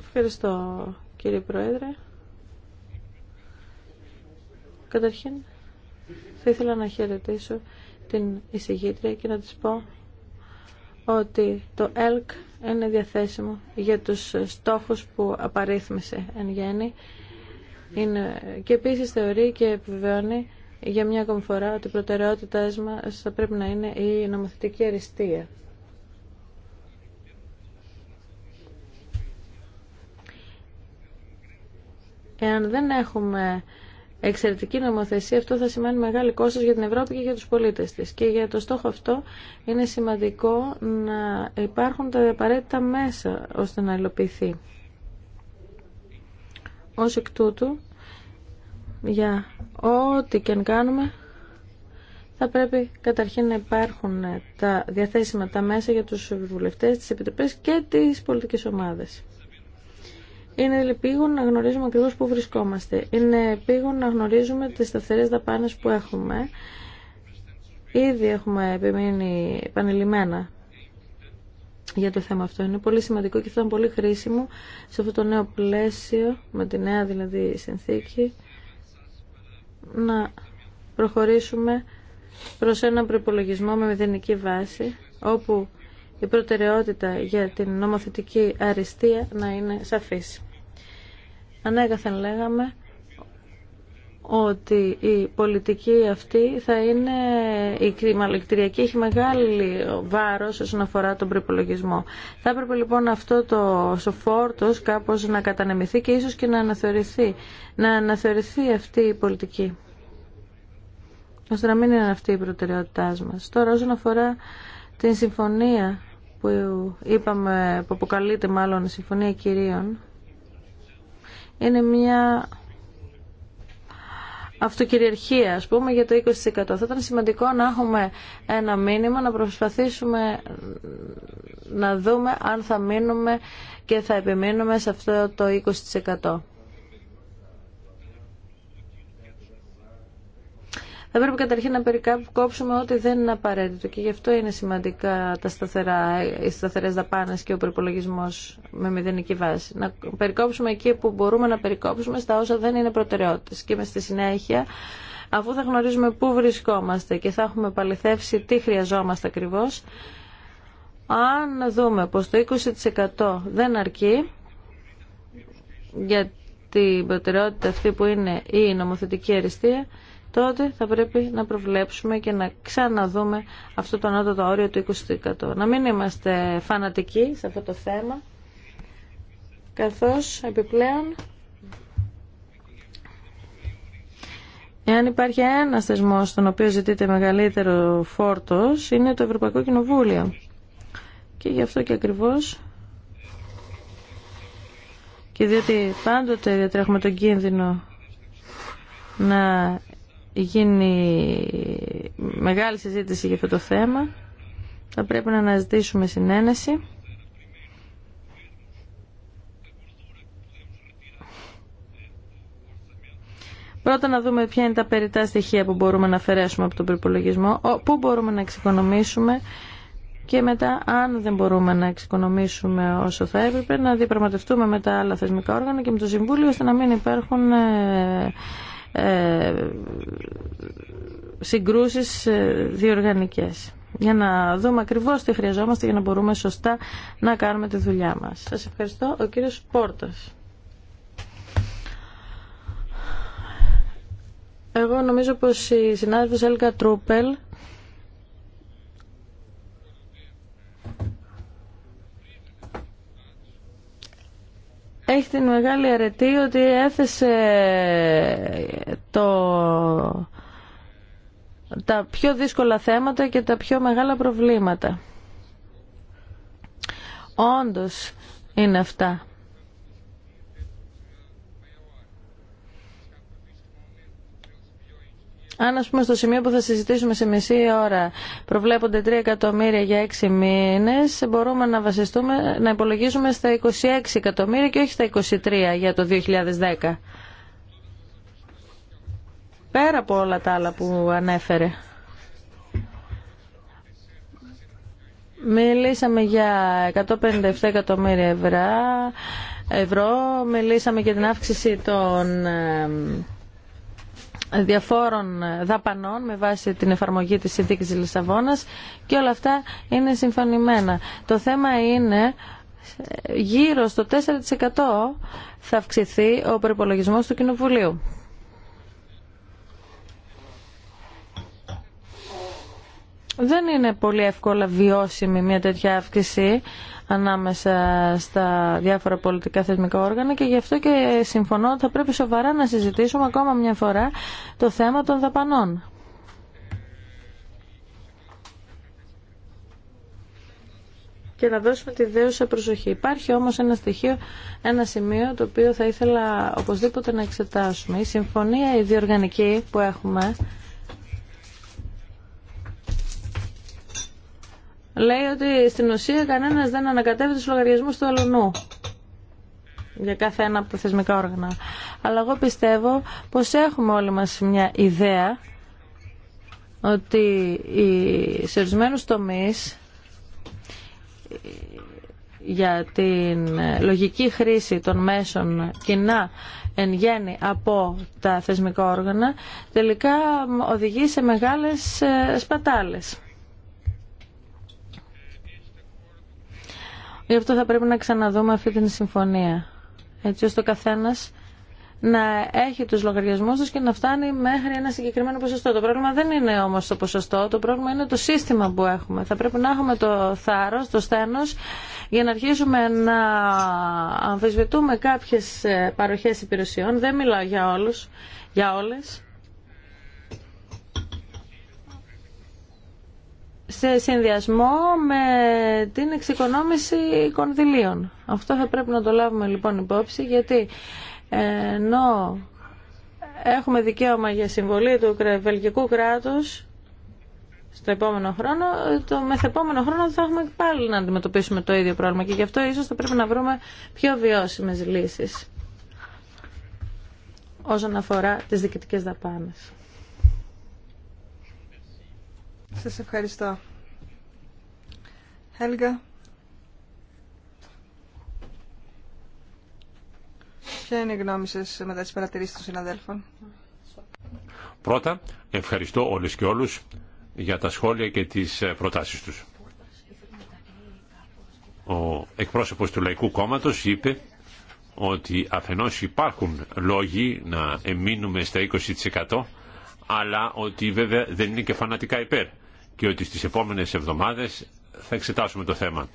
Ευχαριστώ κύριε Πρόεδρε. Καταρχήν θα ήθελα να χαιρετήσω την εισηγήτρια και να της πω ότι το ΕΛΚ είναι διαθέσιμο για τους στόχους που απαρίθμησε εν γέννη είναι, και επίσης θεωρεί και επιβεβαιώνει για μια ακόμη φορά ότι η προτεραιότητά μα θα πρέπει να είναι η νομοθετική αριστεία. Εάν δεν έχουμε εξαιρετική νομοθεσία, αυτό θα σημαίνει μεγάλη κόστος για την Ευρώπη και για τους πολίτες της. Και για το στόχο αυτό είναι σημαντικό να υπάρχουν τα απαραίτητα μέσα ώστε να υλοποιηθεί. Ως εκ τούτου, για ό,τι και αν κάνουμε, θα πρέπει καταρχήν να υπάρχουν τα διαθέσιμα τα μέσα για τους βουλευτές, τις επιτροπές και τις πολιτικές ομάδες. Είναι πήγον να γνωρίζουμε ακριβώς πού βρισκόμαστε. Είναι επίγον να γνωρίζουμε τις σταθερές δαπάνες που βρισκομαστε ειναι πηγον Ήδη έχουμε επιμείνει επανειλημμένα για το θέμα αυτό. Είναι πολύ σημαντικό και θα ήταν πολύ χρήσιμο σε αυτό το νέο πλαίσιο, με τη νέα δηλαδή συνθήκη, να προχωρήσουμε προς έναν προπολογισμό με μηδενική βάση, όπου η προτεραιότητα για την νομοθετική αριστεία να είναι σαφής. Ανέκαθεν λέγαμε ότι η πολιτική αυτή θα είναι, η κλιμαλεκτηριακή έχει μεγάλη βάρος όσον αφορά τον προπολογισμό. Θα έπρεπε λοιπόν αυτό το σοφόρτος κάπως να κατανεμηθεί και ίσως και να αναθεωρηθεί, να αναθεωρηθεί αυτή η πολιτική. Ώστε να μην είναι αυτή η προτεραιότητά μας. Τώρα όσον αφορά την συμφωνία που είπαμε, που αποκαλείται μάλλον η Συμφωνία Κυρίων, είναι μια αυτοκυριαρχία, ας πούμε, για το 20%. Θα ήταν σημαντικό να έχουμε ένα μήνυμα, να προσπαθήσουμε να δούμε αν θα μείνουμε και θα επιμείνουμε σε αυτό το 20%. θα πρέπει καταρχήν να περικόψουμε ό,τι δεν είναι απαραίτητο και γι' αυτό είναι σημαντικά τα σταθερά, οι σταθερές δαπάνες και ο προπολογισμό με μηδενική βάση. Να περικόψουμε εκεί που μπορούμε να περικόψουμε στα όσα δεν είναι προτεραιότητες και με στη συνέχεια αφού θα γνωρίζουμε πού βρισκόμαστε και θα έχουμε παληθεύσει τι χρειαζόμαστε ακριβώς, αν δούμε πως το 20% δεν αρκεί για την προτεραιότητα αυτή που είναι η νομοθετική αριστεία, τότε θα πρέπει να προβλέψουμε και να ξαναδούμε αυτό το ανώτατο όριο του 20%. Να μην είμαστε φανατικοί σε αυτό το θέμα, καθώς επιπλέον Εάν υπάρχει ένα θεσμό στον οποίο ζητείται μεγαλύτερο φόρτο, είναι το Ευρωπαϊκό Κοινοβούλιο. Και γι' αυτό και ακριβώ. Και διότι πάντοτε διατρέχουμε τον κίνδυνο να γίνει μεγάλη συζήτηση για αυτό το θέμα. Θα πρέπει να αναζητήσουμε συνένεση. Πρώτα να δούμε ποια είναι τα περιτά στοιχεία που μπορούμε να αφαιρέσουμε από τον προπολογισμό, πού μπορούμε να εξοικονομήσουμε και μετά αν δεν μπορούμε να εξοικονομήσουμε όσο θα έπρεπε να διαπραγματευτούμε με τα άλλα θεσμικά όργανα και με το Συμβούλιο ώστε να μην υπάρχουν ε, ε, συγκρούσεις ε, διοργανικές για να δούμε ακριβώς τι χρειαζόμαστε για να μπορούμε σωστά να κάνουμε τη δουλειά μας. Σας ευχαριστώ. Ο κύριος Πόρτας. Εγώ νομίζω πως η συνάδελφος Έλκα Τρούπελ έχει την μεγάλη αρετή ότι έθεσε το, τα πιο δύσκολα θέματα και τα πιο μεγάλα προβλήματα. Όντως είναι αυτά αν ας πούμε στο σημείο που θα συζητήσουμε σε μισή ώρα προβλέπονται 3 εκατομμύρια για 6 μήνες, μπορούμε να βασιστούμε, να υπολογίζουμε στα 26 εκατομμύρια και όχι στα 23 για το 2010. Πέρα από όλα τα άλλα που ανέφερε. Μιλήσαμε για 157 εκατομμύρια ευρώ, ευρώ μιλήσαμε για την αύξηση των ε, διαφόρων δαπανών με βάση την εφαρμογή της συνθήκης της Λισαβόνας και όλα αυτά είναι συμφωνημένα. Το θέμα είναι γύρω στο 4% θα αυξηθεί ο προπολογισμό του Κοινοβουλίου. Δεν είναι πολύ εύκολα βιώσιμη μια τέτοια αύξηση ανάμεσα στα διάφορα πολιτικά θεσμικά όργανα και γι' αυτό και συμφωνώ ότι θα πρέπει σοβαρά να συζητήσουμε ακόμα μια φορά το θέμα των δαπανών. και να δώσουμε τη δέουσα προσοχή. Υπάρχει όμως ένα στοιχείο, ένα σημείο το οποίο θα ήθελα οπωσδήποτε να εξετάσουμε. Η συμφωνία η διοργανική που έχουμε λέει ότι στην ουσία κανένα δεν ανακατεύει του λογαριασμούς του αλλονού για κάθε ένα από τα θεσμικά όργανα. Αλλά εγώ πιστεύω πως έχουμε όλοι μα μια ιδέα ότι σε ορισμένου τομεί για την λογική χρήση των μέσων κοινά εν γέννη από τα θεσμικά όργανα τελικά οδηγεί σε μεγάλες ε, σπατάλες. Γι' αυτό θα πρέπει να ξαναδούμε αυτή την συμφωνία. Έτσι ώστε ο καθένα να έχει τους λογαριασμούς του και να φτάνει μέχρι ένα συγκεκριμένο ποσοστό. Το πρόβλημα δεν είναι όμως το ποσοστό, το πρόβλημα είναι το σύστημα που έχουμε. Θα πρέπει να έχουμε το θάρρο το στένος, για να αρχίσουμε να αμφισβητούμε κάποιε παροχέ υπηρεσιών. Δεν μιλάω για όλου, για όλες. σε συνδυασμό με την εξοικονόμηση κονδυλίων. Αυτό θα πρέπει να το λάβουμε λοιπόν υπόψη γιατί ενώ έχουμε δικαίωμα για συμβολή του βελγικού κράτους στο επόμενο χρόνο, το μεθεπόμενο χρόνο θα έχουμε πάλι να αντιμετωπίσουμε το ίδιο πρόβλημα και γι' αυτό ίσως θα πρέπει να βρούμε πιο βιώσιμες λύσεις όσον αφορά τις διοικητικές δαπάνες. Σας ευχαριστώ. Έλγα. Ποια είναι η γνώμη σας μετά τις παρατηρήσεις των συναδέλφων. Πρώτα, ευχαριστώ όλους και όλους για τα σχόλια και τις ε, προτάσεις τους. Ο εκπρόσωπος του Λαϊκού Κόμματος είπε ότι αφενός υπάρχουν λόγοι να εμείνουμε στα 20% αλλά ότι βέβαια δεν είναι και φανατικά υπέρ και ότι στις επόμενες εβδομάδες θα εξετάσουμε το θέμα.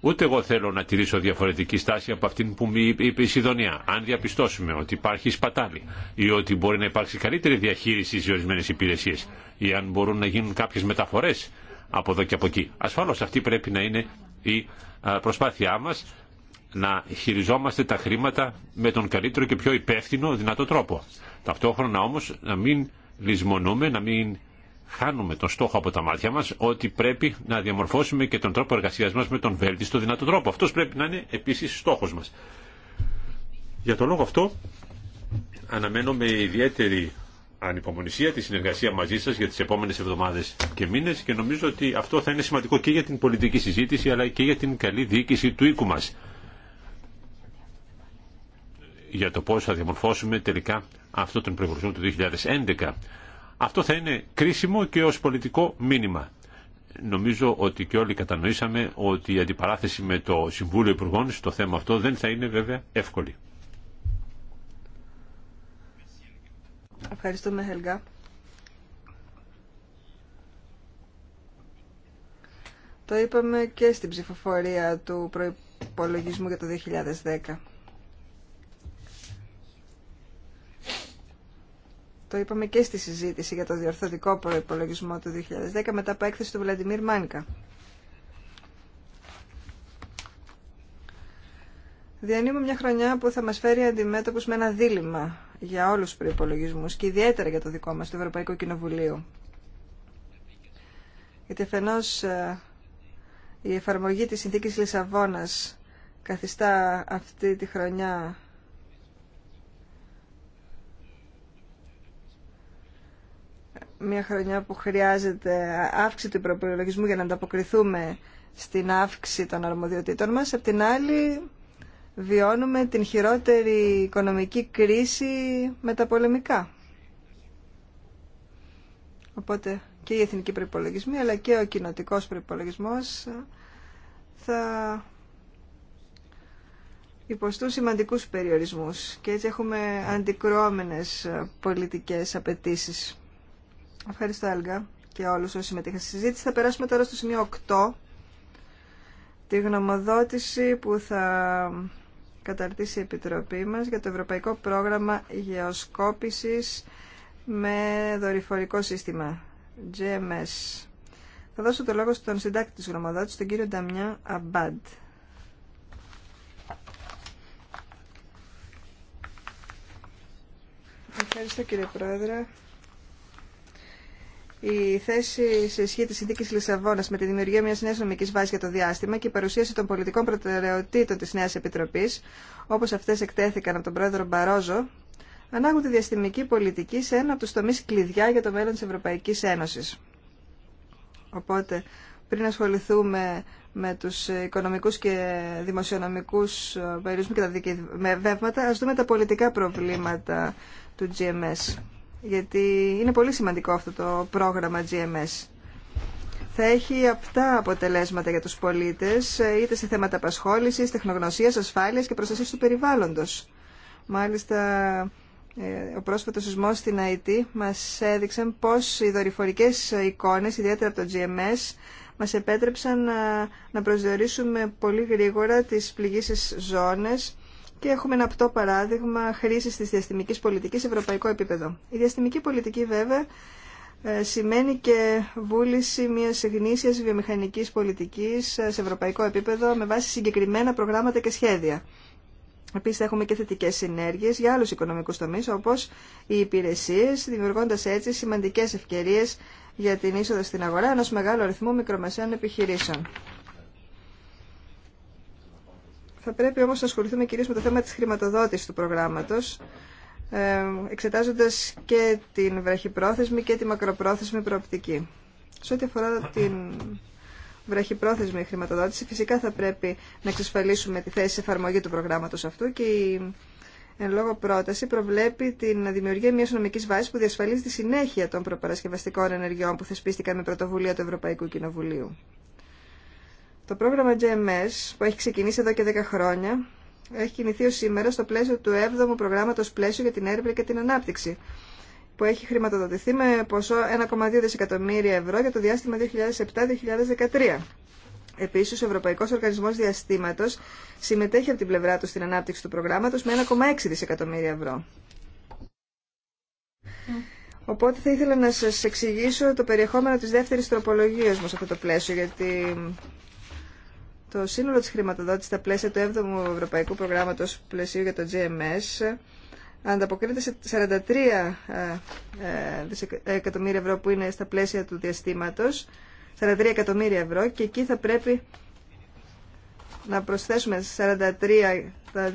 Ούτε εγώ θέλω να τηρήσω διαφορετική στάση από αυτήν που μου είπε η Σιδονία. Αν διαπιστώσουμε ότι υπάρχει σπατάλη ή ότι μπορεί να υπάρξει καλύτερη διαχείριση σε ορισμένε υπηρεσίε ή αν μπορούν να γίνουν κάποιε μεταφορέ από εδώ και από εκεί. Ασφαλώ αυτή πρέπει να είναι η προσπάθειά μα να χειριζόμαστε τα χρήματα με τον καλύτερο και πιο υπεύθυνο δυνατό τρόπο. Ταυτόχρονα όμω να μην λησμονούμε, να μην χάνουμε τον στόχο από τα μάτια μας ότι πρέπει να διαμορφώσουμε και τον τρόπο εργασίας μας με τον βέλτιστο δυνατό τρόπο. Αυτός πρέπει να είναι επίσης στόχος μας. Για τον λόγο αυτό αναμένω με ιδιαίτερη ανυπομονησία τη συνεργασία μαζί σας για τις επόμενες εβδομάδες και μήνες και νομίζω ότι αυτό θα είναι σημαντικό και για την πολιτική συζήτηση αλλά και για την καλή διοίκηση του οίκου μας για το πώς θα διαμορφώσουμε τελικά αυτό τον προϋπολογισμό του 2011 αυτό θα είναι κρίσιμο και ως πολιτικό μήνυμα. Νομίζω ότι και όλοι κατανοήσαμε ότι η αντιπαράθεση με το Συμβούλιο Υπουργών στο θέμα αυτό δεν θα είναι βέβαια εύκολη. Ευχαριστούμε, Χελγά. Το είπαμε και στην ψηφοφορία του προϋπολογισμού για το 2010. Το είπαμε και στη συζήτηση για το διορθωτικό προπολογισμό του 2010 μετά από έκθεση του Βλαντιμίρ Μάνικα. Διανύουμε μια χρονιά που θα μας φέρει αντιμέτωπους με ένα δίλημα για όλους τους προϋπολογισμούς και ιδιαίτερα για το δικό μας, το ευρωπαϊκό Κοινοβουλίο. Γιατί αφενός ε, η εφαρμογή της συνθήκης Λισαβόνας καθιστά αυτή τη χρονιά μια χρονιά που χρειάζεται αύξηση του προπολογισμού για να ανταποκριθούμε στην αύξηση των αρμοδιοτήτων μας. Απ' την άλλη βιώνουμε την χειρότερη οικονομική κρίση με τα πολεμικά. Οπότε και οι εθνικοί προπολογισμοί αλλά και ο κοινοτικό προπολογισμό θα υποστούν σημαντικούς περιορισμούς και έτσι έχουμε αντικρουόμενες πολιτικές απαιτήσεις. Ευχαριστώ, Έλγα, και όλους όσοι συμμετείχαν στη συζήτηση. Θα περάσουμε τώρα στο σημείο 8, τη γνωμοδότηση που θα καταρτήσει η Επιτροπή μας για το Ευρωπαϊκό Πρόγραμμα Γεωσκόπησης με δορυφορικό σύστημα, GMS. Θα δώσω το λόγο στον συντάκτη της γνωμοδότησης, τον κύριο Νταμιά Αμπάντ. Ευχαριστώ κύριε Πρόεδρε η θέση σε ισχύ τη συνθήκη Λισαβόνα με τη δημιουργία μια νέα νομική βάση για το διάστημα και η παρουσίαση των πολιτικών προτεραιοτήτων τη Νέα Επιτροπή, όπω αυτέ εκτέθηκαν από τον πρόεδρο Μπαρόζο, ανάγουν τη διαστημική πολιτική σε ένα από του τομεί κλειδιά για το μέλλον τη Ευρωπαϊκή Ένωση. Οπότε, πριν ασχοληθούμε με του οικονομικού και δημοσιονομικού περιορισμού και τα δικαιωμένα, α δούμε τα πολιτικά προβλήματα του GMS γιατί είναι πολύ σημαντικό αυτό το πρόγραμμα GMS. Θα έχει απτά αποτελέσματα για τους πολίτες, είτε σε θέματα απασχόλησης, τεχνογνωσίας, ασφάλειας και προστασίας του περιβάλλοντος. Μάλιστα, ε, ο πρόσφατος σεισμός στην ΑΕΤ μας έδειξε πως οι δορυφορικές εικόνες, ιδιαίτερα από το GMS, μας επέτρεψαν να, να προσδιορίσουμε πολύ γρήγορα τις πληγήσεις ζώνες και έχουμε ένα απτό παράδειγμα χρήση τη διαστημική πολιτική σε ευρωπαϊκό επίπεδο. Η διαστημική πολιτική, βέβαια, ε, σημαίνει και βούληση μια γνήσια βιομηχανική πολιτική ε, σε ευρωπαϊκό επίπεδο με βάση συγκεκριμένα προγράμματα και σχέδια. Επίση, έχουμε και θετικέ συνέργειε για άλλου οικονομικού τομεί, όπω οι υπηρεσίε, δημιουργώντα έτσι σημαντικέ ευκαιρίε για την είσοδο στην αγορά ενό μεγάλου αριθμού μικρομεσαίων επιχειρήσεων. Θα πρέπει όμως να ασχοληθούμε κυρίως με το θέμα της χρηματοδότησης του προγράμματος, ε, εξετάζοντας και την βραχυπρόθεσμη και τη μακροπρόθεσμη προοπτική. Σε ό,τι αφορά την βραχυπρόθεσμη χρηματοδότηση, φυσικά θα πρέπει να εξασφαλίσουμε τη θέση εφαρμογή του προγράμματος αυτού και η εν λόγω πρόταση προβλέπει την δημιουργία μιας νομικής βάσης που διασφαλίζει τη συνέχεια των προπαρασκευαστικών ενεργειών που θεσπίστηκαν με πρωτοβουλία του Ευρωπαϊκού Κοινοβουλίου. Το πρόγραμμα GMS που έχει ξεκινήσει εδώ και 10 χρόνια έχει κινηθεί ως σήμερα στο πλαίσιο του 7ου προγράμματος πλαίσιο για την έρευνα και την ανάπτυξη που έχει χρηματοδοτηθεί με ποσό 1,2 δισεκατομμύρια ευρώ για το διάστημα 2007-2013. Επίση, ο Ευρωπαϊκό Οργανισμό Διαστήματο συμμετέχει από την πλευρά του στην ανάπτυξη του προγράμματο με 1,6 δισεκατομμύρια ευρώ. Οπότε θα ήθελα να σας εξηγήσω το περιεχόμενο της δεύτερης τροπολογίας μου σε αυτό το πλαίσιο, γιατί το σύνολο της χρηματοδότησης στα πλαίσια του 7ου Ευρωπαϊκού Προγράμματος Πλαισίου για το GMS ανταποκρίνεται σε 43 ε, ε, εκατομμύρια ευρώ που είναι στα πλαίσια του διαστήματος, 43 εκατομμύρια ευρώ και εκεί θα πρέπει να προσθέσουμε 43 στα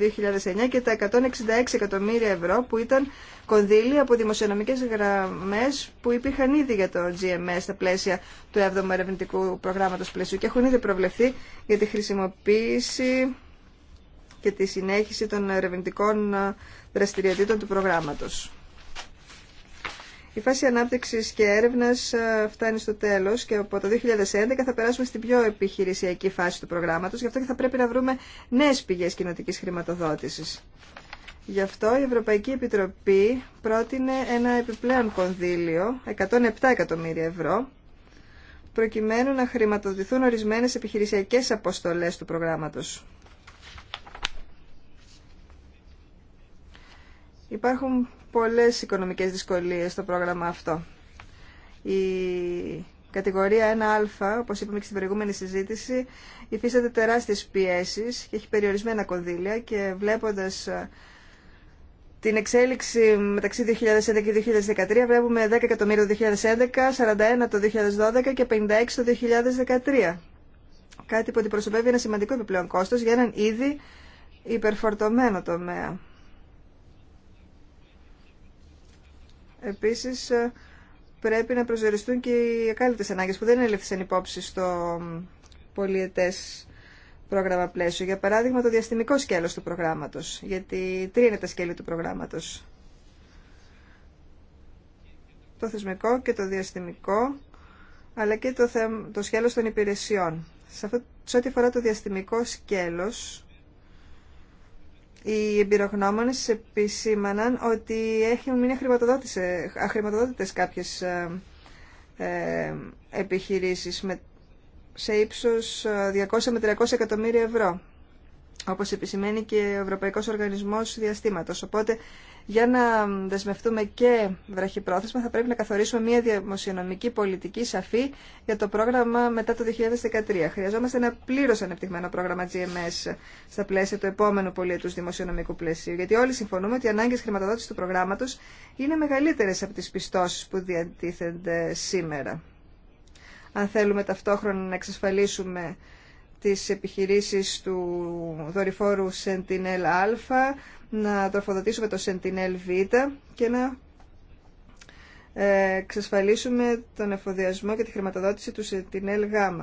2009 και τα 166 εκατομμύρια ευρώ που ήταν κονδύλια από δημοσιονομικές γραμμές που υπήρχαν ήδη για το GMS στα πλαίσια του 7ου ερευνητικού προγράμματος πλαισίου και έχουν ήδη προβλεφθεί για τη χρησιμοποίηση και τη συνέχιση των ερευνητικών δραστηριοτήτων του προγράμματος. Η φάση ανάπτυξη και έρευνα ε, φτάνει στο τέλος και από το 2011 θα περάσουμε στην πιο επιχειρησιακή φάση του προγράμματος. Γι' αυτό και θα πρέπει να βρούμε νέες πηγές κοινοτική χρηματοδότησης. Γι' αυτό η Ευρωπαϊκή Επιτροπή πρότεινε ένα επιπλέον κονδύλιο, 107 εκατομμύρια ευρώ, προκειμένου να χρηματοδοτηθούν ορισμένες επιχειρησιακές αποστολές του προγράμματος. Υπάρχουν πολλές οικονομικές δυσκολίες στο πρόγραμμα αυτό. Η κατηγορία 1α, όπως είπαμε και στην προηγούμενη συζήτηση, υφίσταται τεράστιες πιέσεις και έχει περιορισμένα κονδύλια και βλέποντας ε, την εξέλιξη μεταξύ 2011 και 2013 βλέπουμε 10 εκατομμύρια το 2011, 41 το 2012 και 56 το 2013. Κάτι που αντιπροσωπεύει ένα σημαντικό επιπλέον κόστος για έναν ήδη υπερφορτωμένο τομέα. Επίσης, ε, πρέπει να προσδιοριστούν και οι ακάλυπτες ανάγκες που δεν έλεγχαν υπόψη στο πολιετές πρόγραμμα πλαίσιο. Για παράδειγμα, το διαστημικό σκέλος του προγράμματος, γιατί τρία είναι τα σκέλη του προγράμματος. Το θεσμικό και το διαστημικό, αλλά και το, το σκέλος των υπηρεσιών. Σε, σε ό,τι αφορά το διαστημικό σκέλος, οι εμπειρογνώμονε επισήμαναν ότι έχουν μείνει αχρηματοδότητε κάποιες ε, ε, επιχειρήσεις με, σε ύψο 200 ε, με 300 εκατομμύρια ευρώ όπως επισημαίνει και ο Ευρωπαϊκό Οργανισμό Διαστήματος. Οπότε για να δεσμευτούμε και βραχυπρόθεσμα θα πρέπει να καθορίσουμε μια δημοσιονομική πολιτική σαφή για το πρόγραμμα μετά το 2013. Χρειαζόμαστε ένα πλήρω ανεπτυγμένο πρόγραμμα GMS στα πλαίσια του επόμενου πολιετούς δημοσιονομικού πλαισίου, γιατί όλοι συμφωνούμε ότι οι ανάγκε χρηματοδότηση του προγράμματο είναι μεγαλύτερε από τι πιστώσει που διατίθενται σήμερα. Αν θέλουμε ταυτόχρονα να εξασφαλίσουμε τις επιχειρήσεις του δορυφόρου Sentinel-Α, να τροφοδοτήσουμε το Sentinel v και να ε, εξασφαλίσουμε τον εφοδιασμό και τη χρηματοδότηση του Sentinel Γ.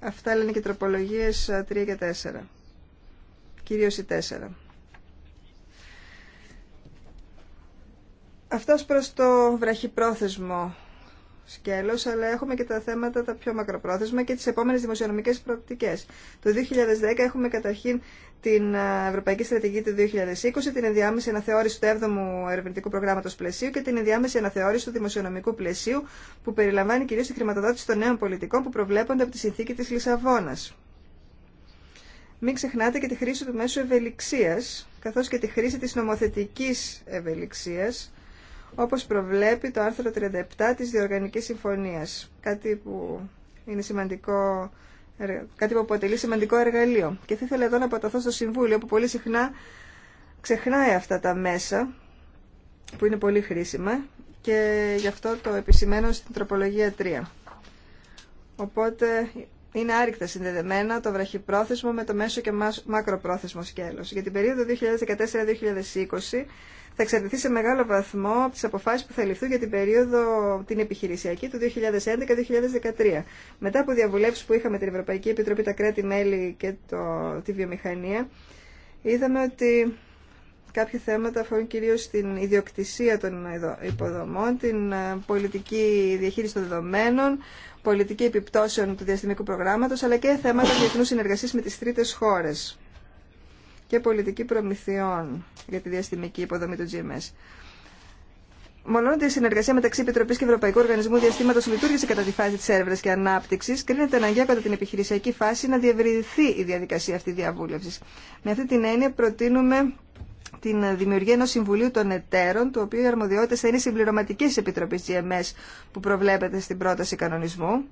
Αυτά λένε και τροπολογίες 3 ε, και 4. Κυρίως οι 4. Αυτό προς το βραχυπρόθεσμο αλλά έχουμε και τα θέματα τα πιο μακροπρόθεσμα και τι επόμενε δημοσιονομικέ προοπτικές. Το 2010 έχουμε καταρχήν την ε, Ευρωπαϊκή Στρατηγική του 2020, την ενδιάμεση αναθεώρηση του 7ου ερευνητικού προγράμματο πλαισίου και την ενδιάμεση αναθεώρηση του δημοσιονομικού πλαισίου που περιλαμβάνει κυρίω τη χρηματοδότηση των νέων πολιτικών που προβλέπονται από τη συνθήκη τη Λισαβόνα. Μην ξεχνάτε και τη χρήση του μέσου ευελιξία, καθώ και τη χρήση τη νομοθετική ευελιξία όπως προβλέπει το άρθρο 37 της Διοργανικής Συμφωνίας. Κάτι που, είναι σημαντικό, κάτι που αποτελεί σημαντικό εργαλείο. Και θα ήθελα εδώ να παταθώ στο Συμβούλιο που πολύ συχνά ξεχνάει αυτά τα μέσα που είναι πολύ χρήσιμα και γι' αυτό το επισημαίνω στην τροπολογία 3. Οπότε είναι άρρηκτα συνδεδεμένα το βραχυπρόθεσμο με το μέσο και μακροπρόθεσμο σκέλος. Για την περίοδο 2014-2020 θα εξαρτηθεί σε μεγάλο βαθμό από τις αποφάσεις που θα ληφθούν για την περίοδο την επιχειρησιακή του 2011-2013. Μετά από διαβουλεύσεις που είχαμε την Ευρωπαϊκή Επιτροπή, τα κράτη-μέλη και το, τη βιομηχανία, είδαμε ότι κάποια θέματα αφορούν κυρίως την ιδιοκτησία των υποδομών, την ε, πολιτική διαχείριση των δεδομένων, πολιτική επιπτώσεων του διαστημικού προγράμματος, αλλά και θέματα διεθνού συνεργασία με τις τρίτες χώρες και πολιτική προμηθειών για τη διαστημική υποδομή του GMS. Μολώνοντα η συνεργασία μεταξύ Επιτροπή και Ευρωπαϊκού Οργανισμού Διαστήματο λειτουργήσε κατά τη φάση τη έρευνα και ανάπτυξη, κρίνεται αναγκαία κατά την επιχειρησιακή φάση να διευρυνθεί η διαδικασία αυτή διαβούλευση. Με αυτή την έννοια προτείνουμε την δημιουργία ενός Συμβουλίου των Εταίρων, το οποίο οι αρμοδιότητε θα είναι συμπληρωματική επιτροπή GMS που προβλέπεται στην πρόταση κανονισμού.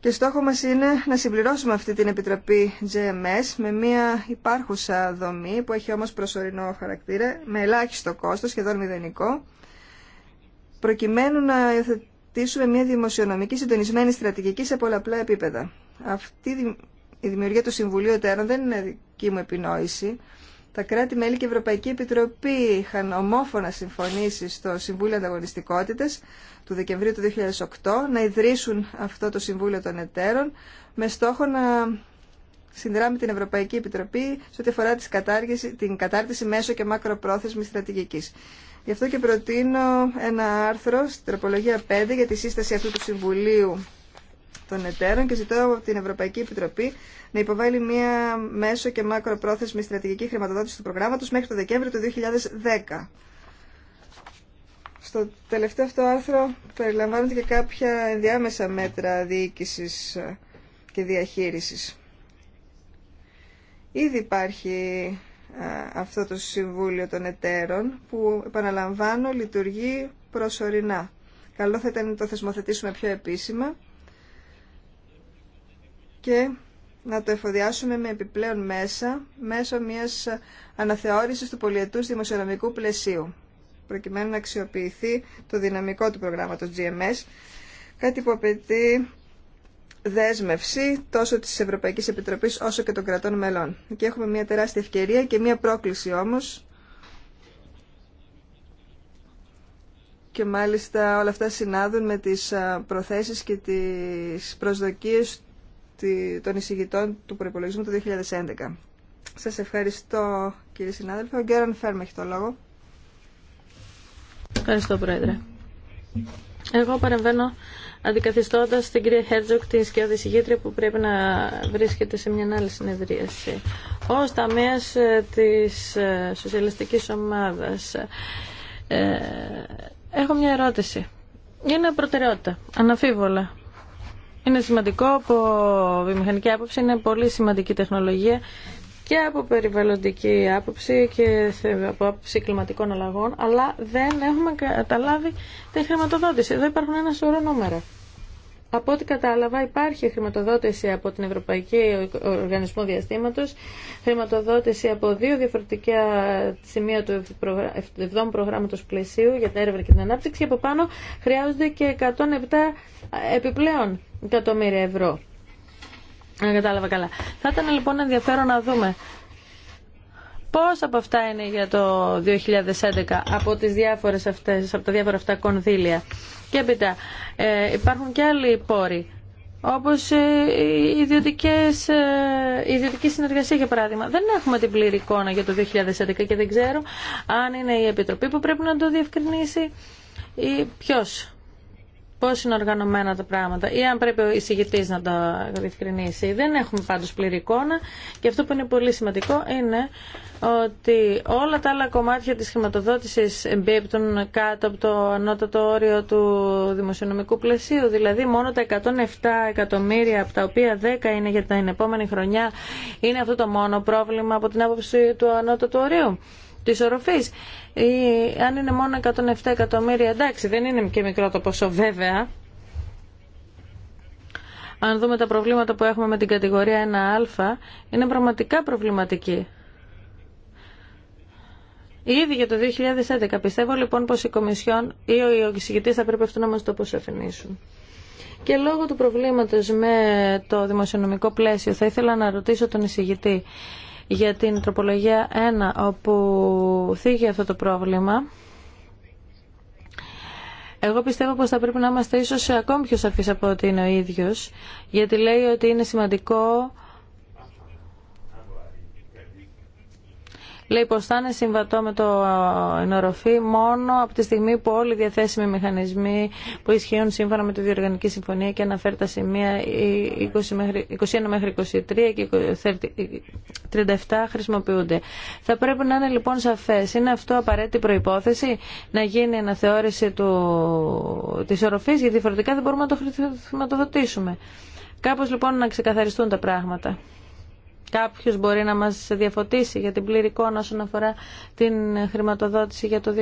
Και στόχο μας είναι να συμπληρώσουμε αυτή την επιτροπή GMS με μια υπάρχουσα δομή που έχει όμως προσωρινό χαρακτήρα, με ελάχιστο κόστος, σχεδόν μηδενικό, προκειμένου να υιοθετήσουμε μια δημοσιονομική συντονισμένη στρατηγική σε πολλαπλά επίπεδα. Αυτή η δημιουργία του Συμβουλίου Εταίρων δεν είναι δική μου επινόηση τα κράτη-μέλη και η Ευρωπαϊκή Επιτροπή είχαν ομόφωνα συμφωνήσει στο Συμβούλιο Ανταγωνιστικότητα του Δεκεμβρίου του 2008 να ιδρύσουν αυτό το Συμβούλιο των Εταίρων με στόχο να συνδράμει την Ευρωπαϊκή Επιτροπή σε ό,τι αφορά την κατάρτιση μέσω και μακροπρόθεσμης στρατηγική. Γι' αυτό και προτείνω ένα άρθρο στην τροπολογία 5 για τη σύσταση αυτού του Συμβουλίου των εταίρων και ζητώ από την Ευρωπαϊκή Επιτροπή να υποβάλει μία μέσο και μακροπρόθεσμη στρατηγική χρηματοδότηση του προγράμματος μέχρι το Δεκέμβριο του 2010. Στο τελευταίο αυτό άρθρο περιλαμβάνονται και κάποια ενδιάμεσα μέτρα διοίκησης και διαχείρισης. Ήδη υπάρχει αυτό το Συμβούλιο των Εταίρων που, επαναλαμβάνω, λειτουργεί προσωρινά. Καλό θα ήταν να το θεσμοθετήσουμε πιο επίσημα και να το εφοδιάσουμε με επιπλέον μέσα, μέσω μιας αναθεώρησης του πολυετούς δημοσιονομικού πλαισίου, προκειμένου να αξιοποιηθεί το δυναμικό του προγράμματος GMS, κάτι που απαιτεί δέσμευση τόσο της Ευρωπαϊκής Επιτροπής όσο και των κρατών μελών. Και έχουμε μια τεράστια ευκαιρία και μια πρόκληση όμως, και μάλιστα όλα αυτά συνάδουν με τις προθέσεις και τις προσδοκίες των εισηγητών του προπολογισμού του 2011. Σας ευχαριστώ κύριε συνάδελφε. Ο Γκέραν Φέρμ έχει το λόγο. Ευχαριστώ Πρόεδρε. Εγώ παρεμβαίνω αντικαθιστώντας την κυρία Χέρτζοκ, την σκιά ηγήτρια που πρέπει να βρίσκεται σε μια άλλη συνεδρίαση. Ω ταμέα ε, τη ε, σοσιαλιστική ομάδα, ε, έχω μια ερώτηση. Είναι προτεραιότητα, αναφίβολα. Είναι σημαντικό από βιομηχανική άποψη, είναι πολύ σημαντική τεχνολογία και από περιβαλλοντική άποψη και από άποψη κλιματικών αλλαγών, αλλά δεν έχουμε καταλάβει τη χρηματοδότηση. Εδώ υπάρχουν ένα σωρό νούμερα. Από ό,τι κατάλαβα υπάρχει χρηματοδότηση από την Ευρωπαϊκή Οργανισμό Διαστήματος, χρηματοδότηση από δύο διαφορετικά σημεία του 7ου προγράμματος πλαισίου για την έρευνα και την ανάπτυξη και από πάνω χρειάζονται και 107 επιπλέον εκατομμύρια ευρώ. κατάλαβα καλά. Θα ήταν λοιπόν ενδιαφέρον να δούμε πώς από αυτά είναι για το 2011 από, τις διάφορες αυτές, από τα διάφορα αυτά κονδύλια. Και έπειτα ε, υπάρχουν και άλλοι πόροι όπως η ε, ιδιωτικές, ε, η ιδιωτική συνεργασία για παράδειγμα. Δεν έχουμε την πλήρη εικόνα για το 2011 και δεν ξέρω αν είναι η Επιτροπή που πρέπει να το διευκρινίσει ή ποιος πώ είναι οργανωμένα τα πράγματα ή αν πρέπει ο εισηγητή να τα διευκρινίσει. Δεν έχουμε πάντω πλήρη εικόνα και αυτό που είναι πολύ σημαντικό είναι ότι όλα τα άλλα κομμάτια τη χρηματοδότηση εμπίπτουν κάτω από το ανώτατο όριο του δημοσιονομικού πλαισίου. Δηλαδή, μόνο τα 107 εκατομμύρια, από τα οποία 10 είναι για την επόμενη χρονιά, είναι αυτό το μόνο πρόβλημα από την άποψη του ανώτατου ορίου τη οροφή. αν είναι μόνο 107 εκατομμύρια, εντάξει, δεν είναι και μικρό το ποσό βέβαια. Αν δούμε τα προβλήματα που έχουμε με την κατηγορία 1α, είναι πραγματικά προβληματική. Ήδη για το 2011 πιστεύω λοιπόν πως η Κομισιόν ή ο εισηγητής θα πρέπει αυτό να μας το αποσαφηνίσουν. Και λόγω του προβλήματος με το δημοσιονομικό πλαίσιο θα ήθελα να ρωτήσω τον εισηγητή για την τροπολογία 1 όπου θίγει αυτό το πρόβλημα. Εγώ πιστεύω πως θα πρέπει να είμαστε ίσως ακόμη πιο σαφείς από ότι είναι ο ίδιος, γιατί λέει ότι είναι σημαντικό λέει πω θα είναι συμβατό με το ενοροφή μόνο από τη στιγμή που όλοι οι διαθέσιμοι μηχανισμοί που ισχύουν σύμφωνα με τη Διοργανική Συμφωνία και αναφέρει τα σημεία 20 21 μέχρι 23 και 37 ε, χρησιμοποιούνται. Θα πρέπει να είναι λοιπόν σαφές. Είναι αυτό απαραίτητη προϋπόθεση να γίνει αναθεώρηση του, της γιατί διαφορετικά δεν μπορούμε να το χρηματοδοτήσουμε. Κάπως λοιπόν να ξεκαθαριστούν τα πράγματα. Κάποιος μπορεί να μας διαφωτίσει για την πλήρη εικόνα όσον αφορά την χρηματοδότηση για το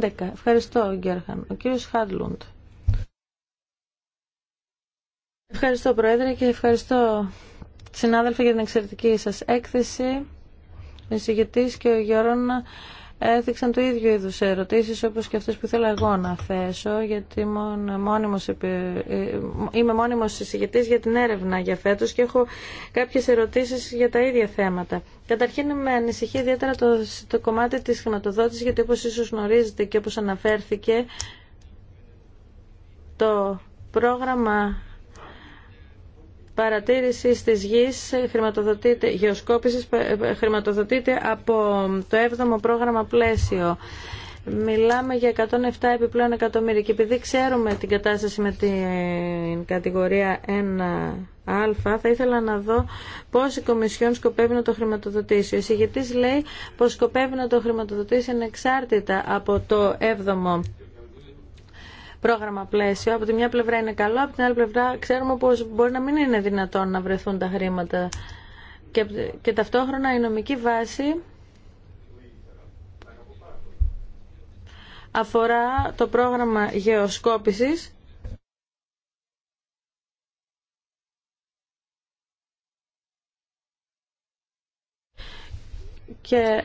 2011. Ευχαριστώ, Γκέρχαν. Ο κύριος Χάντλουντ. Ευχαριστώ, Πρόεδρε, και ευχαριστώ, συνάδελφοι, για την εξαιρετική σας έκθεση. Ο και ο Γιώργος έδειξαν το ίδιο είδου ερωτήσεις όπως και αυτές που θέλω εγώ να θέσω γιατί μόνιμος, ε, είμαι μόνιμος συζητητής για την έρευνα για φέτος και έχω κάποιες ερωτήσεις για τα ίδια θέματα. Καταρχήν με ανησυχεί ιδιαίτερα το, το κομμάτι της χρηματοδότησης γιατί όπως ίσως γνωρίζετε και όπως αναφέρθηκε το πρόγραμμα παρατήρηση τη γης χρηματοδοτείται, ε, χρηματοδοτείται από το 7ο πρόγραμμα πλαίσιο. Μιλάμε για 107 επιπλέον εκατομμύρια και επειδή ξέρουμε την κατάσταση με την κατηγορία 1α, θα ήθελα να δω πώς η Κομισιόν σκοπεύει να το χρηματοδοτήσει. Ο εισηγητής λέει πως σκοπεύει να το χρηματοδοτήσει ανεξάρτητα από το 7ο πρόγραμμα πλαίσιο. Από τη μια πλευρά είναι καλό, από την άλλη πλευρά ξέρουμε πως μπορεί να μην είναι δυνατόν να βρεθούν τα χρήματα. Και, και ταυτόχρονα η νομική βάση αφορά το πρόγραμμα γεωσκόπησης και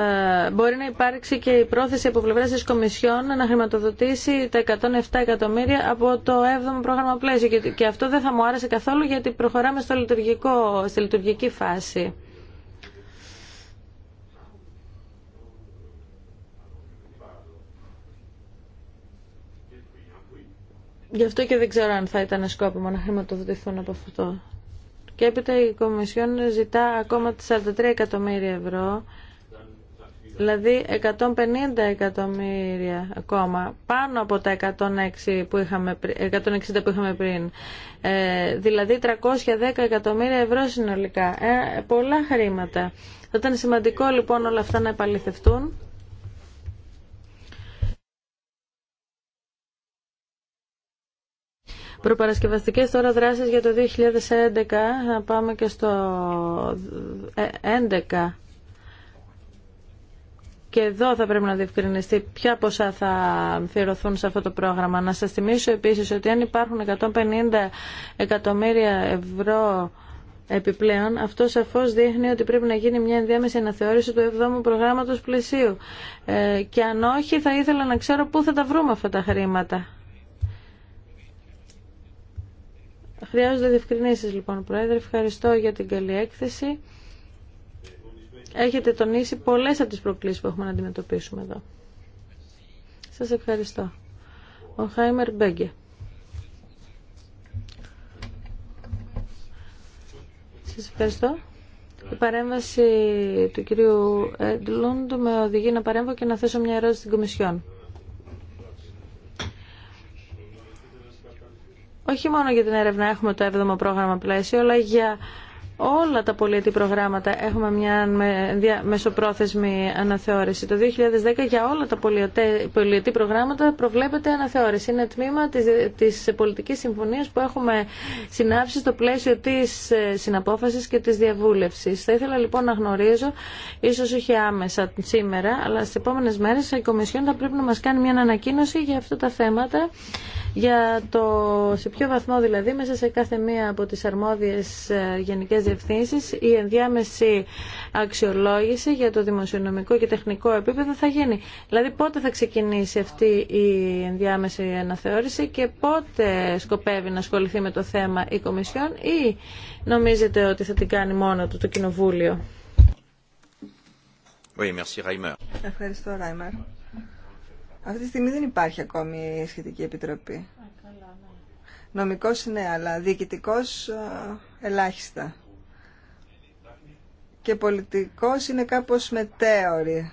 ε, μπορεί να υπάρξει και η πρόθεση από πλευρά τη Κομισιόν να χρηματοδοτήσει τα 107 εκατομμύρια από το 7ο πρόγραμμα πλαίσιο. Και, αυτό δεν θα μου άρεσε καθόλου γιατί προχωράμε στο λειτουργικό, στη λειτουργική φάση. Γι' αυτό και δεν ξέρω αν θα ήταν σκόπιμο να χρηματοδοτηθούν από αυτό. Και έπειτα η Κομισιόν ζητά ακόμα 43 εκατομμύρια ευρώ δηλαδή 150 εκατομμύρια ακόμα, πάνω από τα 106 που είχαμε, 160 που είχαμε πριν. Ε, δηλαδή 310 εκατομμύρια ευρώ συνολικά. Ε, πολλά χρήματα. Θα ήταν σημαντικό λοιπόν όλα αυτά να επαληθευτούν. Προπαρασκευαστικές τώρα δράσεις για το 2011. Να πάμε και στο 11 ε, και εδώ θα πρέπει να διευκρινιστεί ποια ποσά θα θεωρηθούν σε αυτό το πρόγραμμα. Να σας θυμίσω επίσης ότι αν υπάρχουν 150 εκατομμύρια ευρώ Επιπλέον, αυτό σαφώ δείχνει ότι πρέπει να γίνει μια ενδιάμεση αναθεώρηση του 7ου προγράμματο πλαισίου. Ε, και αν όχι, θα ήθελα να ξέρω πού θα τα βρούμε αυτά τα χρήματα. Χρειάζονται διευκρινήσει λοιπόν, Πρόεδρε. Ευχαριστώ για την καλή έκθεση έχετε τονίσει πολλές από τις προκλήσεις που έχουμε να αντιμετωπίσουμε εδώ. Σας ευχαριστώ. Ο Χάιμερ Μπέγκε. Σας ευχαριστώ. Η παρέμβαση του κυρίου Έντλουντ με οδηγεί να παρέμβω και να θέσω μια ερώτηση στην Κομισιόν. Όχι μόνο για την έρευνα έχουμε το έβδομο πρόγραμμα πλαίσιο, αλλά για όλα τα πολιετή προγράμματα έχουμε μια μεσοπρόθεσμη αναθεώρηση. Το 2010 για όλα τα πολιετή προγράμματα προβλέπεται αναθεώρηση. Είναι τμήμα της, της πολιτικής συμφωνίας που έχουμε συνάψει στο πλαίσιο της ε, συναπόφασης και της διαβούλευσης. Θα ήθελα λοιπόν να γνωρίζω, ίσως όχι άμεσα σήμερα, αλλά στις επόμενες μέρες η Κομισιόν θα πρέπει να μας κάνει μια ανακοίνωση για αυτά τα θέματα για το σε ποιο βαθμό δηλαδή μέσα σε κάθε μία από τις αρμόδιες ε, γενικές διευθύνσεις η ενδιάμεση αξιολόγηση για το δημοσιονομικό και τεχνικό επίπεδο θα γίνει. Δηλαδή πότε θα ξεκινήσει αυτή η ενδιάμεση αναθεώρηση και πότε σκοπεύει να ασχοληθεί με το θέμα η Κομισιόν ή νομίζετε ότι θα την κάνει μόνο του το Κοινοβούλιο. merci, Ευχαριστώ, Ράιμερ. Αυτή τη στιγμή δεν υπάρχει ακόμη σχετική επιτροπή. Ναι. Νομικός ναι, αλλά διοικητικός ελάχιστα. Και πολιτικό είναι κάπως μετέωρη.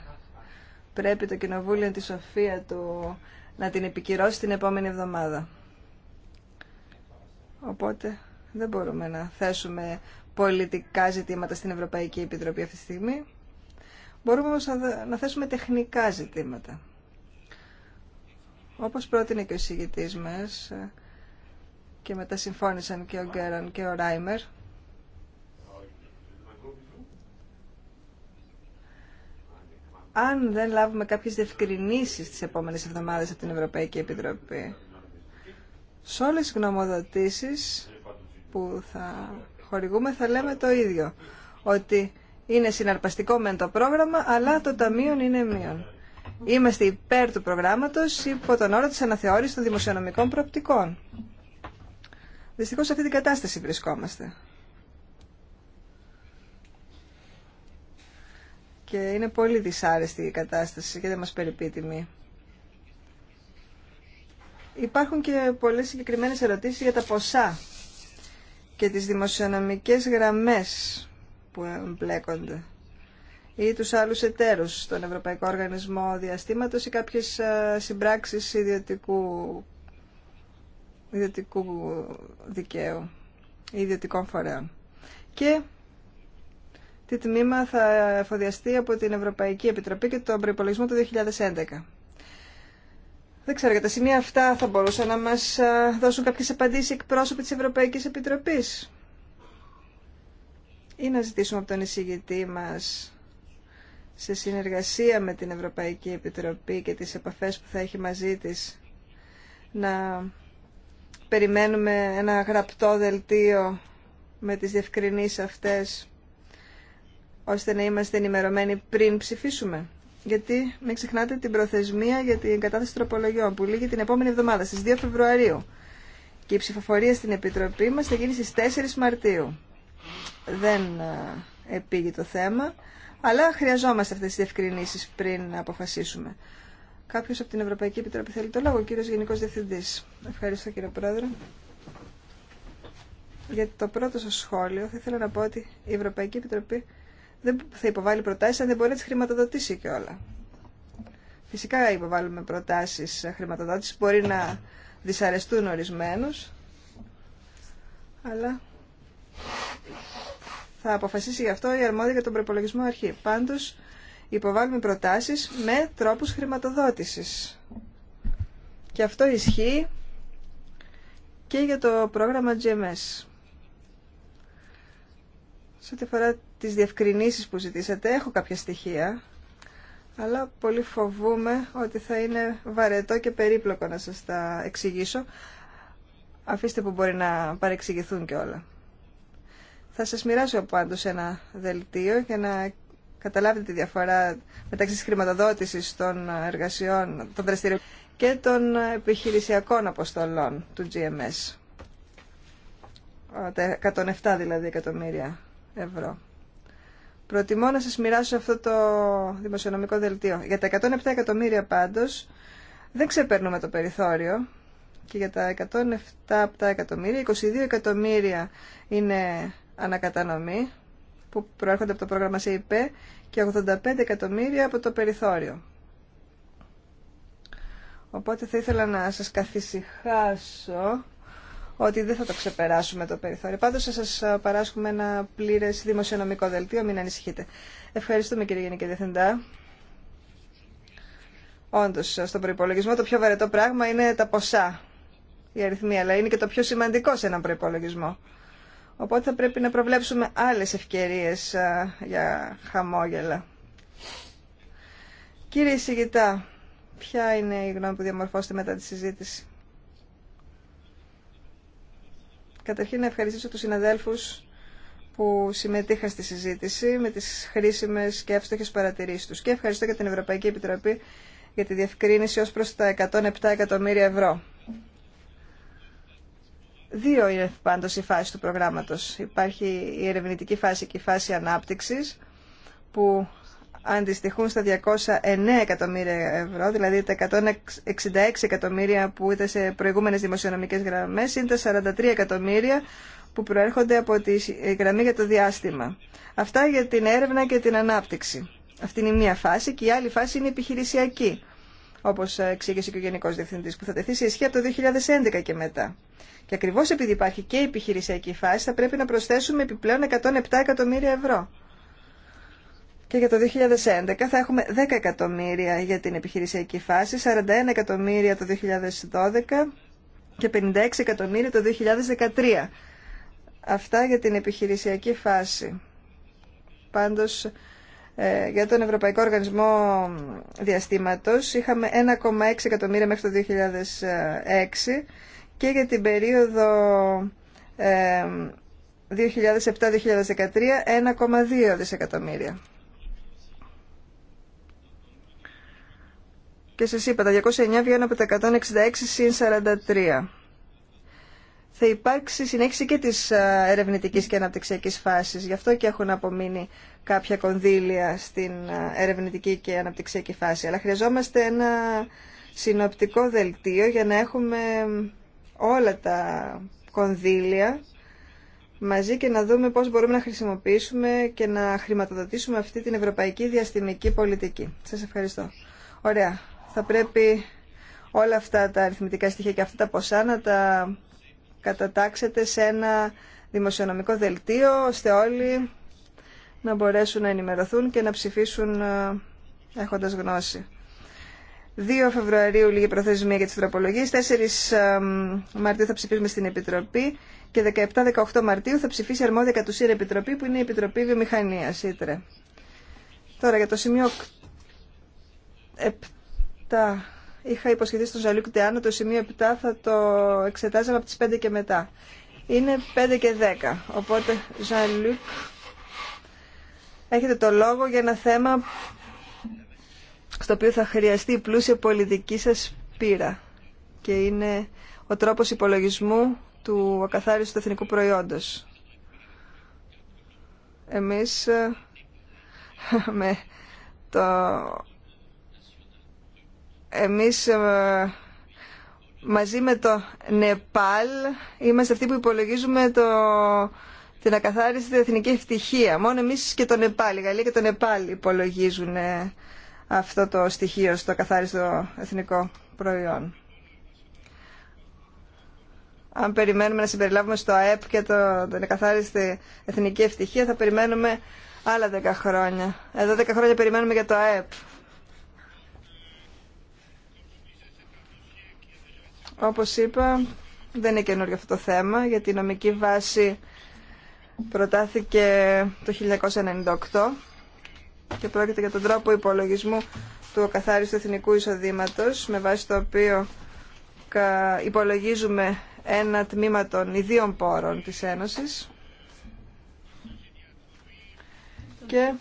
Πρέπει το Κοινοβούλιο τη σοφία του να την επικυρώσει την επόμενη εβδομάδα. Οπότε δεν μπορούμε να θέσουμε πολιτικά ζητήματα στην Ευρωπαϊκή Επιτροπή αυτή τη στιγμή. Μπορούμε όμως να θέσουμε τεχνικά ζητήματα. Όπως πρότεινε και ο συγητής μας ε, και μετά συμφώνησαν και ο Γκέραν και ο Ράιμερ, αν δεν λάβουμε κάποιες διευκρινήσεις τις επόμενες εβδομάδες από την Ευρωπαϊκή Επιτροπή, σε όλες τις γνωμοδοτήσεις που θα χορηγούμε θα λέμε το ίδιο, ότι είναι συναρπαστικό με το πρόγραμμα, αλλά το ταμείο είναι μείον. Είμαστε υπέρ του προγράμματος υπό τον όρο της αναθεώρησης των δημοσιονομικών προοπτικών. Δυστυχώς σε αυτή την κατάσταση βρισκόμαστε. Και είναι πολύ δυσάρεστη η κατάσταση και δεν μας περιπεί Υπάρχουν και πολλές συγκεκριμένες ερωτήσεις για τα ποσά και τις δημοσιονομικές γραμμές που εμπλέκονται ή τους άλλους εταίρους στον Ευρωπαϊκό Οργανισμό Διαστήματος ή κάποιες ε, συμπράξεις ιδιωτικού, ιδιωτικού δικαίου ή ιδιωτικών φορέων. Και τι τμήμα θα εφοδιαστεί από την Ευρωπαϊκή Επιτροπή και τον προπολογισμό του 2011. Δεν ξέρω, για τα σημεία αυτά θα μπορούσαν να μας ε, δώσουν κάποιες απαντήσεις εκπρόσωποι της Ευρωπαϊκής Επιτροπής. Ή να ζητήσουμε από τον εισηγητή μας σε συνεργασία με την Ευρωπαϊκή Επιτροπή και τις επαφές που θα έχει μαζί της να περιμένουμε ένα γραπτό δελτίο με τις διευκρινήσεις αυτές ώστε να είμαστε ενημερωμένοι πριν ψηφίσουμε. Γιατί μην ξεχνάτε την προθεσμία για την κατάθεση τροπολογιών που λύγει την επόμενη εβδομάδα στις 2 Φεβρουαρίου και η ψηφοφορία στην Επιτροπή μας θα γίνει στις 4 Μαρτίου. Δεν ε, επήγει το θέμα αλλά χρειαζόμαστε αυτέ τι διευκρινήσει πριν να αποφασίσουμε. Κάποιο από την Ευρωπαϊκή Επιτροπή θέλει το λόγο, ο κύριο Γενικό Διευθυντής. Ευχαριστώ κύριε Πρόεδρε. Για το πρώτο σα σχόλιο θα ήθελα να πω ότι η Ευρωπαϊκή Επιτροπή δεν θα υποβάλει προτάσει αν δεν μπορεί να τι χρηματοδοτήσει κιόλα. Φυσικά υποβάλλουμε προτάσει χρηματοδότηση μπορεί να δυσαρεστούν ορισμένου. αλλά θα αποφασίσει γι' αυτό η αρμόδια για τον προπολογισμό αρχή. Πάντως υποβάλλουμε προτάσεις με τρόπους χρηματοδότησης. Και αυτό ισχύει και για το πρόγραμμα GMS. Σε ό,τι αφορά τις διευκρινήσεις που ζητήσατε, έχω κάποια στοιχεία, αλλά πολύ φοβούμαι ότι θα είναι βαρετό και περίπλοκο να σας τα εξηγήσω. Αφήστε που μπορεί να παρεξηγηθούν και όλα. Θα σας μοιράσω πάντως ένα δελτίο για να καταλάβετε τη διαφορά μεταξύ της χρηματοδότησης των εργασιών, των δραστηριών και των επιχειρησιακών αποστολών του GMS. Τα 107 δηλαδή εκατομμύρια ευρώ. Προτιμώ να σας μοιράσω αυτό το δημοσιονομικό δελτίο. Για τα 107 εκατομμύρια πάντως δεν ξεπερνούμε το περιθώριο και για τα 107 εκατομμύρια, 22 εκατομμύρια είναι ανακατανομή που προέρχονται από το πρόγραμμα ΣΥΠ και 85 εκατομμύρια από το περιθώριο. Οπότε θα ήθελα να σας καθησυχάσω ότι δεν θα το ξεπεράσουμε το περιθώριο. Πάντως θα σας παράσχουμε ένα πλήρες δημοσιονομικό δελτίο, μην ανησυχείτε. Ευχαριστούμε κύριε Γενική Διευθυντά. Όντως, στον προϋπολογισμό το πιο βαρετό πράγμα είναι τα ποσά, η αριθμία, αλλά είναι και το πιο σημαντικό σε έναν προϋπολογισμό. Οπότε θα πρέπει να προβλέψουμε άλλες ευκαιρίες για χαμόγελα. Κύριε Σιγητά, ποια είναι η γνώμη που διαμορφώσετε μετά τη συζήτηση. Καταρχήν να ευχαριστήσω τους συναδέλφους που συμμετείχαν στη συζήτηση με τις χρήσιμες και εύστοχες παρατηρήσεις τους και ευχαριστώ και την Ευρωπαϊκή Επιτροπή για τη διευκρίνηση ως προς τα 107 εκατομμύρια ευρώ. Δύο είναι πάντως οι φάσεις του προγράμματος. Υπάρχει η ερευνητική φάση και η φάση ανάπτυξης που αντιστοιχούν στα 209 εκατομμύρια ευρώ, δηλαδή τα 166 εκατομμύρια που ήταν σε προηγούμενες δημοσιονομικές γραμμές, είναι τα 43 εκατομμύρια που προέρχονται από τη γραμμή για το διάστημα. Αυτά για την έρευνα και την ανάπτυξη. Αυτή είναι η μία φάση και η άλλη φάση είναι η επιχειρησιακή, όπως εξήγησε και ο Γενικός Διευθυντής, που θα τεθεί σε ισχύ από το 2011 και μετά. Και ακριβώ επειδή υπάρχει και η επιχειρησιακή φάση, θα πρέπει να προσθέσουμε επιπλέον 107 εκατομμύρια ευρώ. Και για το 2011 θα έχουμε 10 εκατομμύρια για την επιχειρησιακή φάση, 41 εκατομμύρια το 2012 και 56 εκατομμύρια το 2013. Αυτά για την επιχειρησιακή φάση. Πάντως, ε, για τον Ευρωπαϊκό Οργανισμό Διαστήματος είχαμε 1,6 εκατομμύρια μέχρι το 2006 και για την περίοδο 2007-2013 1,2 δισεκατομμύρια. Και σας είπα, τα 209 βγαίνουν από τα 166 συν 43. Θα υπάρξει συνέχιση και της ε, ερευνητικής και αναπτυξιακής φάσης. Γι' αυτό και έχουν απομείνει κάποια κονδύλια στην ε, ερευνητική και αναπτυξιακή φάση. Αλλά χρειαζόμαστε ένα συνοπτικό δελτίο για να έχουμε όλα τα κονδύλια μαζί και να δούμε πώς μπορούμε να χρησιμοποιήσουμε και να χρηματοδοτήσουμε αυτή την ευρωπαϊκή διαστημική πολιτική. Σας ευχαριστώ. Ωραία. Θα πρέπει όλα αυτά τα αριθμητικά στοιχεία και αυτά τα ποσά να τα κατατάξετε σε ένα δημοσιονομικό δελτίο, ώστε όλοι να μπορέσουν να ενημερωθούν και να ψηφίσουν ε, έχοντας γνώση. 2 Φεβρουαρίου λίγη προθεσμία για τις τροπολογίες, 4 Μαρτίου θα ψηφίσουμε στην Επιτροπή και 17-18 Μαρτίου θα ψηφίσει αρμόδια κατουσία Επιτροπή που είναι η Επιτροπή Βιομηχανίας, Ήτρε. Τώρα για το σημείο 7 είχα υποσχεθεί στον Ζαλουκ Τεάνο το σημείο 7 θα το εξετάζαμε από τις 5 και μετά. Είναι 5 και 10, οπότε Ζαλίκ έχετε το λόγο για ένα θέμα στο οποίο θα χρειαστεί η πλούσια πολιτική σας πείρα και είναι ο τρόπος υπολογισμού του ακαθάριστου του εθνικού προϊόντος. Εμείς ε, το... Εμείς ε, μαζί με το Νεπάλ είμαστε αυτοί που υπολογίζουμε το... την ακαθάριστη εθνική ευτυχία. Μόνο εμείς και το Νεπάλ, η Γαλλία και το Νεπάλ υπολογίζουν ε, αυτό το στοιχείο στο καθάριστο εθνικό προϊόν. Αν περιμένουμε να συμπεριλάβουμε στο ΑΕΠ και το, την καθάριστη εθνική ευτυχία, θα περιμένουμε άλλα 10 χρόνια. Εδώ 10 χρόνια περιμένουμε για το ΑΕΠ. Όπως είπα, δεν είναι καινούργιο αυτό το θέμα, γιατί η νομική βάση προτάθηκε το 1998 και πρόκειται για τον τρόπο υπολογισμού του καθάριστου εθνικού εισοδήματος με βάση το οποίο υπολογίζουμε ένα τμήμα των ιδίων πόρων της Ένωσης και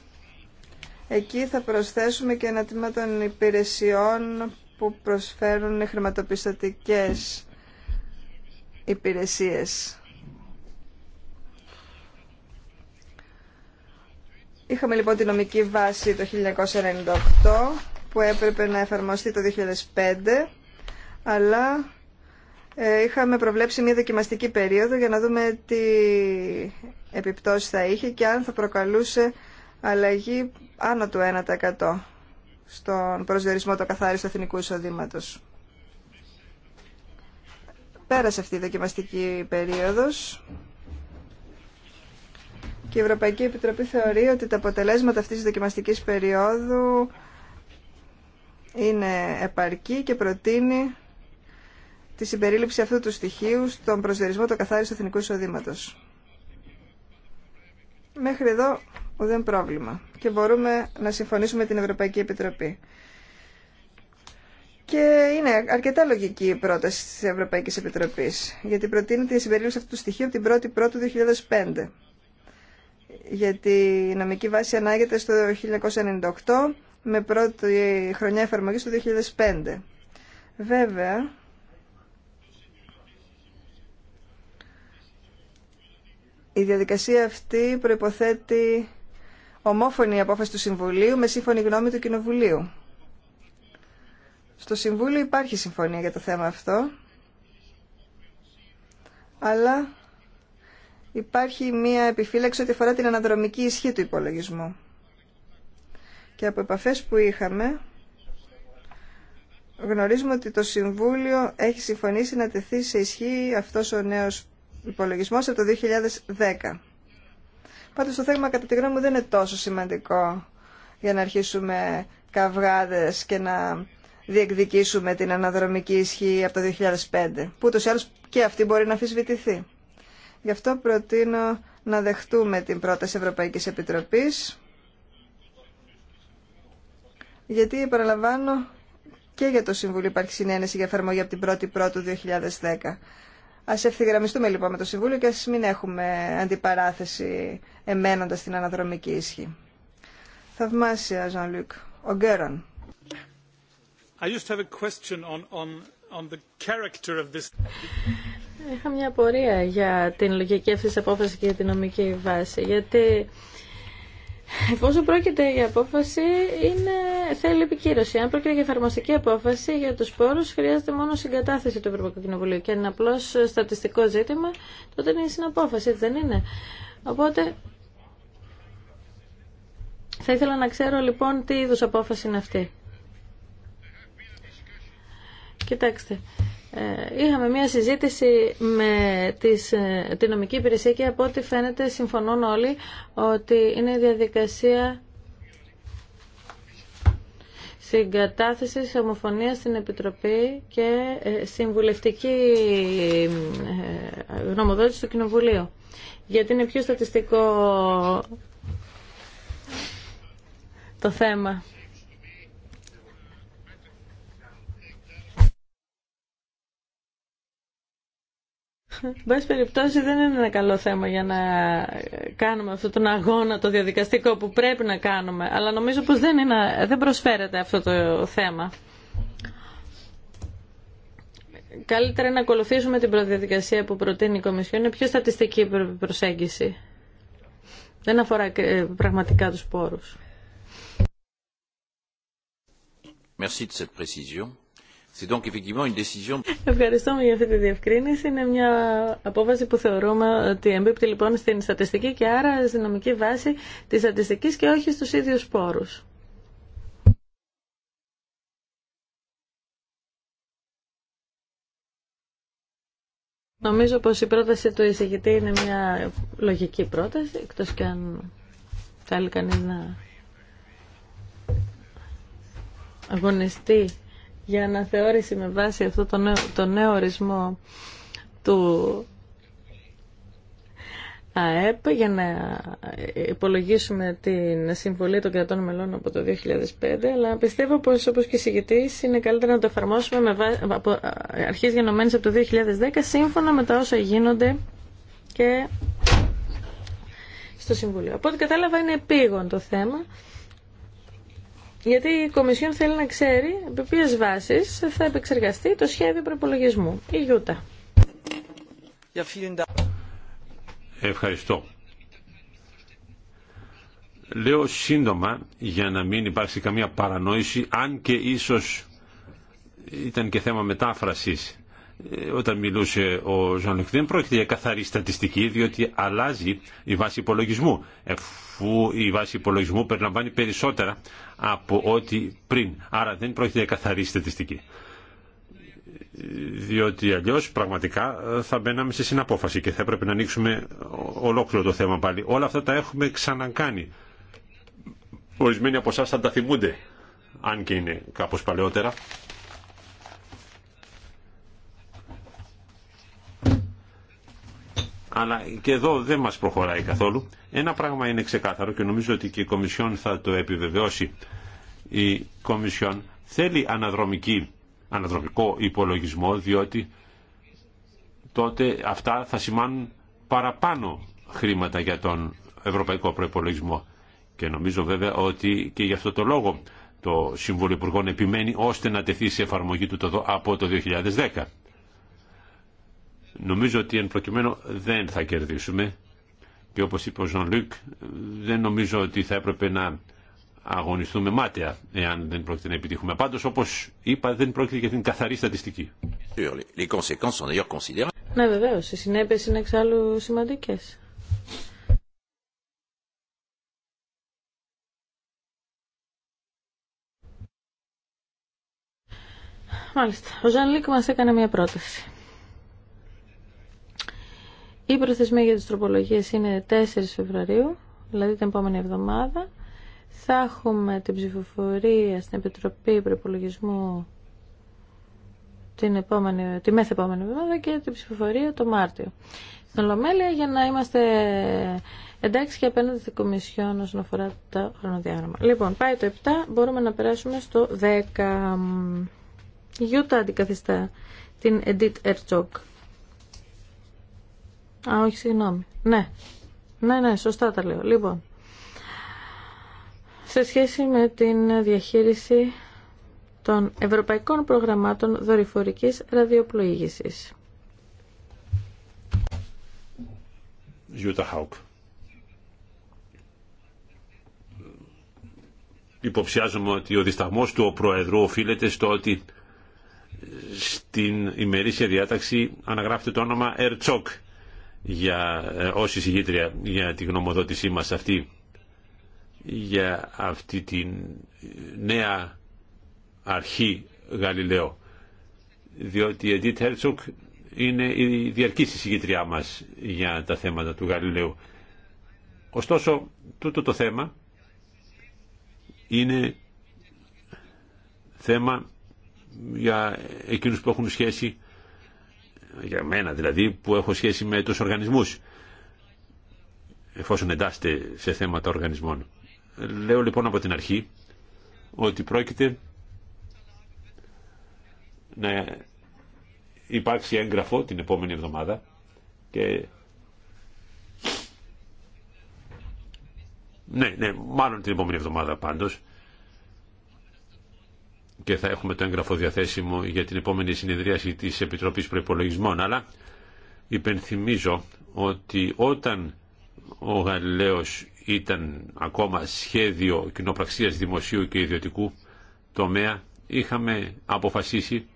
εκεί θα προσθέσουμε και ένα τμήμα των υπηρεσιών που προσφέρουν χρηματοπιστωτικές υπηρεσίες Είχαμε λοιπόν τη νομική βάση το 1998 που έπρεπε να εφαρμοστεί το 2005 αλλά ε, είχαμε προβλέψει μια δοκιμαστική περίοδο για να δούμε τι επιπτώσεις θα είχε και αν θα προκαλούσε αλλαγή άνω του 1% στον προσδιορισμό του καθάριστου εθνικού εισοδήματο. Πέρασε αυτή η δοκιμαστική περίοδος η Ευρωπαϊκή Επιτροπή θεωρεί ότι τα αποτελέσματα αυτής της δοκιμαστικής περίοδου είναι επαρκή και προτείνει τη συμπερίληψη αυτού του στοιχείου στον προσδιορισμό του καθάριστου εθνικού εισοδήματο. Μέχρι εδώ ουδέν πρόβλημα και μπορούμε να συμφωνήσουμε με την Ευρωπαϊκή Επιτροπή. Και είναι αρκετά λογική η πρόταση τη Ευρωπαϊκή Επιτροπή, γιατί προτείνει τη συμπερίληψη αυτού του στοιχείου την 1η του 2005 γιατί η νομική βάση ανάγεται στο 1998 με πρώτη χρονιά εφαρμογής το 2005. Βέβαια, η διαδικασία αυτή προϋποθέτει ομόφωνη απόφαση του Συμβουλίου με σύμφωνη γνώμη του Κοινοβουλίου. Στο Συμβούλιο υπάρχει συμφωνία για το θέμα αυτό, αλλά υπάρχει μία επιφύλαξη ότι αφορά την αναδρομική ισχύ του υπολογισμού. Και από επαφές που είχαμε, γνωρίζουμε ότι το Συμβούλιο έχει συμφωνήσει να τεθεί σε ισχύ αυτός ο νέος υπολογισμός από το 2010. Πάντως το θέμα κατά τη γνώμη μου δεν είναι τόσο σημαντικό για να αρχίσουμε καυγάδες και να διεκδικήσουμε την αναδρομική ισχύ από το 2005, που ούτως ή άλλως και αυτή μπορεί να αφισβητηθεί. Γι' αυτό προτείνω να δεχτούμε την πρόταση Ευρωπαϊκής Επιτροπής, γιατί παραλαμβάνω και για το Συμβούλιο υπάρχει συνένεση για εφαρμογή από την 1η Πρώτου 2010. Ας ευθυγραμμιστούμε λοιπόν με το Συμβούλιο και ας μην έχουμε αντιπαράθεση εμένοντας την αναδρομική ίσχυ. Θαυμάσια, Ζανλουκ. Ο Γκέρον. Είχα μια απορία για την λογική αυτή τη απόφαση και για την νομική βάση. Γιατί εφόσον πρόκειται για απόφαση, είναι, θέλει επικύρωση. Αν πρόκειται για εφαρμοστική απόφαση για του πόρου, χρειάζεται μόνο συγκατάθεση του Ευρωπαϊκού Κοινοβουλίου. Και είναι απλώ στατιστικό ζήτημα, τότε είναι συναπόφαση, δεν είναι. Οπότε θα ήθελα να ξέρω λοιπόν τι είδου απόφαση είναι αυτή. Κοιτάξτε, ε, είχαμε μια συζήτηση με τις, ε, την νομική υπηρεσία και από ό,τι φαίνεται συμφωνούν όλοι ότι είναι διαδικασία συγκατάθεσης ομοφωνία στην Επιτροπή και ε, συμβουλευτική γνωμοδότηση του Κοινοβουλίου. Γιατί είναι πιο στατιστικό το θέμα. πάση περιπτώσει δεν είναι ένα καλό θέμα για να κάνουμε αυτόν τον αγώνα το διαδικαστικό που πρέπει να κάνουμε. Αλλά νομίζω πως δεν, είναι, δεν προσφέρεται αυτό το θέμα. Καλύτερα να ακολουθήσουμε την προδιαδικασία που προτείνει η Κομισιόν. Είναι πιο στατιστική προσέγγιση. Δεν αφορά ε, πραγματικά τους πόρους. Merci de cette précision. Ευχαριστούμε για αυτή τη διευκρίνηση. Είναι μια απόφαση που θεωρούμε ότι εμπίπτει λοιπόν στην στατιστική και άρα στην νομική βάση της στατιστικής και όχι στους ίδιους πόρους. Νομίζω πως η πρόταση του εισηγητή είναι μια λογική πρόταση, εκτός και αν θέλει κανείς να αγωνιστεί για αναθεώρηση με βάση αυτό το νέο, το νέο ορισμό του ΑΕΠ για να υπολογίσουμε την συμβολή των κρατών μελών από το 2005 αλλά πιστεύω πως όπως και συγκεκριτής είναι καλύτερα να το εφαρμόσουμε με βά... από αρχής γενομένης από το 2010 σύμφωνα με τα όσα γίνονται και στο Συμβουλίο. Από ό,τι κατάλαβα είναι επίγον το θέμα. Γιατί η Κομισιόν θέλει να ξέρει από ποιες βάσεις θα επεξεργαστεί το σχέδιο προπολογισμού. Η Γιούτα. Ευχαριστώ. Λέω σύντομα για να μην υπάρξει καμία παρανόηση, αν και ίσως ήταν και θέμα μετάφρασης όταν μιλούσε ο Ζαν δεν πρόκειται για καθαρή στατιστική διότι αλλάζει η βάση υπολογισμού εφού η βάση υπολογισμού περιλαμβάνει περισσότερα από ό,τι πριν άρα δεν πρόκειται για καθαρή στατιστική διότι αλλιώ πραγματικά θα μπαίναμε σε συναπόφαση και θα έπρεπε να ανοίξουμε ολόκληρο το θέμα πάλι όλα αυτά τα έχουμε ξανακάνει ορισμένοι από εσά θα τα θυμούνται αν και είναι κάπω παλαιότερα αλλά και εδώ δεν μας προχωράει καθόλου. Ένα πράγμα είναι ξεκάθαρο και νομίζω ότι και η Κομισιόν θα το επιβεβαιώσει. Η Κομισιόν θέλει αναδρομική, αναδρομικό υπολογισμό, διότι τότε αυτά θα σημάνουν παραπάνω χρήματα για τον ευρωπαϊκό Προϋπολογισμό. Και νομίζω βέβαια ότι και γι' αυτό το λόγο το Συμβούλιο Υπουργών επιμένει ώστε να τεθεί σε εφαρμογή του το, από το 2010. Νομίζω ότι εν προκειμένου δεν θα κερδίσουμε και όπως είπε ο Ζων Λουκ δεν νομίζω ότι θα έπρεπε να αγωνιστούμε μάταια εάν δεν πρόκειται να επιτύχουμε. Πάντως όπως είπα δεν πρόκειται για την καθαρή στατιστική. Ναι βεβαίω, οι συνέπειες είναι εξάλλου σημαντικές. Μάλιστα. Ο Ζαν Λίκ μας έκανε μια πρόταση. Οι προθεσμοί για τις τροπολογίες είναι 4 Φεβρουαρίου, δηλαδή την επόμενη εβδομάδα. Θα έχουμε την ψηφοφορία στην Επιτροπή Προπολογισμού την επόμενη, τη μεθεπόμενη εβδομάδα και την ψηφοφορία το Μάρτιο. Στην Ολομέλεια για να είμαστε εντάξει και απέναντι στην Κομισιόν όσον αφορά τα χρονοδιάγραμμα. Λοιπόν, πάει το 7, μπορούμε να περάσουμε στο 10. Γιούτα αντικαθιστά την Edith ΕΡΤΣΟΚ. Α, όχι, συγγνώμη. Ναι. Ναι, ναι, σωστά τα λέω. Λοιπόν, σε σχέση με την διαχείριση των ευρωπαϊκών προγραμμάτων δορυφορικής ραδιοπλοήγησης. Χάουκ. Υποψιάζομαι ότι ο δισταγμός του Προεδρού οφείλεται στο ότι στην ημερήσια διάταξη αναγράφεται το όνομα Ερτσόκ για, ε, ως εισηγήτρια για τη γνωμοδότησή μας αυτή για αυτή τη νέα αρχή Γαλιλαίο διότι η Edith είναι η διαρκής εισηγήτριά μας για τα θέματα του Γαλιλαίου ωστόσο τούτο το θέμα είναι θέμα για εκείνους που έχουν σχέση για μένα δηλαδή, που έχω σχέση με τους οργανισμούς, εφόσον εντάσσεται σε θέματα οργανισμών. Λέω λοιπόν από την αρχή ότι πρόκειται να υπάρξει έγγραφο την επόμενη εβδομάδα και ναι, ναι, μάλλον την επόμενη εβδομάδα πάντως και θα έχουμε το έγγραφο διαθέσιμο για την επόμενη συνεδρίαση της Επιτροπής Προϋπολογισμών αλλά υπενθυμίζω ότι όταν ο Γαλιλαίος ήταν ακόμα σχέδιο κοινοπραξίας δημοσίου και ιδιωτικού τομέα είχαμε αποφασίσει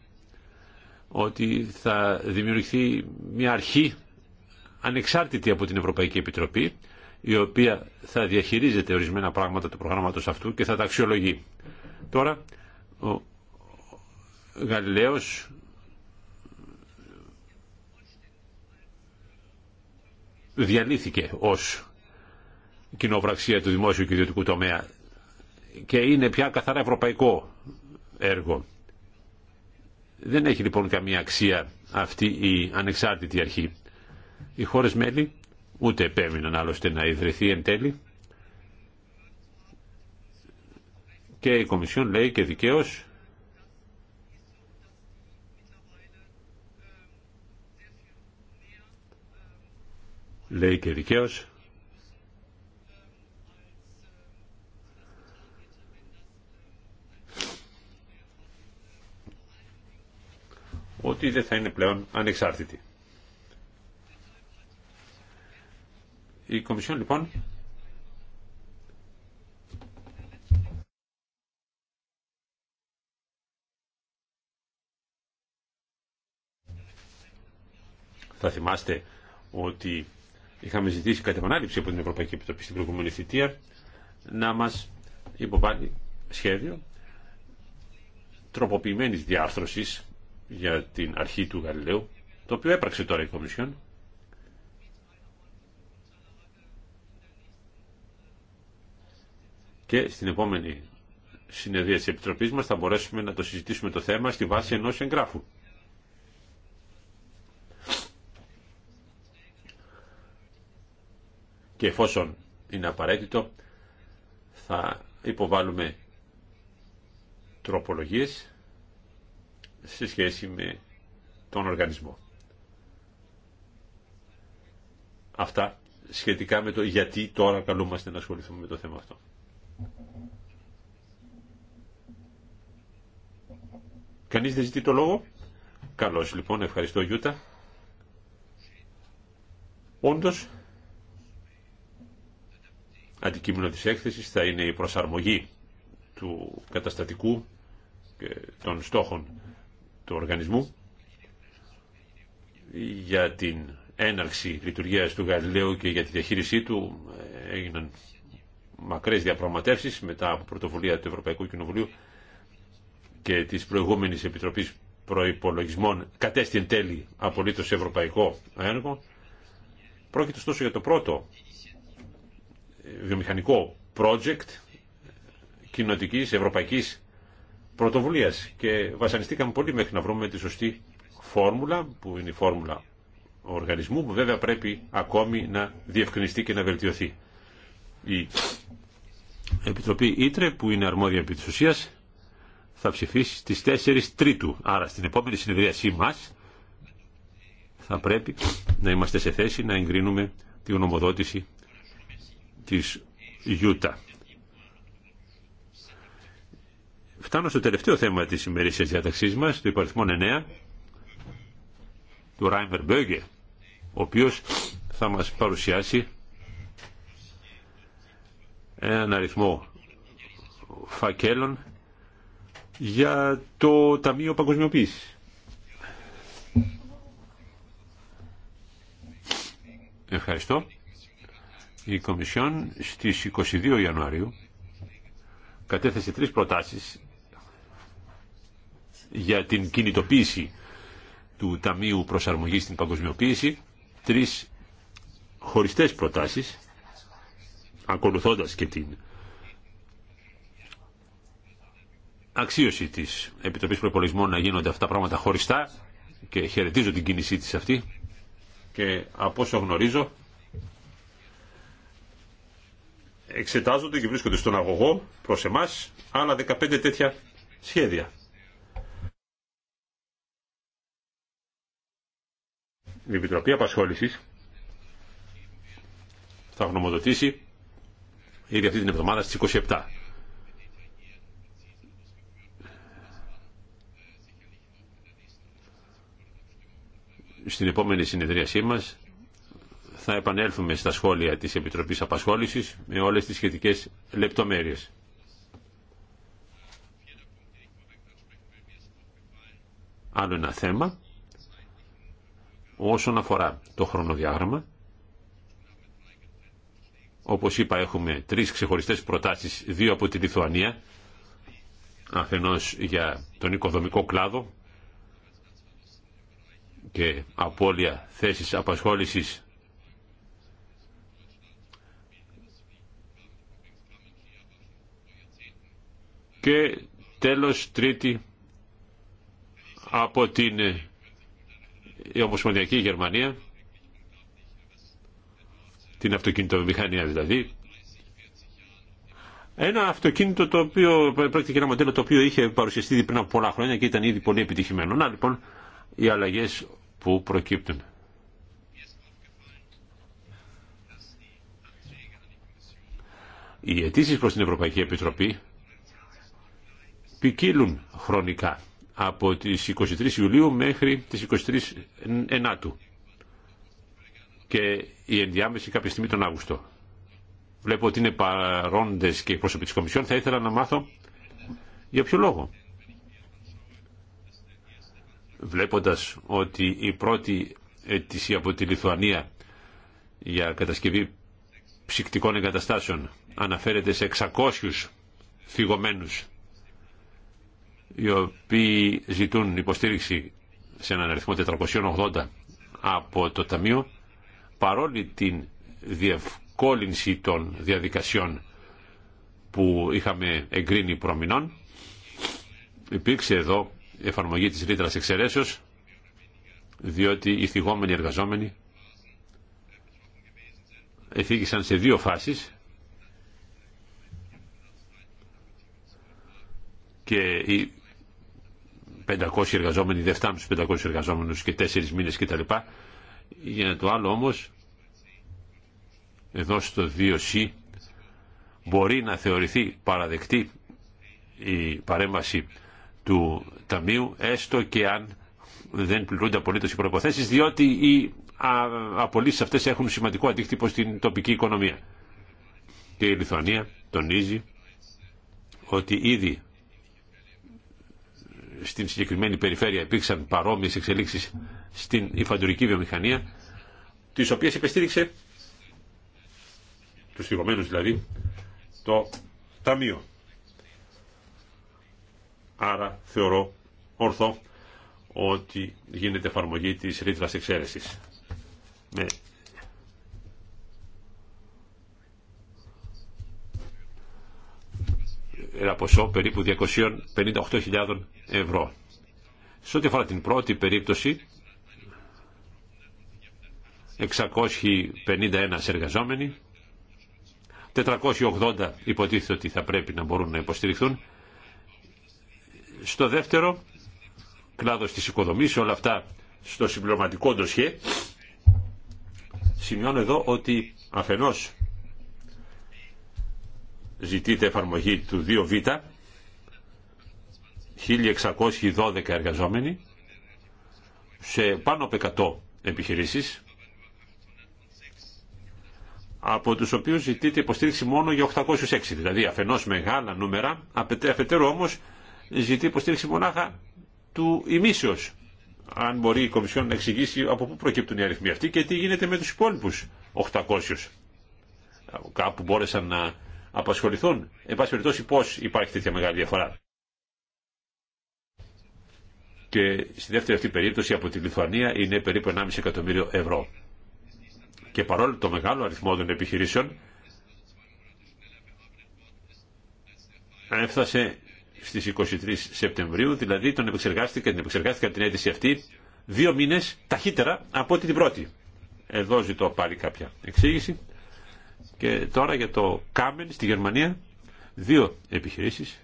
ότι θα δημιουργηθεί μια αρχή ανεξάρτητη από την Ευρωπαϊκή Επιτροπή η οποία θα διαχειρίζεται ορισμένα πράγματα του προγράμματος αυτού και θα τα αξιολογεί. Τώρα ο Γαλιλαίος διαλύθηκε ως κοινοβραξία του δημόσιου και ιδιωτικού τομέα και είναι πια καθαρά ευρωπαϊκό έργο. Δεν έχει λοιπόν καμία αξία αυτή η ανεξάρτητη αρχή. Οι χώρες μέλη ούτε επέμειναν άλλωστε να ιδρυθεί εν τέλει Και η Κομισιόν λέει και δικαίω. λέει και δικαίω. ότι δεν θα είναι πλέον ανεξάρτητη. Η Κομισιόν λοιπόν Θα θυμάστε ότι είχαμε ζητήσει κατά επανάληψη από την Ευρωπαϊκή Επιτροπή στην προηγούμενη θητεία να μας υποβάλει σχέδιο τροποποιημένης διάρθρωσης για την αρχή του Γαλιλαίου, το οποίο έπραξε τώρα η Κομισιόν. Και στην επόμενη συνεδρία της Επιτροπής μας θα μπορέσουμε να το συζητήσουμε το θέμα στη βάση ενός εγγράφου. και εφόσον είναι απαραίτητο θα υποβάλουμε τροπολογίες σε σχέση με τον οργανισμό. Αυτά σχετικά με το γιατί τώρα καλούμαστε να ασχοληθούμε με το θέμα αυτό. Κανείς δεν ζητεί το λόγο. Καλώς λοιπόν, ευχαριστώ Γιούτα. Όντως, Αντικείμενο της έκθεσης θα είναι η προσαρμογή του καταστατικού και των στόχων του οργανισμού για την έναρξη λειτουργίας του Γαλιλαίου και για τη διαχείρισή του ε, έγιναν μακρές διαπραγματεύσεις μετά από πρωτοβουλία του Ευρωπαϊκού Κοινοβουλίου και της προηγούμενης Επιτροπής Προϋπολογισμών κατέστη εν τέλει απολύτως ευρωπαϊκό έργο. Πρόκειται ωστόσο για το πρώτο βιομηχανικό project κοινοτική ευρωπαϊκής πρωτοβουλία και βασανιστήκαμε πολύ μέχρι να βρούμε τη σωστή φόρμουλα που είναι η φόρμουλα οργανισμού που βέβαια πρέπει ακόμη να διευκρινιστεί και να βελτιωθεί. Η Επιτροπή Ήτρε που είναι αρμόδια επί της ουσίας, θα ψηφίσει στις 4 Τρίτου. Άρα στην επόμενη συνεδρίασή μας θα πρέπει να είμαστε σε θέση να εγκρίνουμε τη γνωμοδότηση της Γιούτα. Φτάνω στο τελευταίο θέμα της ημερήσιας διαταξής μας, του υπαριθμό 9, του Ράιμερ Μπέγκε, ο οποίος θα μας παρουσιάσει έναν αριθμό φακέλων για το Ταμείο Παγκοσμιοποίησης. Ευχαριστώ. Η Κομισιόν στις 22 Ιανουαρίου κατέθεσε τρεις προτάσεις για την κινητοποίηση του Ταμείου Προσαρμογής στην Παγκοσμιοποίηση, τρεις χωριστές προτάσεις, ακολουθώντας και την αξίωση της Επιτροπής Προπολισμών να γίνονται αυτά τα πράγματα χωριστά και χαιρετίζω την κίνησή της αυτή και από όσο γνωρίζω εξετάζονται και βρίσκονται στον αγωγό προς εμάς άλλα 15 τέτοια σχέδια. Η Επιτροπή Απασχόλησης θα γνωμοδοτήσει ήδη αυτή την εβδομάδα στις 27. Στην επόμενη συνεδρίασή μας θα επανέλθουμε στα σχόλια της Επιτροπής Απασχόλησης με όλες τις σχετικές λεπτομέρειες. Άλλο ένα θέμα όσον αφορά το χρονοδιάγραμμα. Όπως είπα έχουμε τρεις ξεχωριστές προτάσεις, δύο από τη Λιθουανία, αφενός για τον οικοδομικό κλάδο και απώλεια θέσεις απασχόλησης Και τέλος τρίτη από την ε, Ομοσπονδιακή Γερμανία, την αυτοκίνητομηχανία δηλαδή, ένα αυτοκίνητο το οποίο πρόκειται και ένα μοντέλο το οποίο είχε παρουσιαστεί πριν από πολλά χρόνια και ήταν ήδη πολύ επιτυχημένο. Να λοιπόν οι αλλαγές που προκύπτουν. Οι αιτήσει προς την Ευρωπαϊκή Επιτροπή ποικίλουν χρονικά από τις 23 Ιουλίου μέχρι τις 23 Ενάτου και η ενδιάμεση κάποια στιγμή τον Αύγουστο. Βλέπω ότι είναι παρόντες και οι πρόσωποι της Κομισιόν. Θα ήθελα να μάθω για ποιο λόγο. Βλέποντας ότι η πρώτη αίτηση από τη Λιθουανία για κατασκευή ψυκτικών εγκαταστάσεων αναφέρεται σε 600 φυγωμένους οι οποίοι ζητούν υποστήριξη σε έναν αριθμό 480 από το Ταμείο παρόλη την διευκόλυνση των διαδικασιών που είχαμε εγκρίνει προμηνών υπήρξε εδώ εφαρμογή της ρήτρας εξαιρέσεως διότι οι θυγόμενοι εργαζόμενοι εφήγησαν σε δύο φάσεις και 500 εργαζόμενοι δεν φτάνουν στους 500 εργαζόμενους και 4 μήνες κτλ. Για το άλλο όμως, εδώ στο 2C μπορεί να θεωρηθεί παραδεκτή η παρέμβαση του Ταμείου έστω και αν δεν πληρούνται απολύτως οι προποθέσει, διότι οι απολύσεις αυτές έχουν σημαντικό αντίκτυπο στην τοπική οικονομία. Και η Λιθουανία τονίζει ότι ήδη στην συγκεκριμένη περιφέρεια υπήρξαν παρόμοιες εξελίξεις στην υφαντουρική βιομηχανία, τις οποίες υπεστήριξε, τους θυγωμένους δηλαδή, το Ταμείο. Άρα θεωρώ ορθό ότι γίνεται εφαρμογή της ρήτρα εξαίρεσης ναι. ένα ποσό περίπου 258.000 ευρώ. Σε ό,τι αφορά την πρώτη περίπτωση, 651 εργαζόμενοι, 480 υποτίθεται ότι θα πρέπει να μπορούν να υποστηριχθούν. Στο δεύτερο, κλάδος της οικοδομής, όλα αυτά στο συμπληρωματικό ντοσχέ σημειώνω εδώ ότι αφενός ζητείται εφαρμογή του 2Β, 1612 εργαζόμενοι, σε πάνω από 100 επιχειρήσεις, από τους οποίους ζητείται υποστήριξη μόνο για 806, δηλαδή αφενός μεγάλα νούμερα, αφετέρου όμως ζητεί υποστήριξη μονάχα του ημίσεως. Αν μπορεί η Κομισιόν να εξηγήσει από πού προκύπτουν οι αριθμοί αυτοί και τι γίνεται με τους υπόλοιπους 800. Κάπου μπόρεσαν να απασχοληθούν. Εν πάση περιπτώσει πώς υπάρχει τέτοια μεγάλη διαφορά. Και στη δεύτερη αυτή περίπτωση από τη Λιθουανία είναι περίπου 1,5 εκατομμύριο ευρώ. Και παρόλο το μεγάλο αριθμό των επιχειρήσεων έφτασε στις 23 Σεπτεμβρίου, δηλαδή τον επεξεργάστηκαν την την αίτηση αυτή δύο μήνες ταχύτερα από την πρώτη. Εδώ ζητώ πάλι κάποια εξήγηση. Και τώρα για το Κάμεν στη Γερμανία, δύο επιχειρήσεις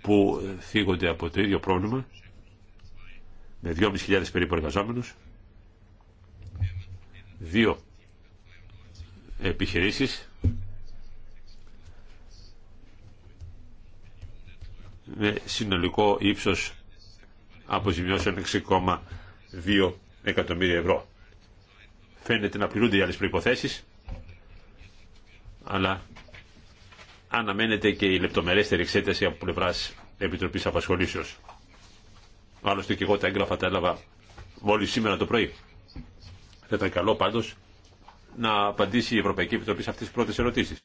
που θίγονται από το ίδιο πρόβλημα με 2.500 περίπου εργαζόμενους δύο επιχειρήσεις με συνολικό ύψος αποζημιώσεων 6,2 εκατομμύρια ευρώ φαίνεται να πληρούνται οι άλλες προϋποθέσεις αλλά αναμένεται και η λεπτομερέστερη εξέταση από πλευρά Επιτροπή Απασχολήσεω. Άλλωστε και εγώ τα έγγραφα τα έλαβα μόλι σήμερα το πρωί. Θα ήταν καλό πάντω να απαντήσει η Ευρωπαϊκή Επιτροπή σε αυτέ τι πρώτε ερωτήσει.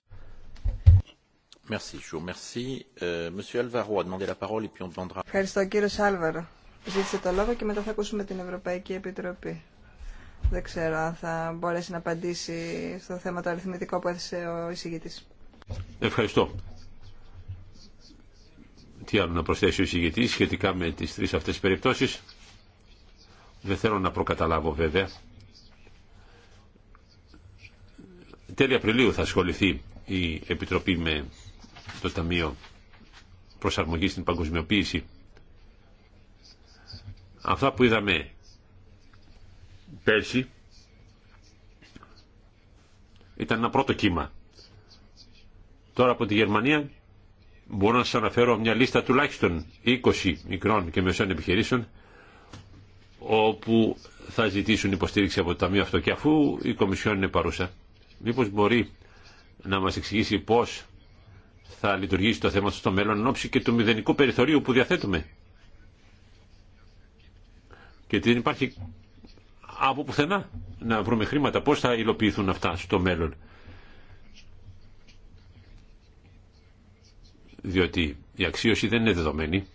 Ευχαριστώ κύριο Σάλβαρο. Ζήτησε το λόγο και μετά θα ακούσουμε την Ευρωπαϊκή Επιτροπή. Δεν ξέρω αν θα μπορέσει να απαντήσει στο θέμα το αριθμητικό που έθεσε ο εισηγητής. Ευχαριστώ. Τι άλλο να προσθέσει ο εισηγητής σχετικά με τις τρεις αυτές περιπτώσεις. Δεν θέλω να προκαταλάβω βέβαια. Τέλη Απριλίου θα ασχοληθεί η Επιτροπή με το Ταμείο Προσαρμογής στην Παγκοσμιοποίηση. Αυτά που είδαμε πέρσι ήταν ένα πρώτο κύμα. Τώρα από τη Γερμανία μπορώ να σας αναφέρω μια λίστα τουλάχιστον 20 μικρών και μεσών επιχειρήσεων όπου θα ζητήσουν υποστήριξη από το Ταμείο αυτό και αφού η Κομισιόν είναι παρούσα. Μήπως μπορεί να μας εξηγήσει πώς θα λειτουργήσει το θέμα στο μέλλον εν και του μηδενικού περιθωρίου που διαθέτουμε. Και δεν υπάρχει από πουθενά να βρούμε χρήματα. Πώς θα υλοποιηθούν αυτά στο μέλλον. Διότι η αξίωση δεν είναι δεδομένη,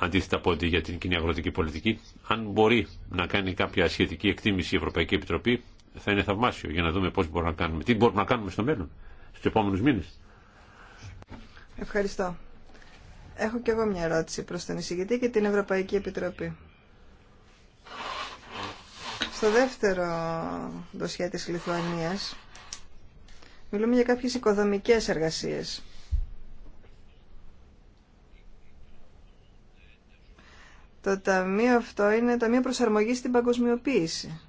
αντίθετα από ότι για την κοινή αγροτική πολιτική. Αν μπορεί να κάνει κάποια σχετική εκτίμηση η Ευρωπαϊκή Επιτροπή, θα είναι θαυμάσιο για να δούμε πώς μπορούμε να κάνουμε, τι μπορούμε να κάνουμε στο μέλλον, στους επόμενους μήνες. Ευχαριστώ. Έχω και εγώ μια ερώτηση προς τον εισηγητή και την Ευρωπαϊκή Επιτροπή στο δεύτερο δοσιά της Λιθουανίας. Μιλούμε για κάποιες οικοδομικές εργασίες. Το ταμείο αυτό είναι ταμείο προσαρμογής στην παγκοσμιοποίηση.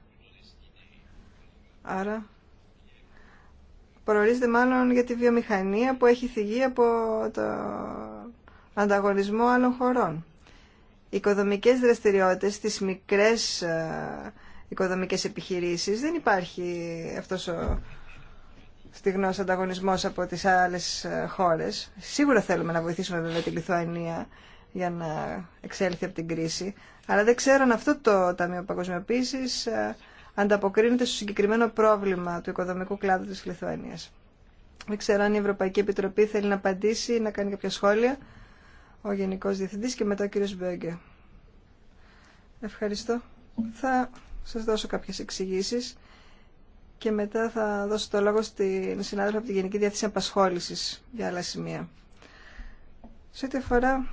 Άρα προορίζεται μάλλον για τη βιομηχανία που έχει θυγεί από το ανταγωνισμό άλλων χωρών. οικοδομικές δραστηριότητες στις μικρές ε, οικοδομικές επιχειρήσεις. Δεν υπάρχει αυτός ο στιγνός ανταγωνισμός από τις άλλες ε, χώρες. Σίγουρα θέλουμε να βοηθήσουμε βέβαια τη Λιθουανία για να εξέλθει από την κρίση. Αλλά δεν ξέρω αν αυτό το Ταμείο Παγκοσμιοποίησης ε, ανταποκρίνεται στο συγκεκριμένο πρόβλημα του οικοδομικού κλάδου της Λιθουανίας. Δεν ξέρω αν η Ευρωπαϊκή Επιτροπή θέλει να απαντήσει, ή να κάνει κάποια σχόλια. Ο Γενικός Διευθυντής και μετά ο κύριος Μπέγκε. Ευχαριστώ. Θα σας δώσω κάποιες εξηγήσει και μετά θα δώσω το λόγο στην συνάδελφα από τη Γενική Διάθεση Απασχόλησης για άλλα σημεία. Σε ό,τι αφορά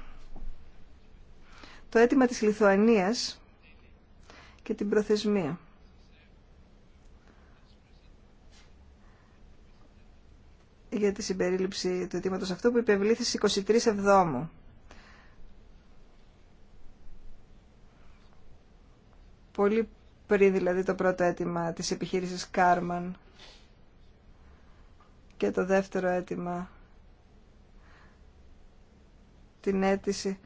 το αίτημα της Λιθουανίας και την προθεσμία. για τη συμπερίληψη του αιτήματος αυτού που υπευλήθη 23 Εβδόμου. Πολύ πριν δηλαδή το πρώτο αίτημα της επιχείρησης Κάρμαν και το δεύτερο αίτημα την αίτηση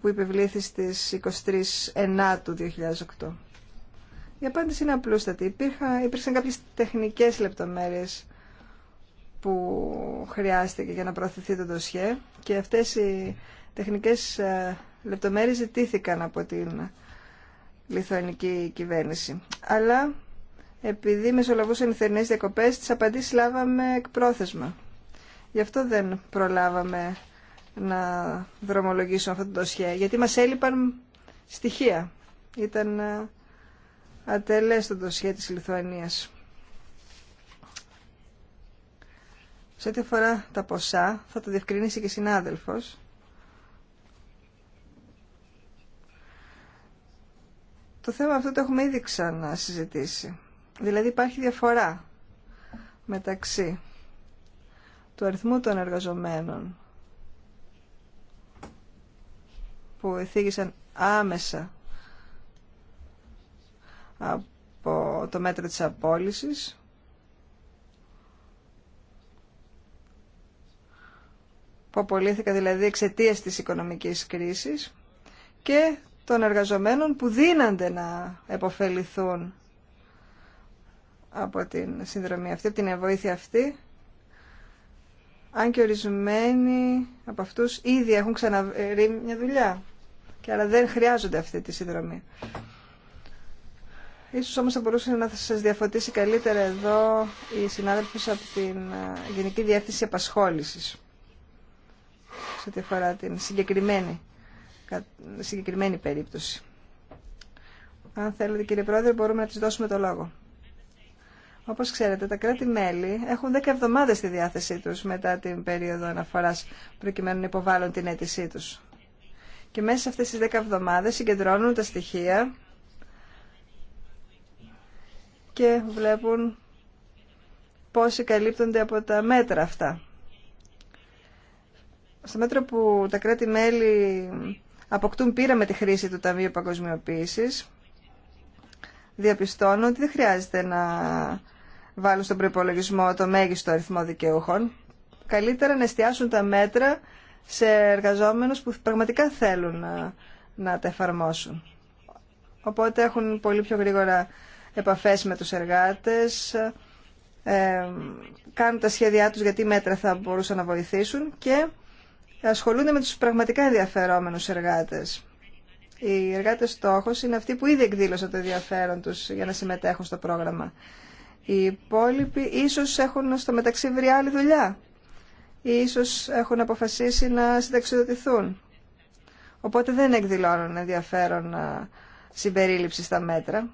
που υπευλήθη στις 23 Ενάτου 2008. Η απάντηση είναι απλούστατη. Υπήρχαν, υπήρξαν κάποιες τεχνικές λεπτομέρειες που χρειάστηκε για να προωθηθεί το δοσιέ και αυτές οι τεχνικές ε, λεπτομέρειες ζητήθηκαν από την λιθουανική κυβέρνηση. Αλλά επειδή μεσολαβούσαν οι θερινές διακοπές, τις απαντήσεις λάβαμε εκπρόθεσμα. Γι' αυτό δεν προλάβαμε να δρομολογήσουμε αυτό το ντοσιέ, γιατί μας έλειπαν στοιχεία. Ήταν ε, ατελές το σχέδιο της Λιθουανίας. Σε ό,τι αφορά τα ποσά, θα το διευκρινίσει και συνάδελφος. Το θέμα αυτό το έχουμε ήδη ξανασυζητήσει. Δηλαδή υπάρχει διαφορά μεταξύ του αριθμού των εργαζομένων που εθίγησαν άμεσα από το μέτρο της απόλυσης που απολύθηκαν δηλαδή εξαιτία της οικονομικής κρίσης και των εργαζομένων που δίνανται να επωφεληθούν από την συνδρομή αυτή, από την βοήθεια αυτή, αν και ορισμένοι από αυτούς ήδη έχουν ξαναβρει μια δουλειά και άρα δεν χρειάζονται αυτή τη συνδρομή. Ίσως όμως θα μπορούσε να σας διαφωτίσει καλύτερα εδώ η συνάδελφος από την ε, Γενική Διεύθυνση Απασχόλησης σε ό,τι αφορά την συγκεκριμένη συγκεκριμένη περίπτωση. Αν θέλετε κύριε Πρόεδρε μπορούμε να της δώσουμε το λόγο. Όπως ξέρετε, τα κράτη-μέλη έχουν 10 εβδομάδες στη διάθεσή τους μετά την περίοδο αναφοράς προκειμένου να υποβάλουν την αίτησή τους. Και μέσα σε αυτές τις 10 εβδομάδες συγκεντρώνουν τα στοιχεία και βλέπουν πόσοι καλύπτονται από τα μέτρα αυτά. Στο μέτρο που τα κράτη-μέλη αποκτούν πείρα με τη χρήση του Ταμείου παγκοσμιοποίηση. διαπιστώνω ότι δεν χρειάζεται να βάλουν στον προπολογισμό το μέγιστο αριθμό δικαιούχων. Καλύτερα να εστιάσουν τα μέτρα σε εργαζόμενους που πραγματικά θέλουν να, ε, να τα εφαρμόσουν. Οπότε έχουν πολύ πιο γρήγορα επαφές με τους εργάτες, ε, ε, κάνουν τα σχέδιά τους γιατί μέτρα θα μπορούσαν να βοηθήσουν και ασχολούνται με τους πραγματικά ενδιαφερόμενους εργάτες. Οι εργάτες στόχος είναι αυτοί που ήδη εκδήλωσαν το ενδιαφέρον τους για να συμμετέχουν στο πρόγραμμα. Οι υπόλοιποι ίσως έχουν στο μεταξύ βρει άλλη δουλειά ή ίσως έχουν αποφασίσει να συνταξιδοτηθούν. Οπότε δεν εκδηλώνουν ενδιαφέρον συμπερίληψη στα μέτρα.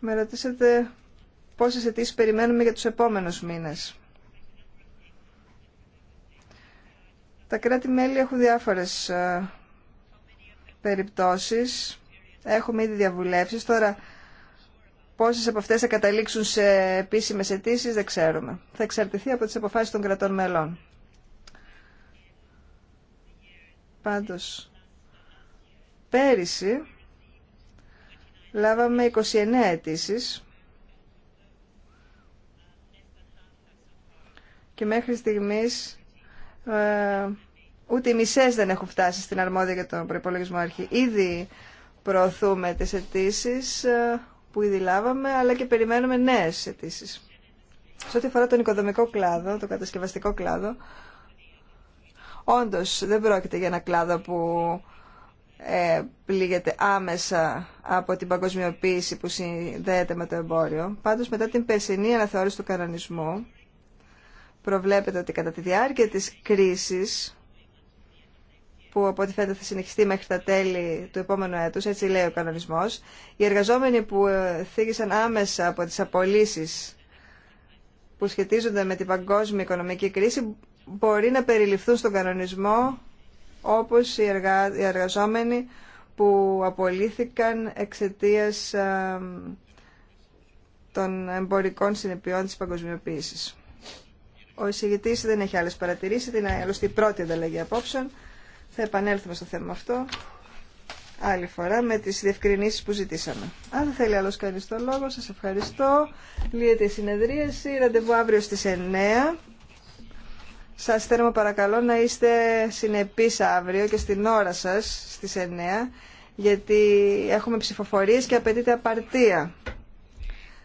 Με ρωτήσατε πόσες αιτήσει περιμένουμε για τους επόμενους μήνες. Τα κράτη-μέλη έχουν διάφορες ε, περιπτώσεις. Έχουμε ήδη διαβουλεύσεις. Τώρα, πόσες από αυτές θα καταλήξουν σε επίσημες αιτήσει δεν ξέρουμε. Θα εξαρτηθεί από τις αποφάσεις των κρατών μελών. Πάντως, πέρυσι λάβαμε 29 αιτήσει και μέχρι στιγμής ε, ούτε οι μισές δεν έχουν φτάσει στην αρμόδια για τον προϋπολογισμό αρχή. Ήδη προωθούμε τις αιτήσει ε, που ήδη λάβαμε, αλλά και περιμένουμε νέες αιτήσει. Σε ό,τι αφορά τον οικοδομικό κλάδο, τον κατασκευαστικό κλάδο, όντως δεν πρόκειται για ένα κλάδο που ε, πλήγεται άμεσα από την παγκοσμιοποίηση που συνδέεται με το εμπόριο. Πάντως μετά την περσινή αναθεώρηση του κανονισμού, προβλέπετε ότι κατά τη διάρκεια της κρίσης, που από ό,τι φαίνεται θα συνεχιστεί μέχρι τα τέλη του επόμενου έτους, έτσι λέει ο κανονισμός, οι εργαζόμενοι που ε, θίγησαν άμεσα από τις απολύσεις που σχετίζονται με την παγκόσμια οικονομική κρίση μπορεί να περιληφθούν στον κανονισμό όπως οι, εργαζόμενοι που απολύθηκαν εξαιτίας ε, των εμπορικών συνεπειών της παγκοσμιοποίησης. Ο εισηγητή δεν έχει άλλε παρατηρήσει. Την άλλωστε η πρώτη ανταλλαγή απόψεων. Θα επανέλθουμε στο θέμα αυτό άλλη φορά με τι διευκρινήσει που ζητήσαμε. Αν δεν θέλει άλλο κανεί το λόγο, σα ευχαριστώ. Λύεται η συνεδρίαση. Ραντεβού αύριο στι 9. Σα θέλω παρακαλώ να είστε συνεπεί αύριο και στην ώρα σα στι 9 γιατί έχουμε ψηφοφορίες και απαιτείται απαρτία.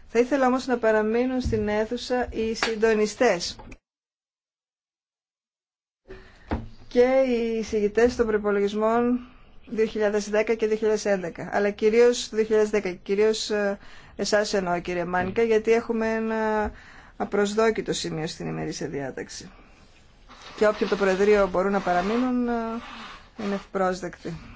Θα ήθελα όμως να παραμείνουν στην αίθουσα οι συντονιστές. και οι εισηγητές των προπολογισμών 2010 και 2011, αλλά κυρίως 2010, κυρίως ε, εσάς εννοώ κύριε Μάνικα, γιατί έχουμε ένα απροσδόκητο σημείο στην ημερήσια διάταξη. Και όποιοι από το Προεδρείο μπορούν να παραμείνουν ε, είναι ευπρόσδεκτοι.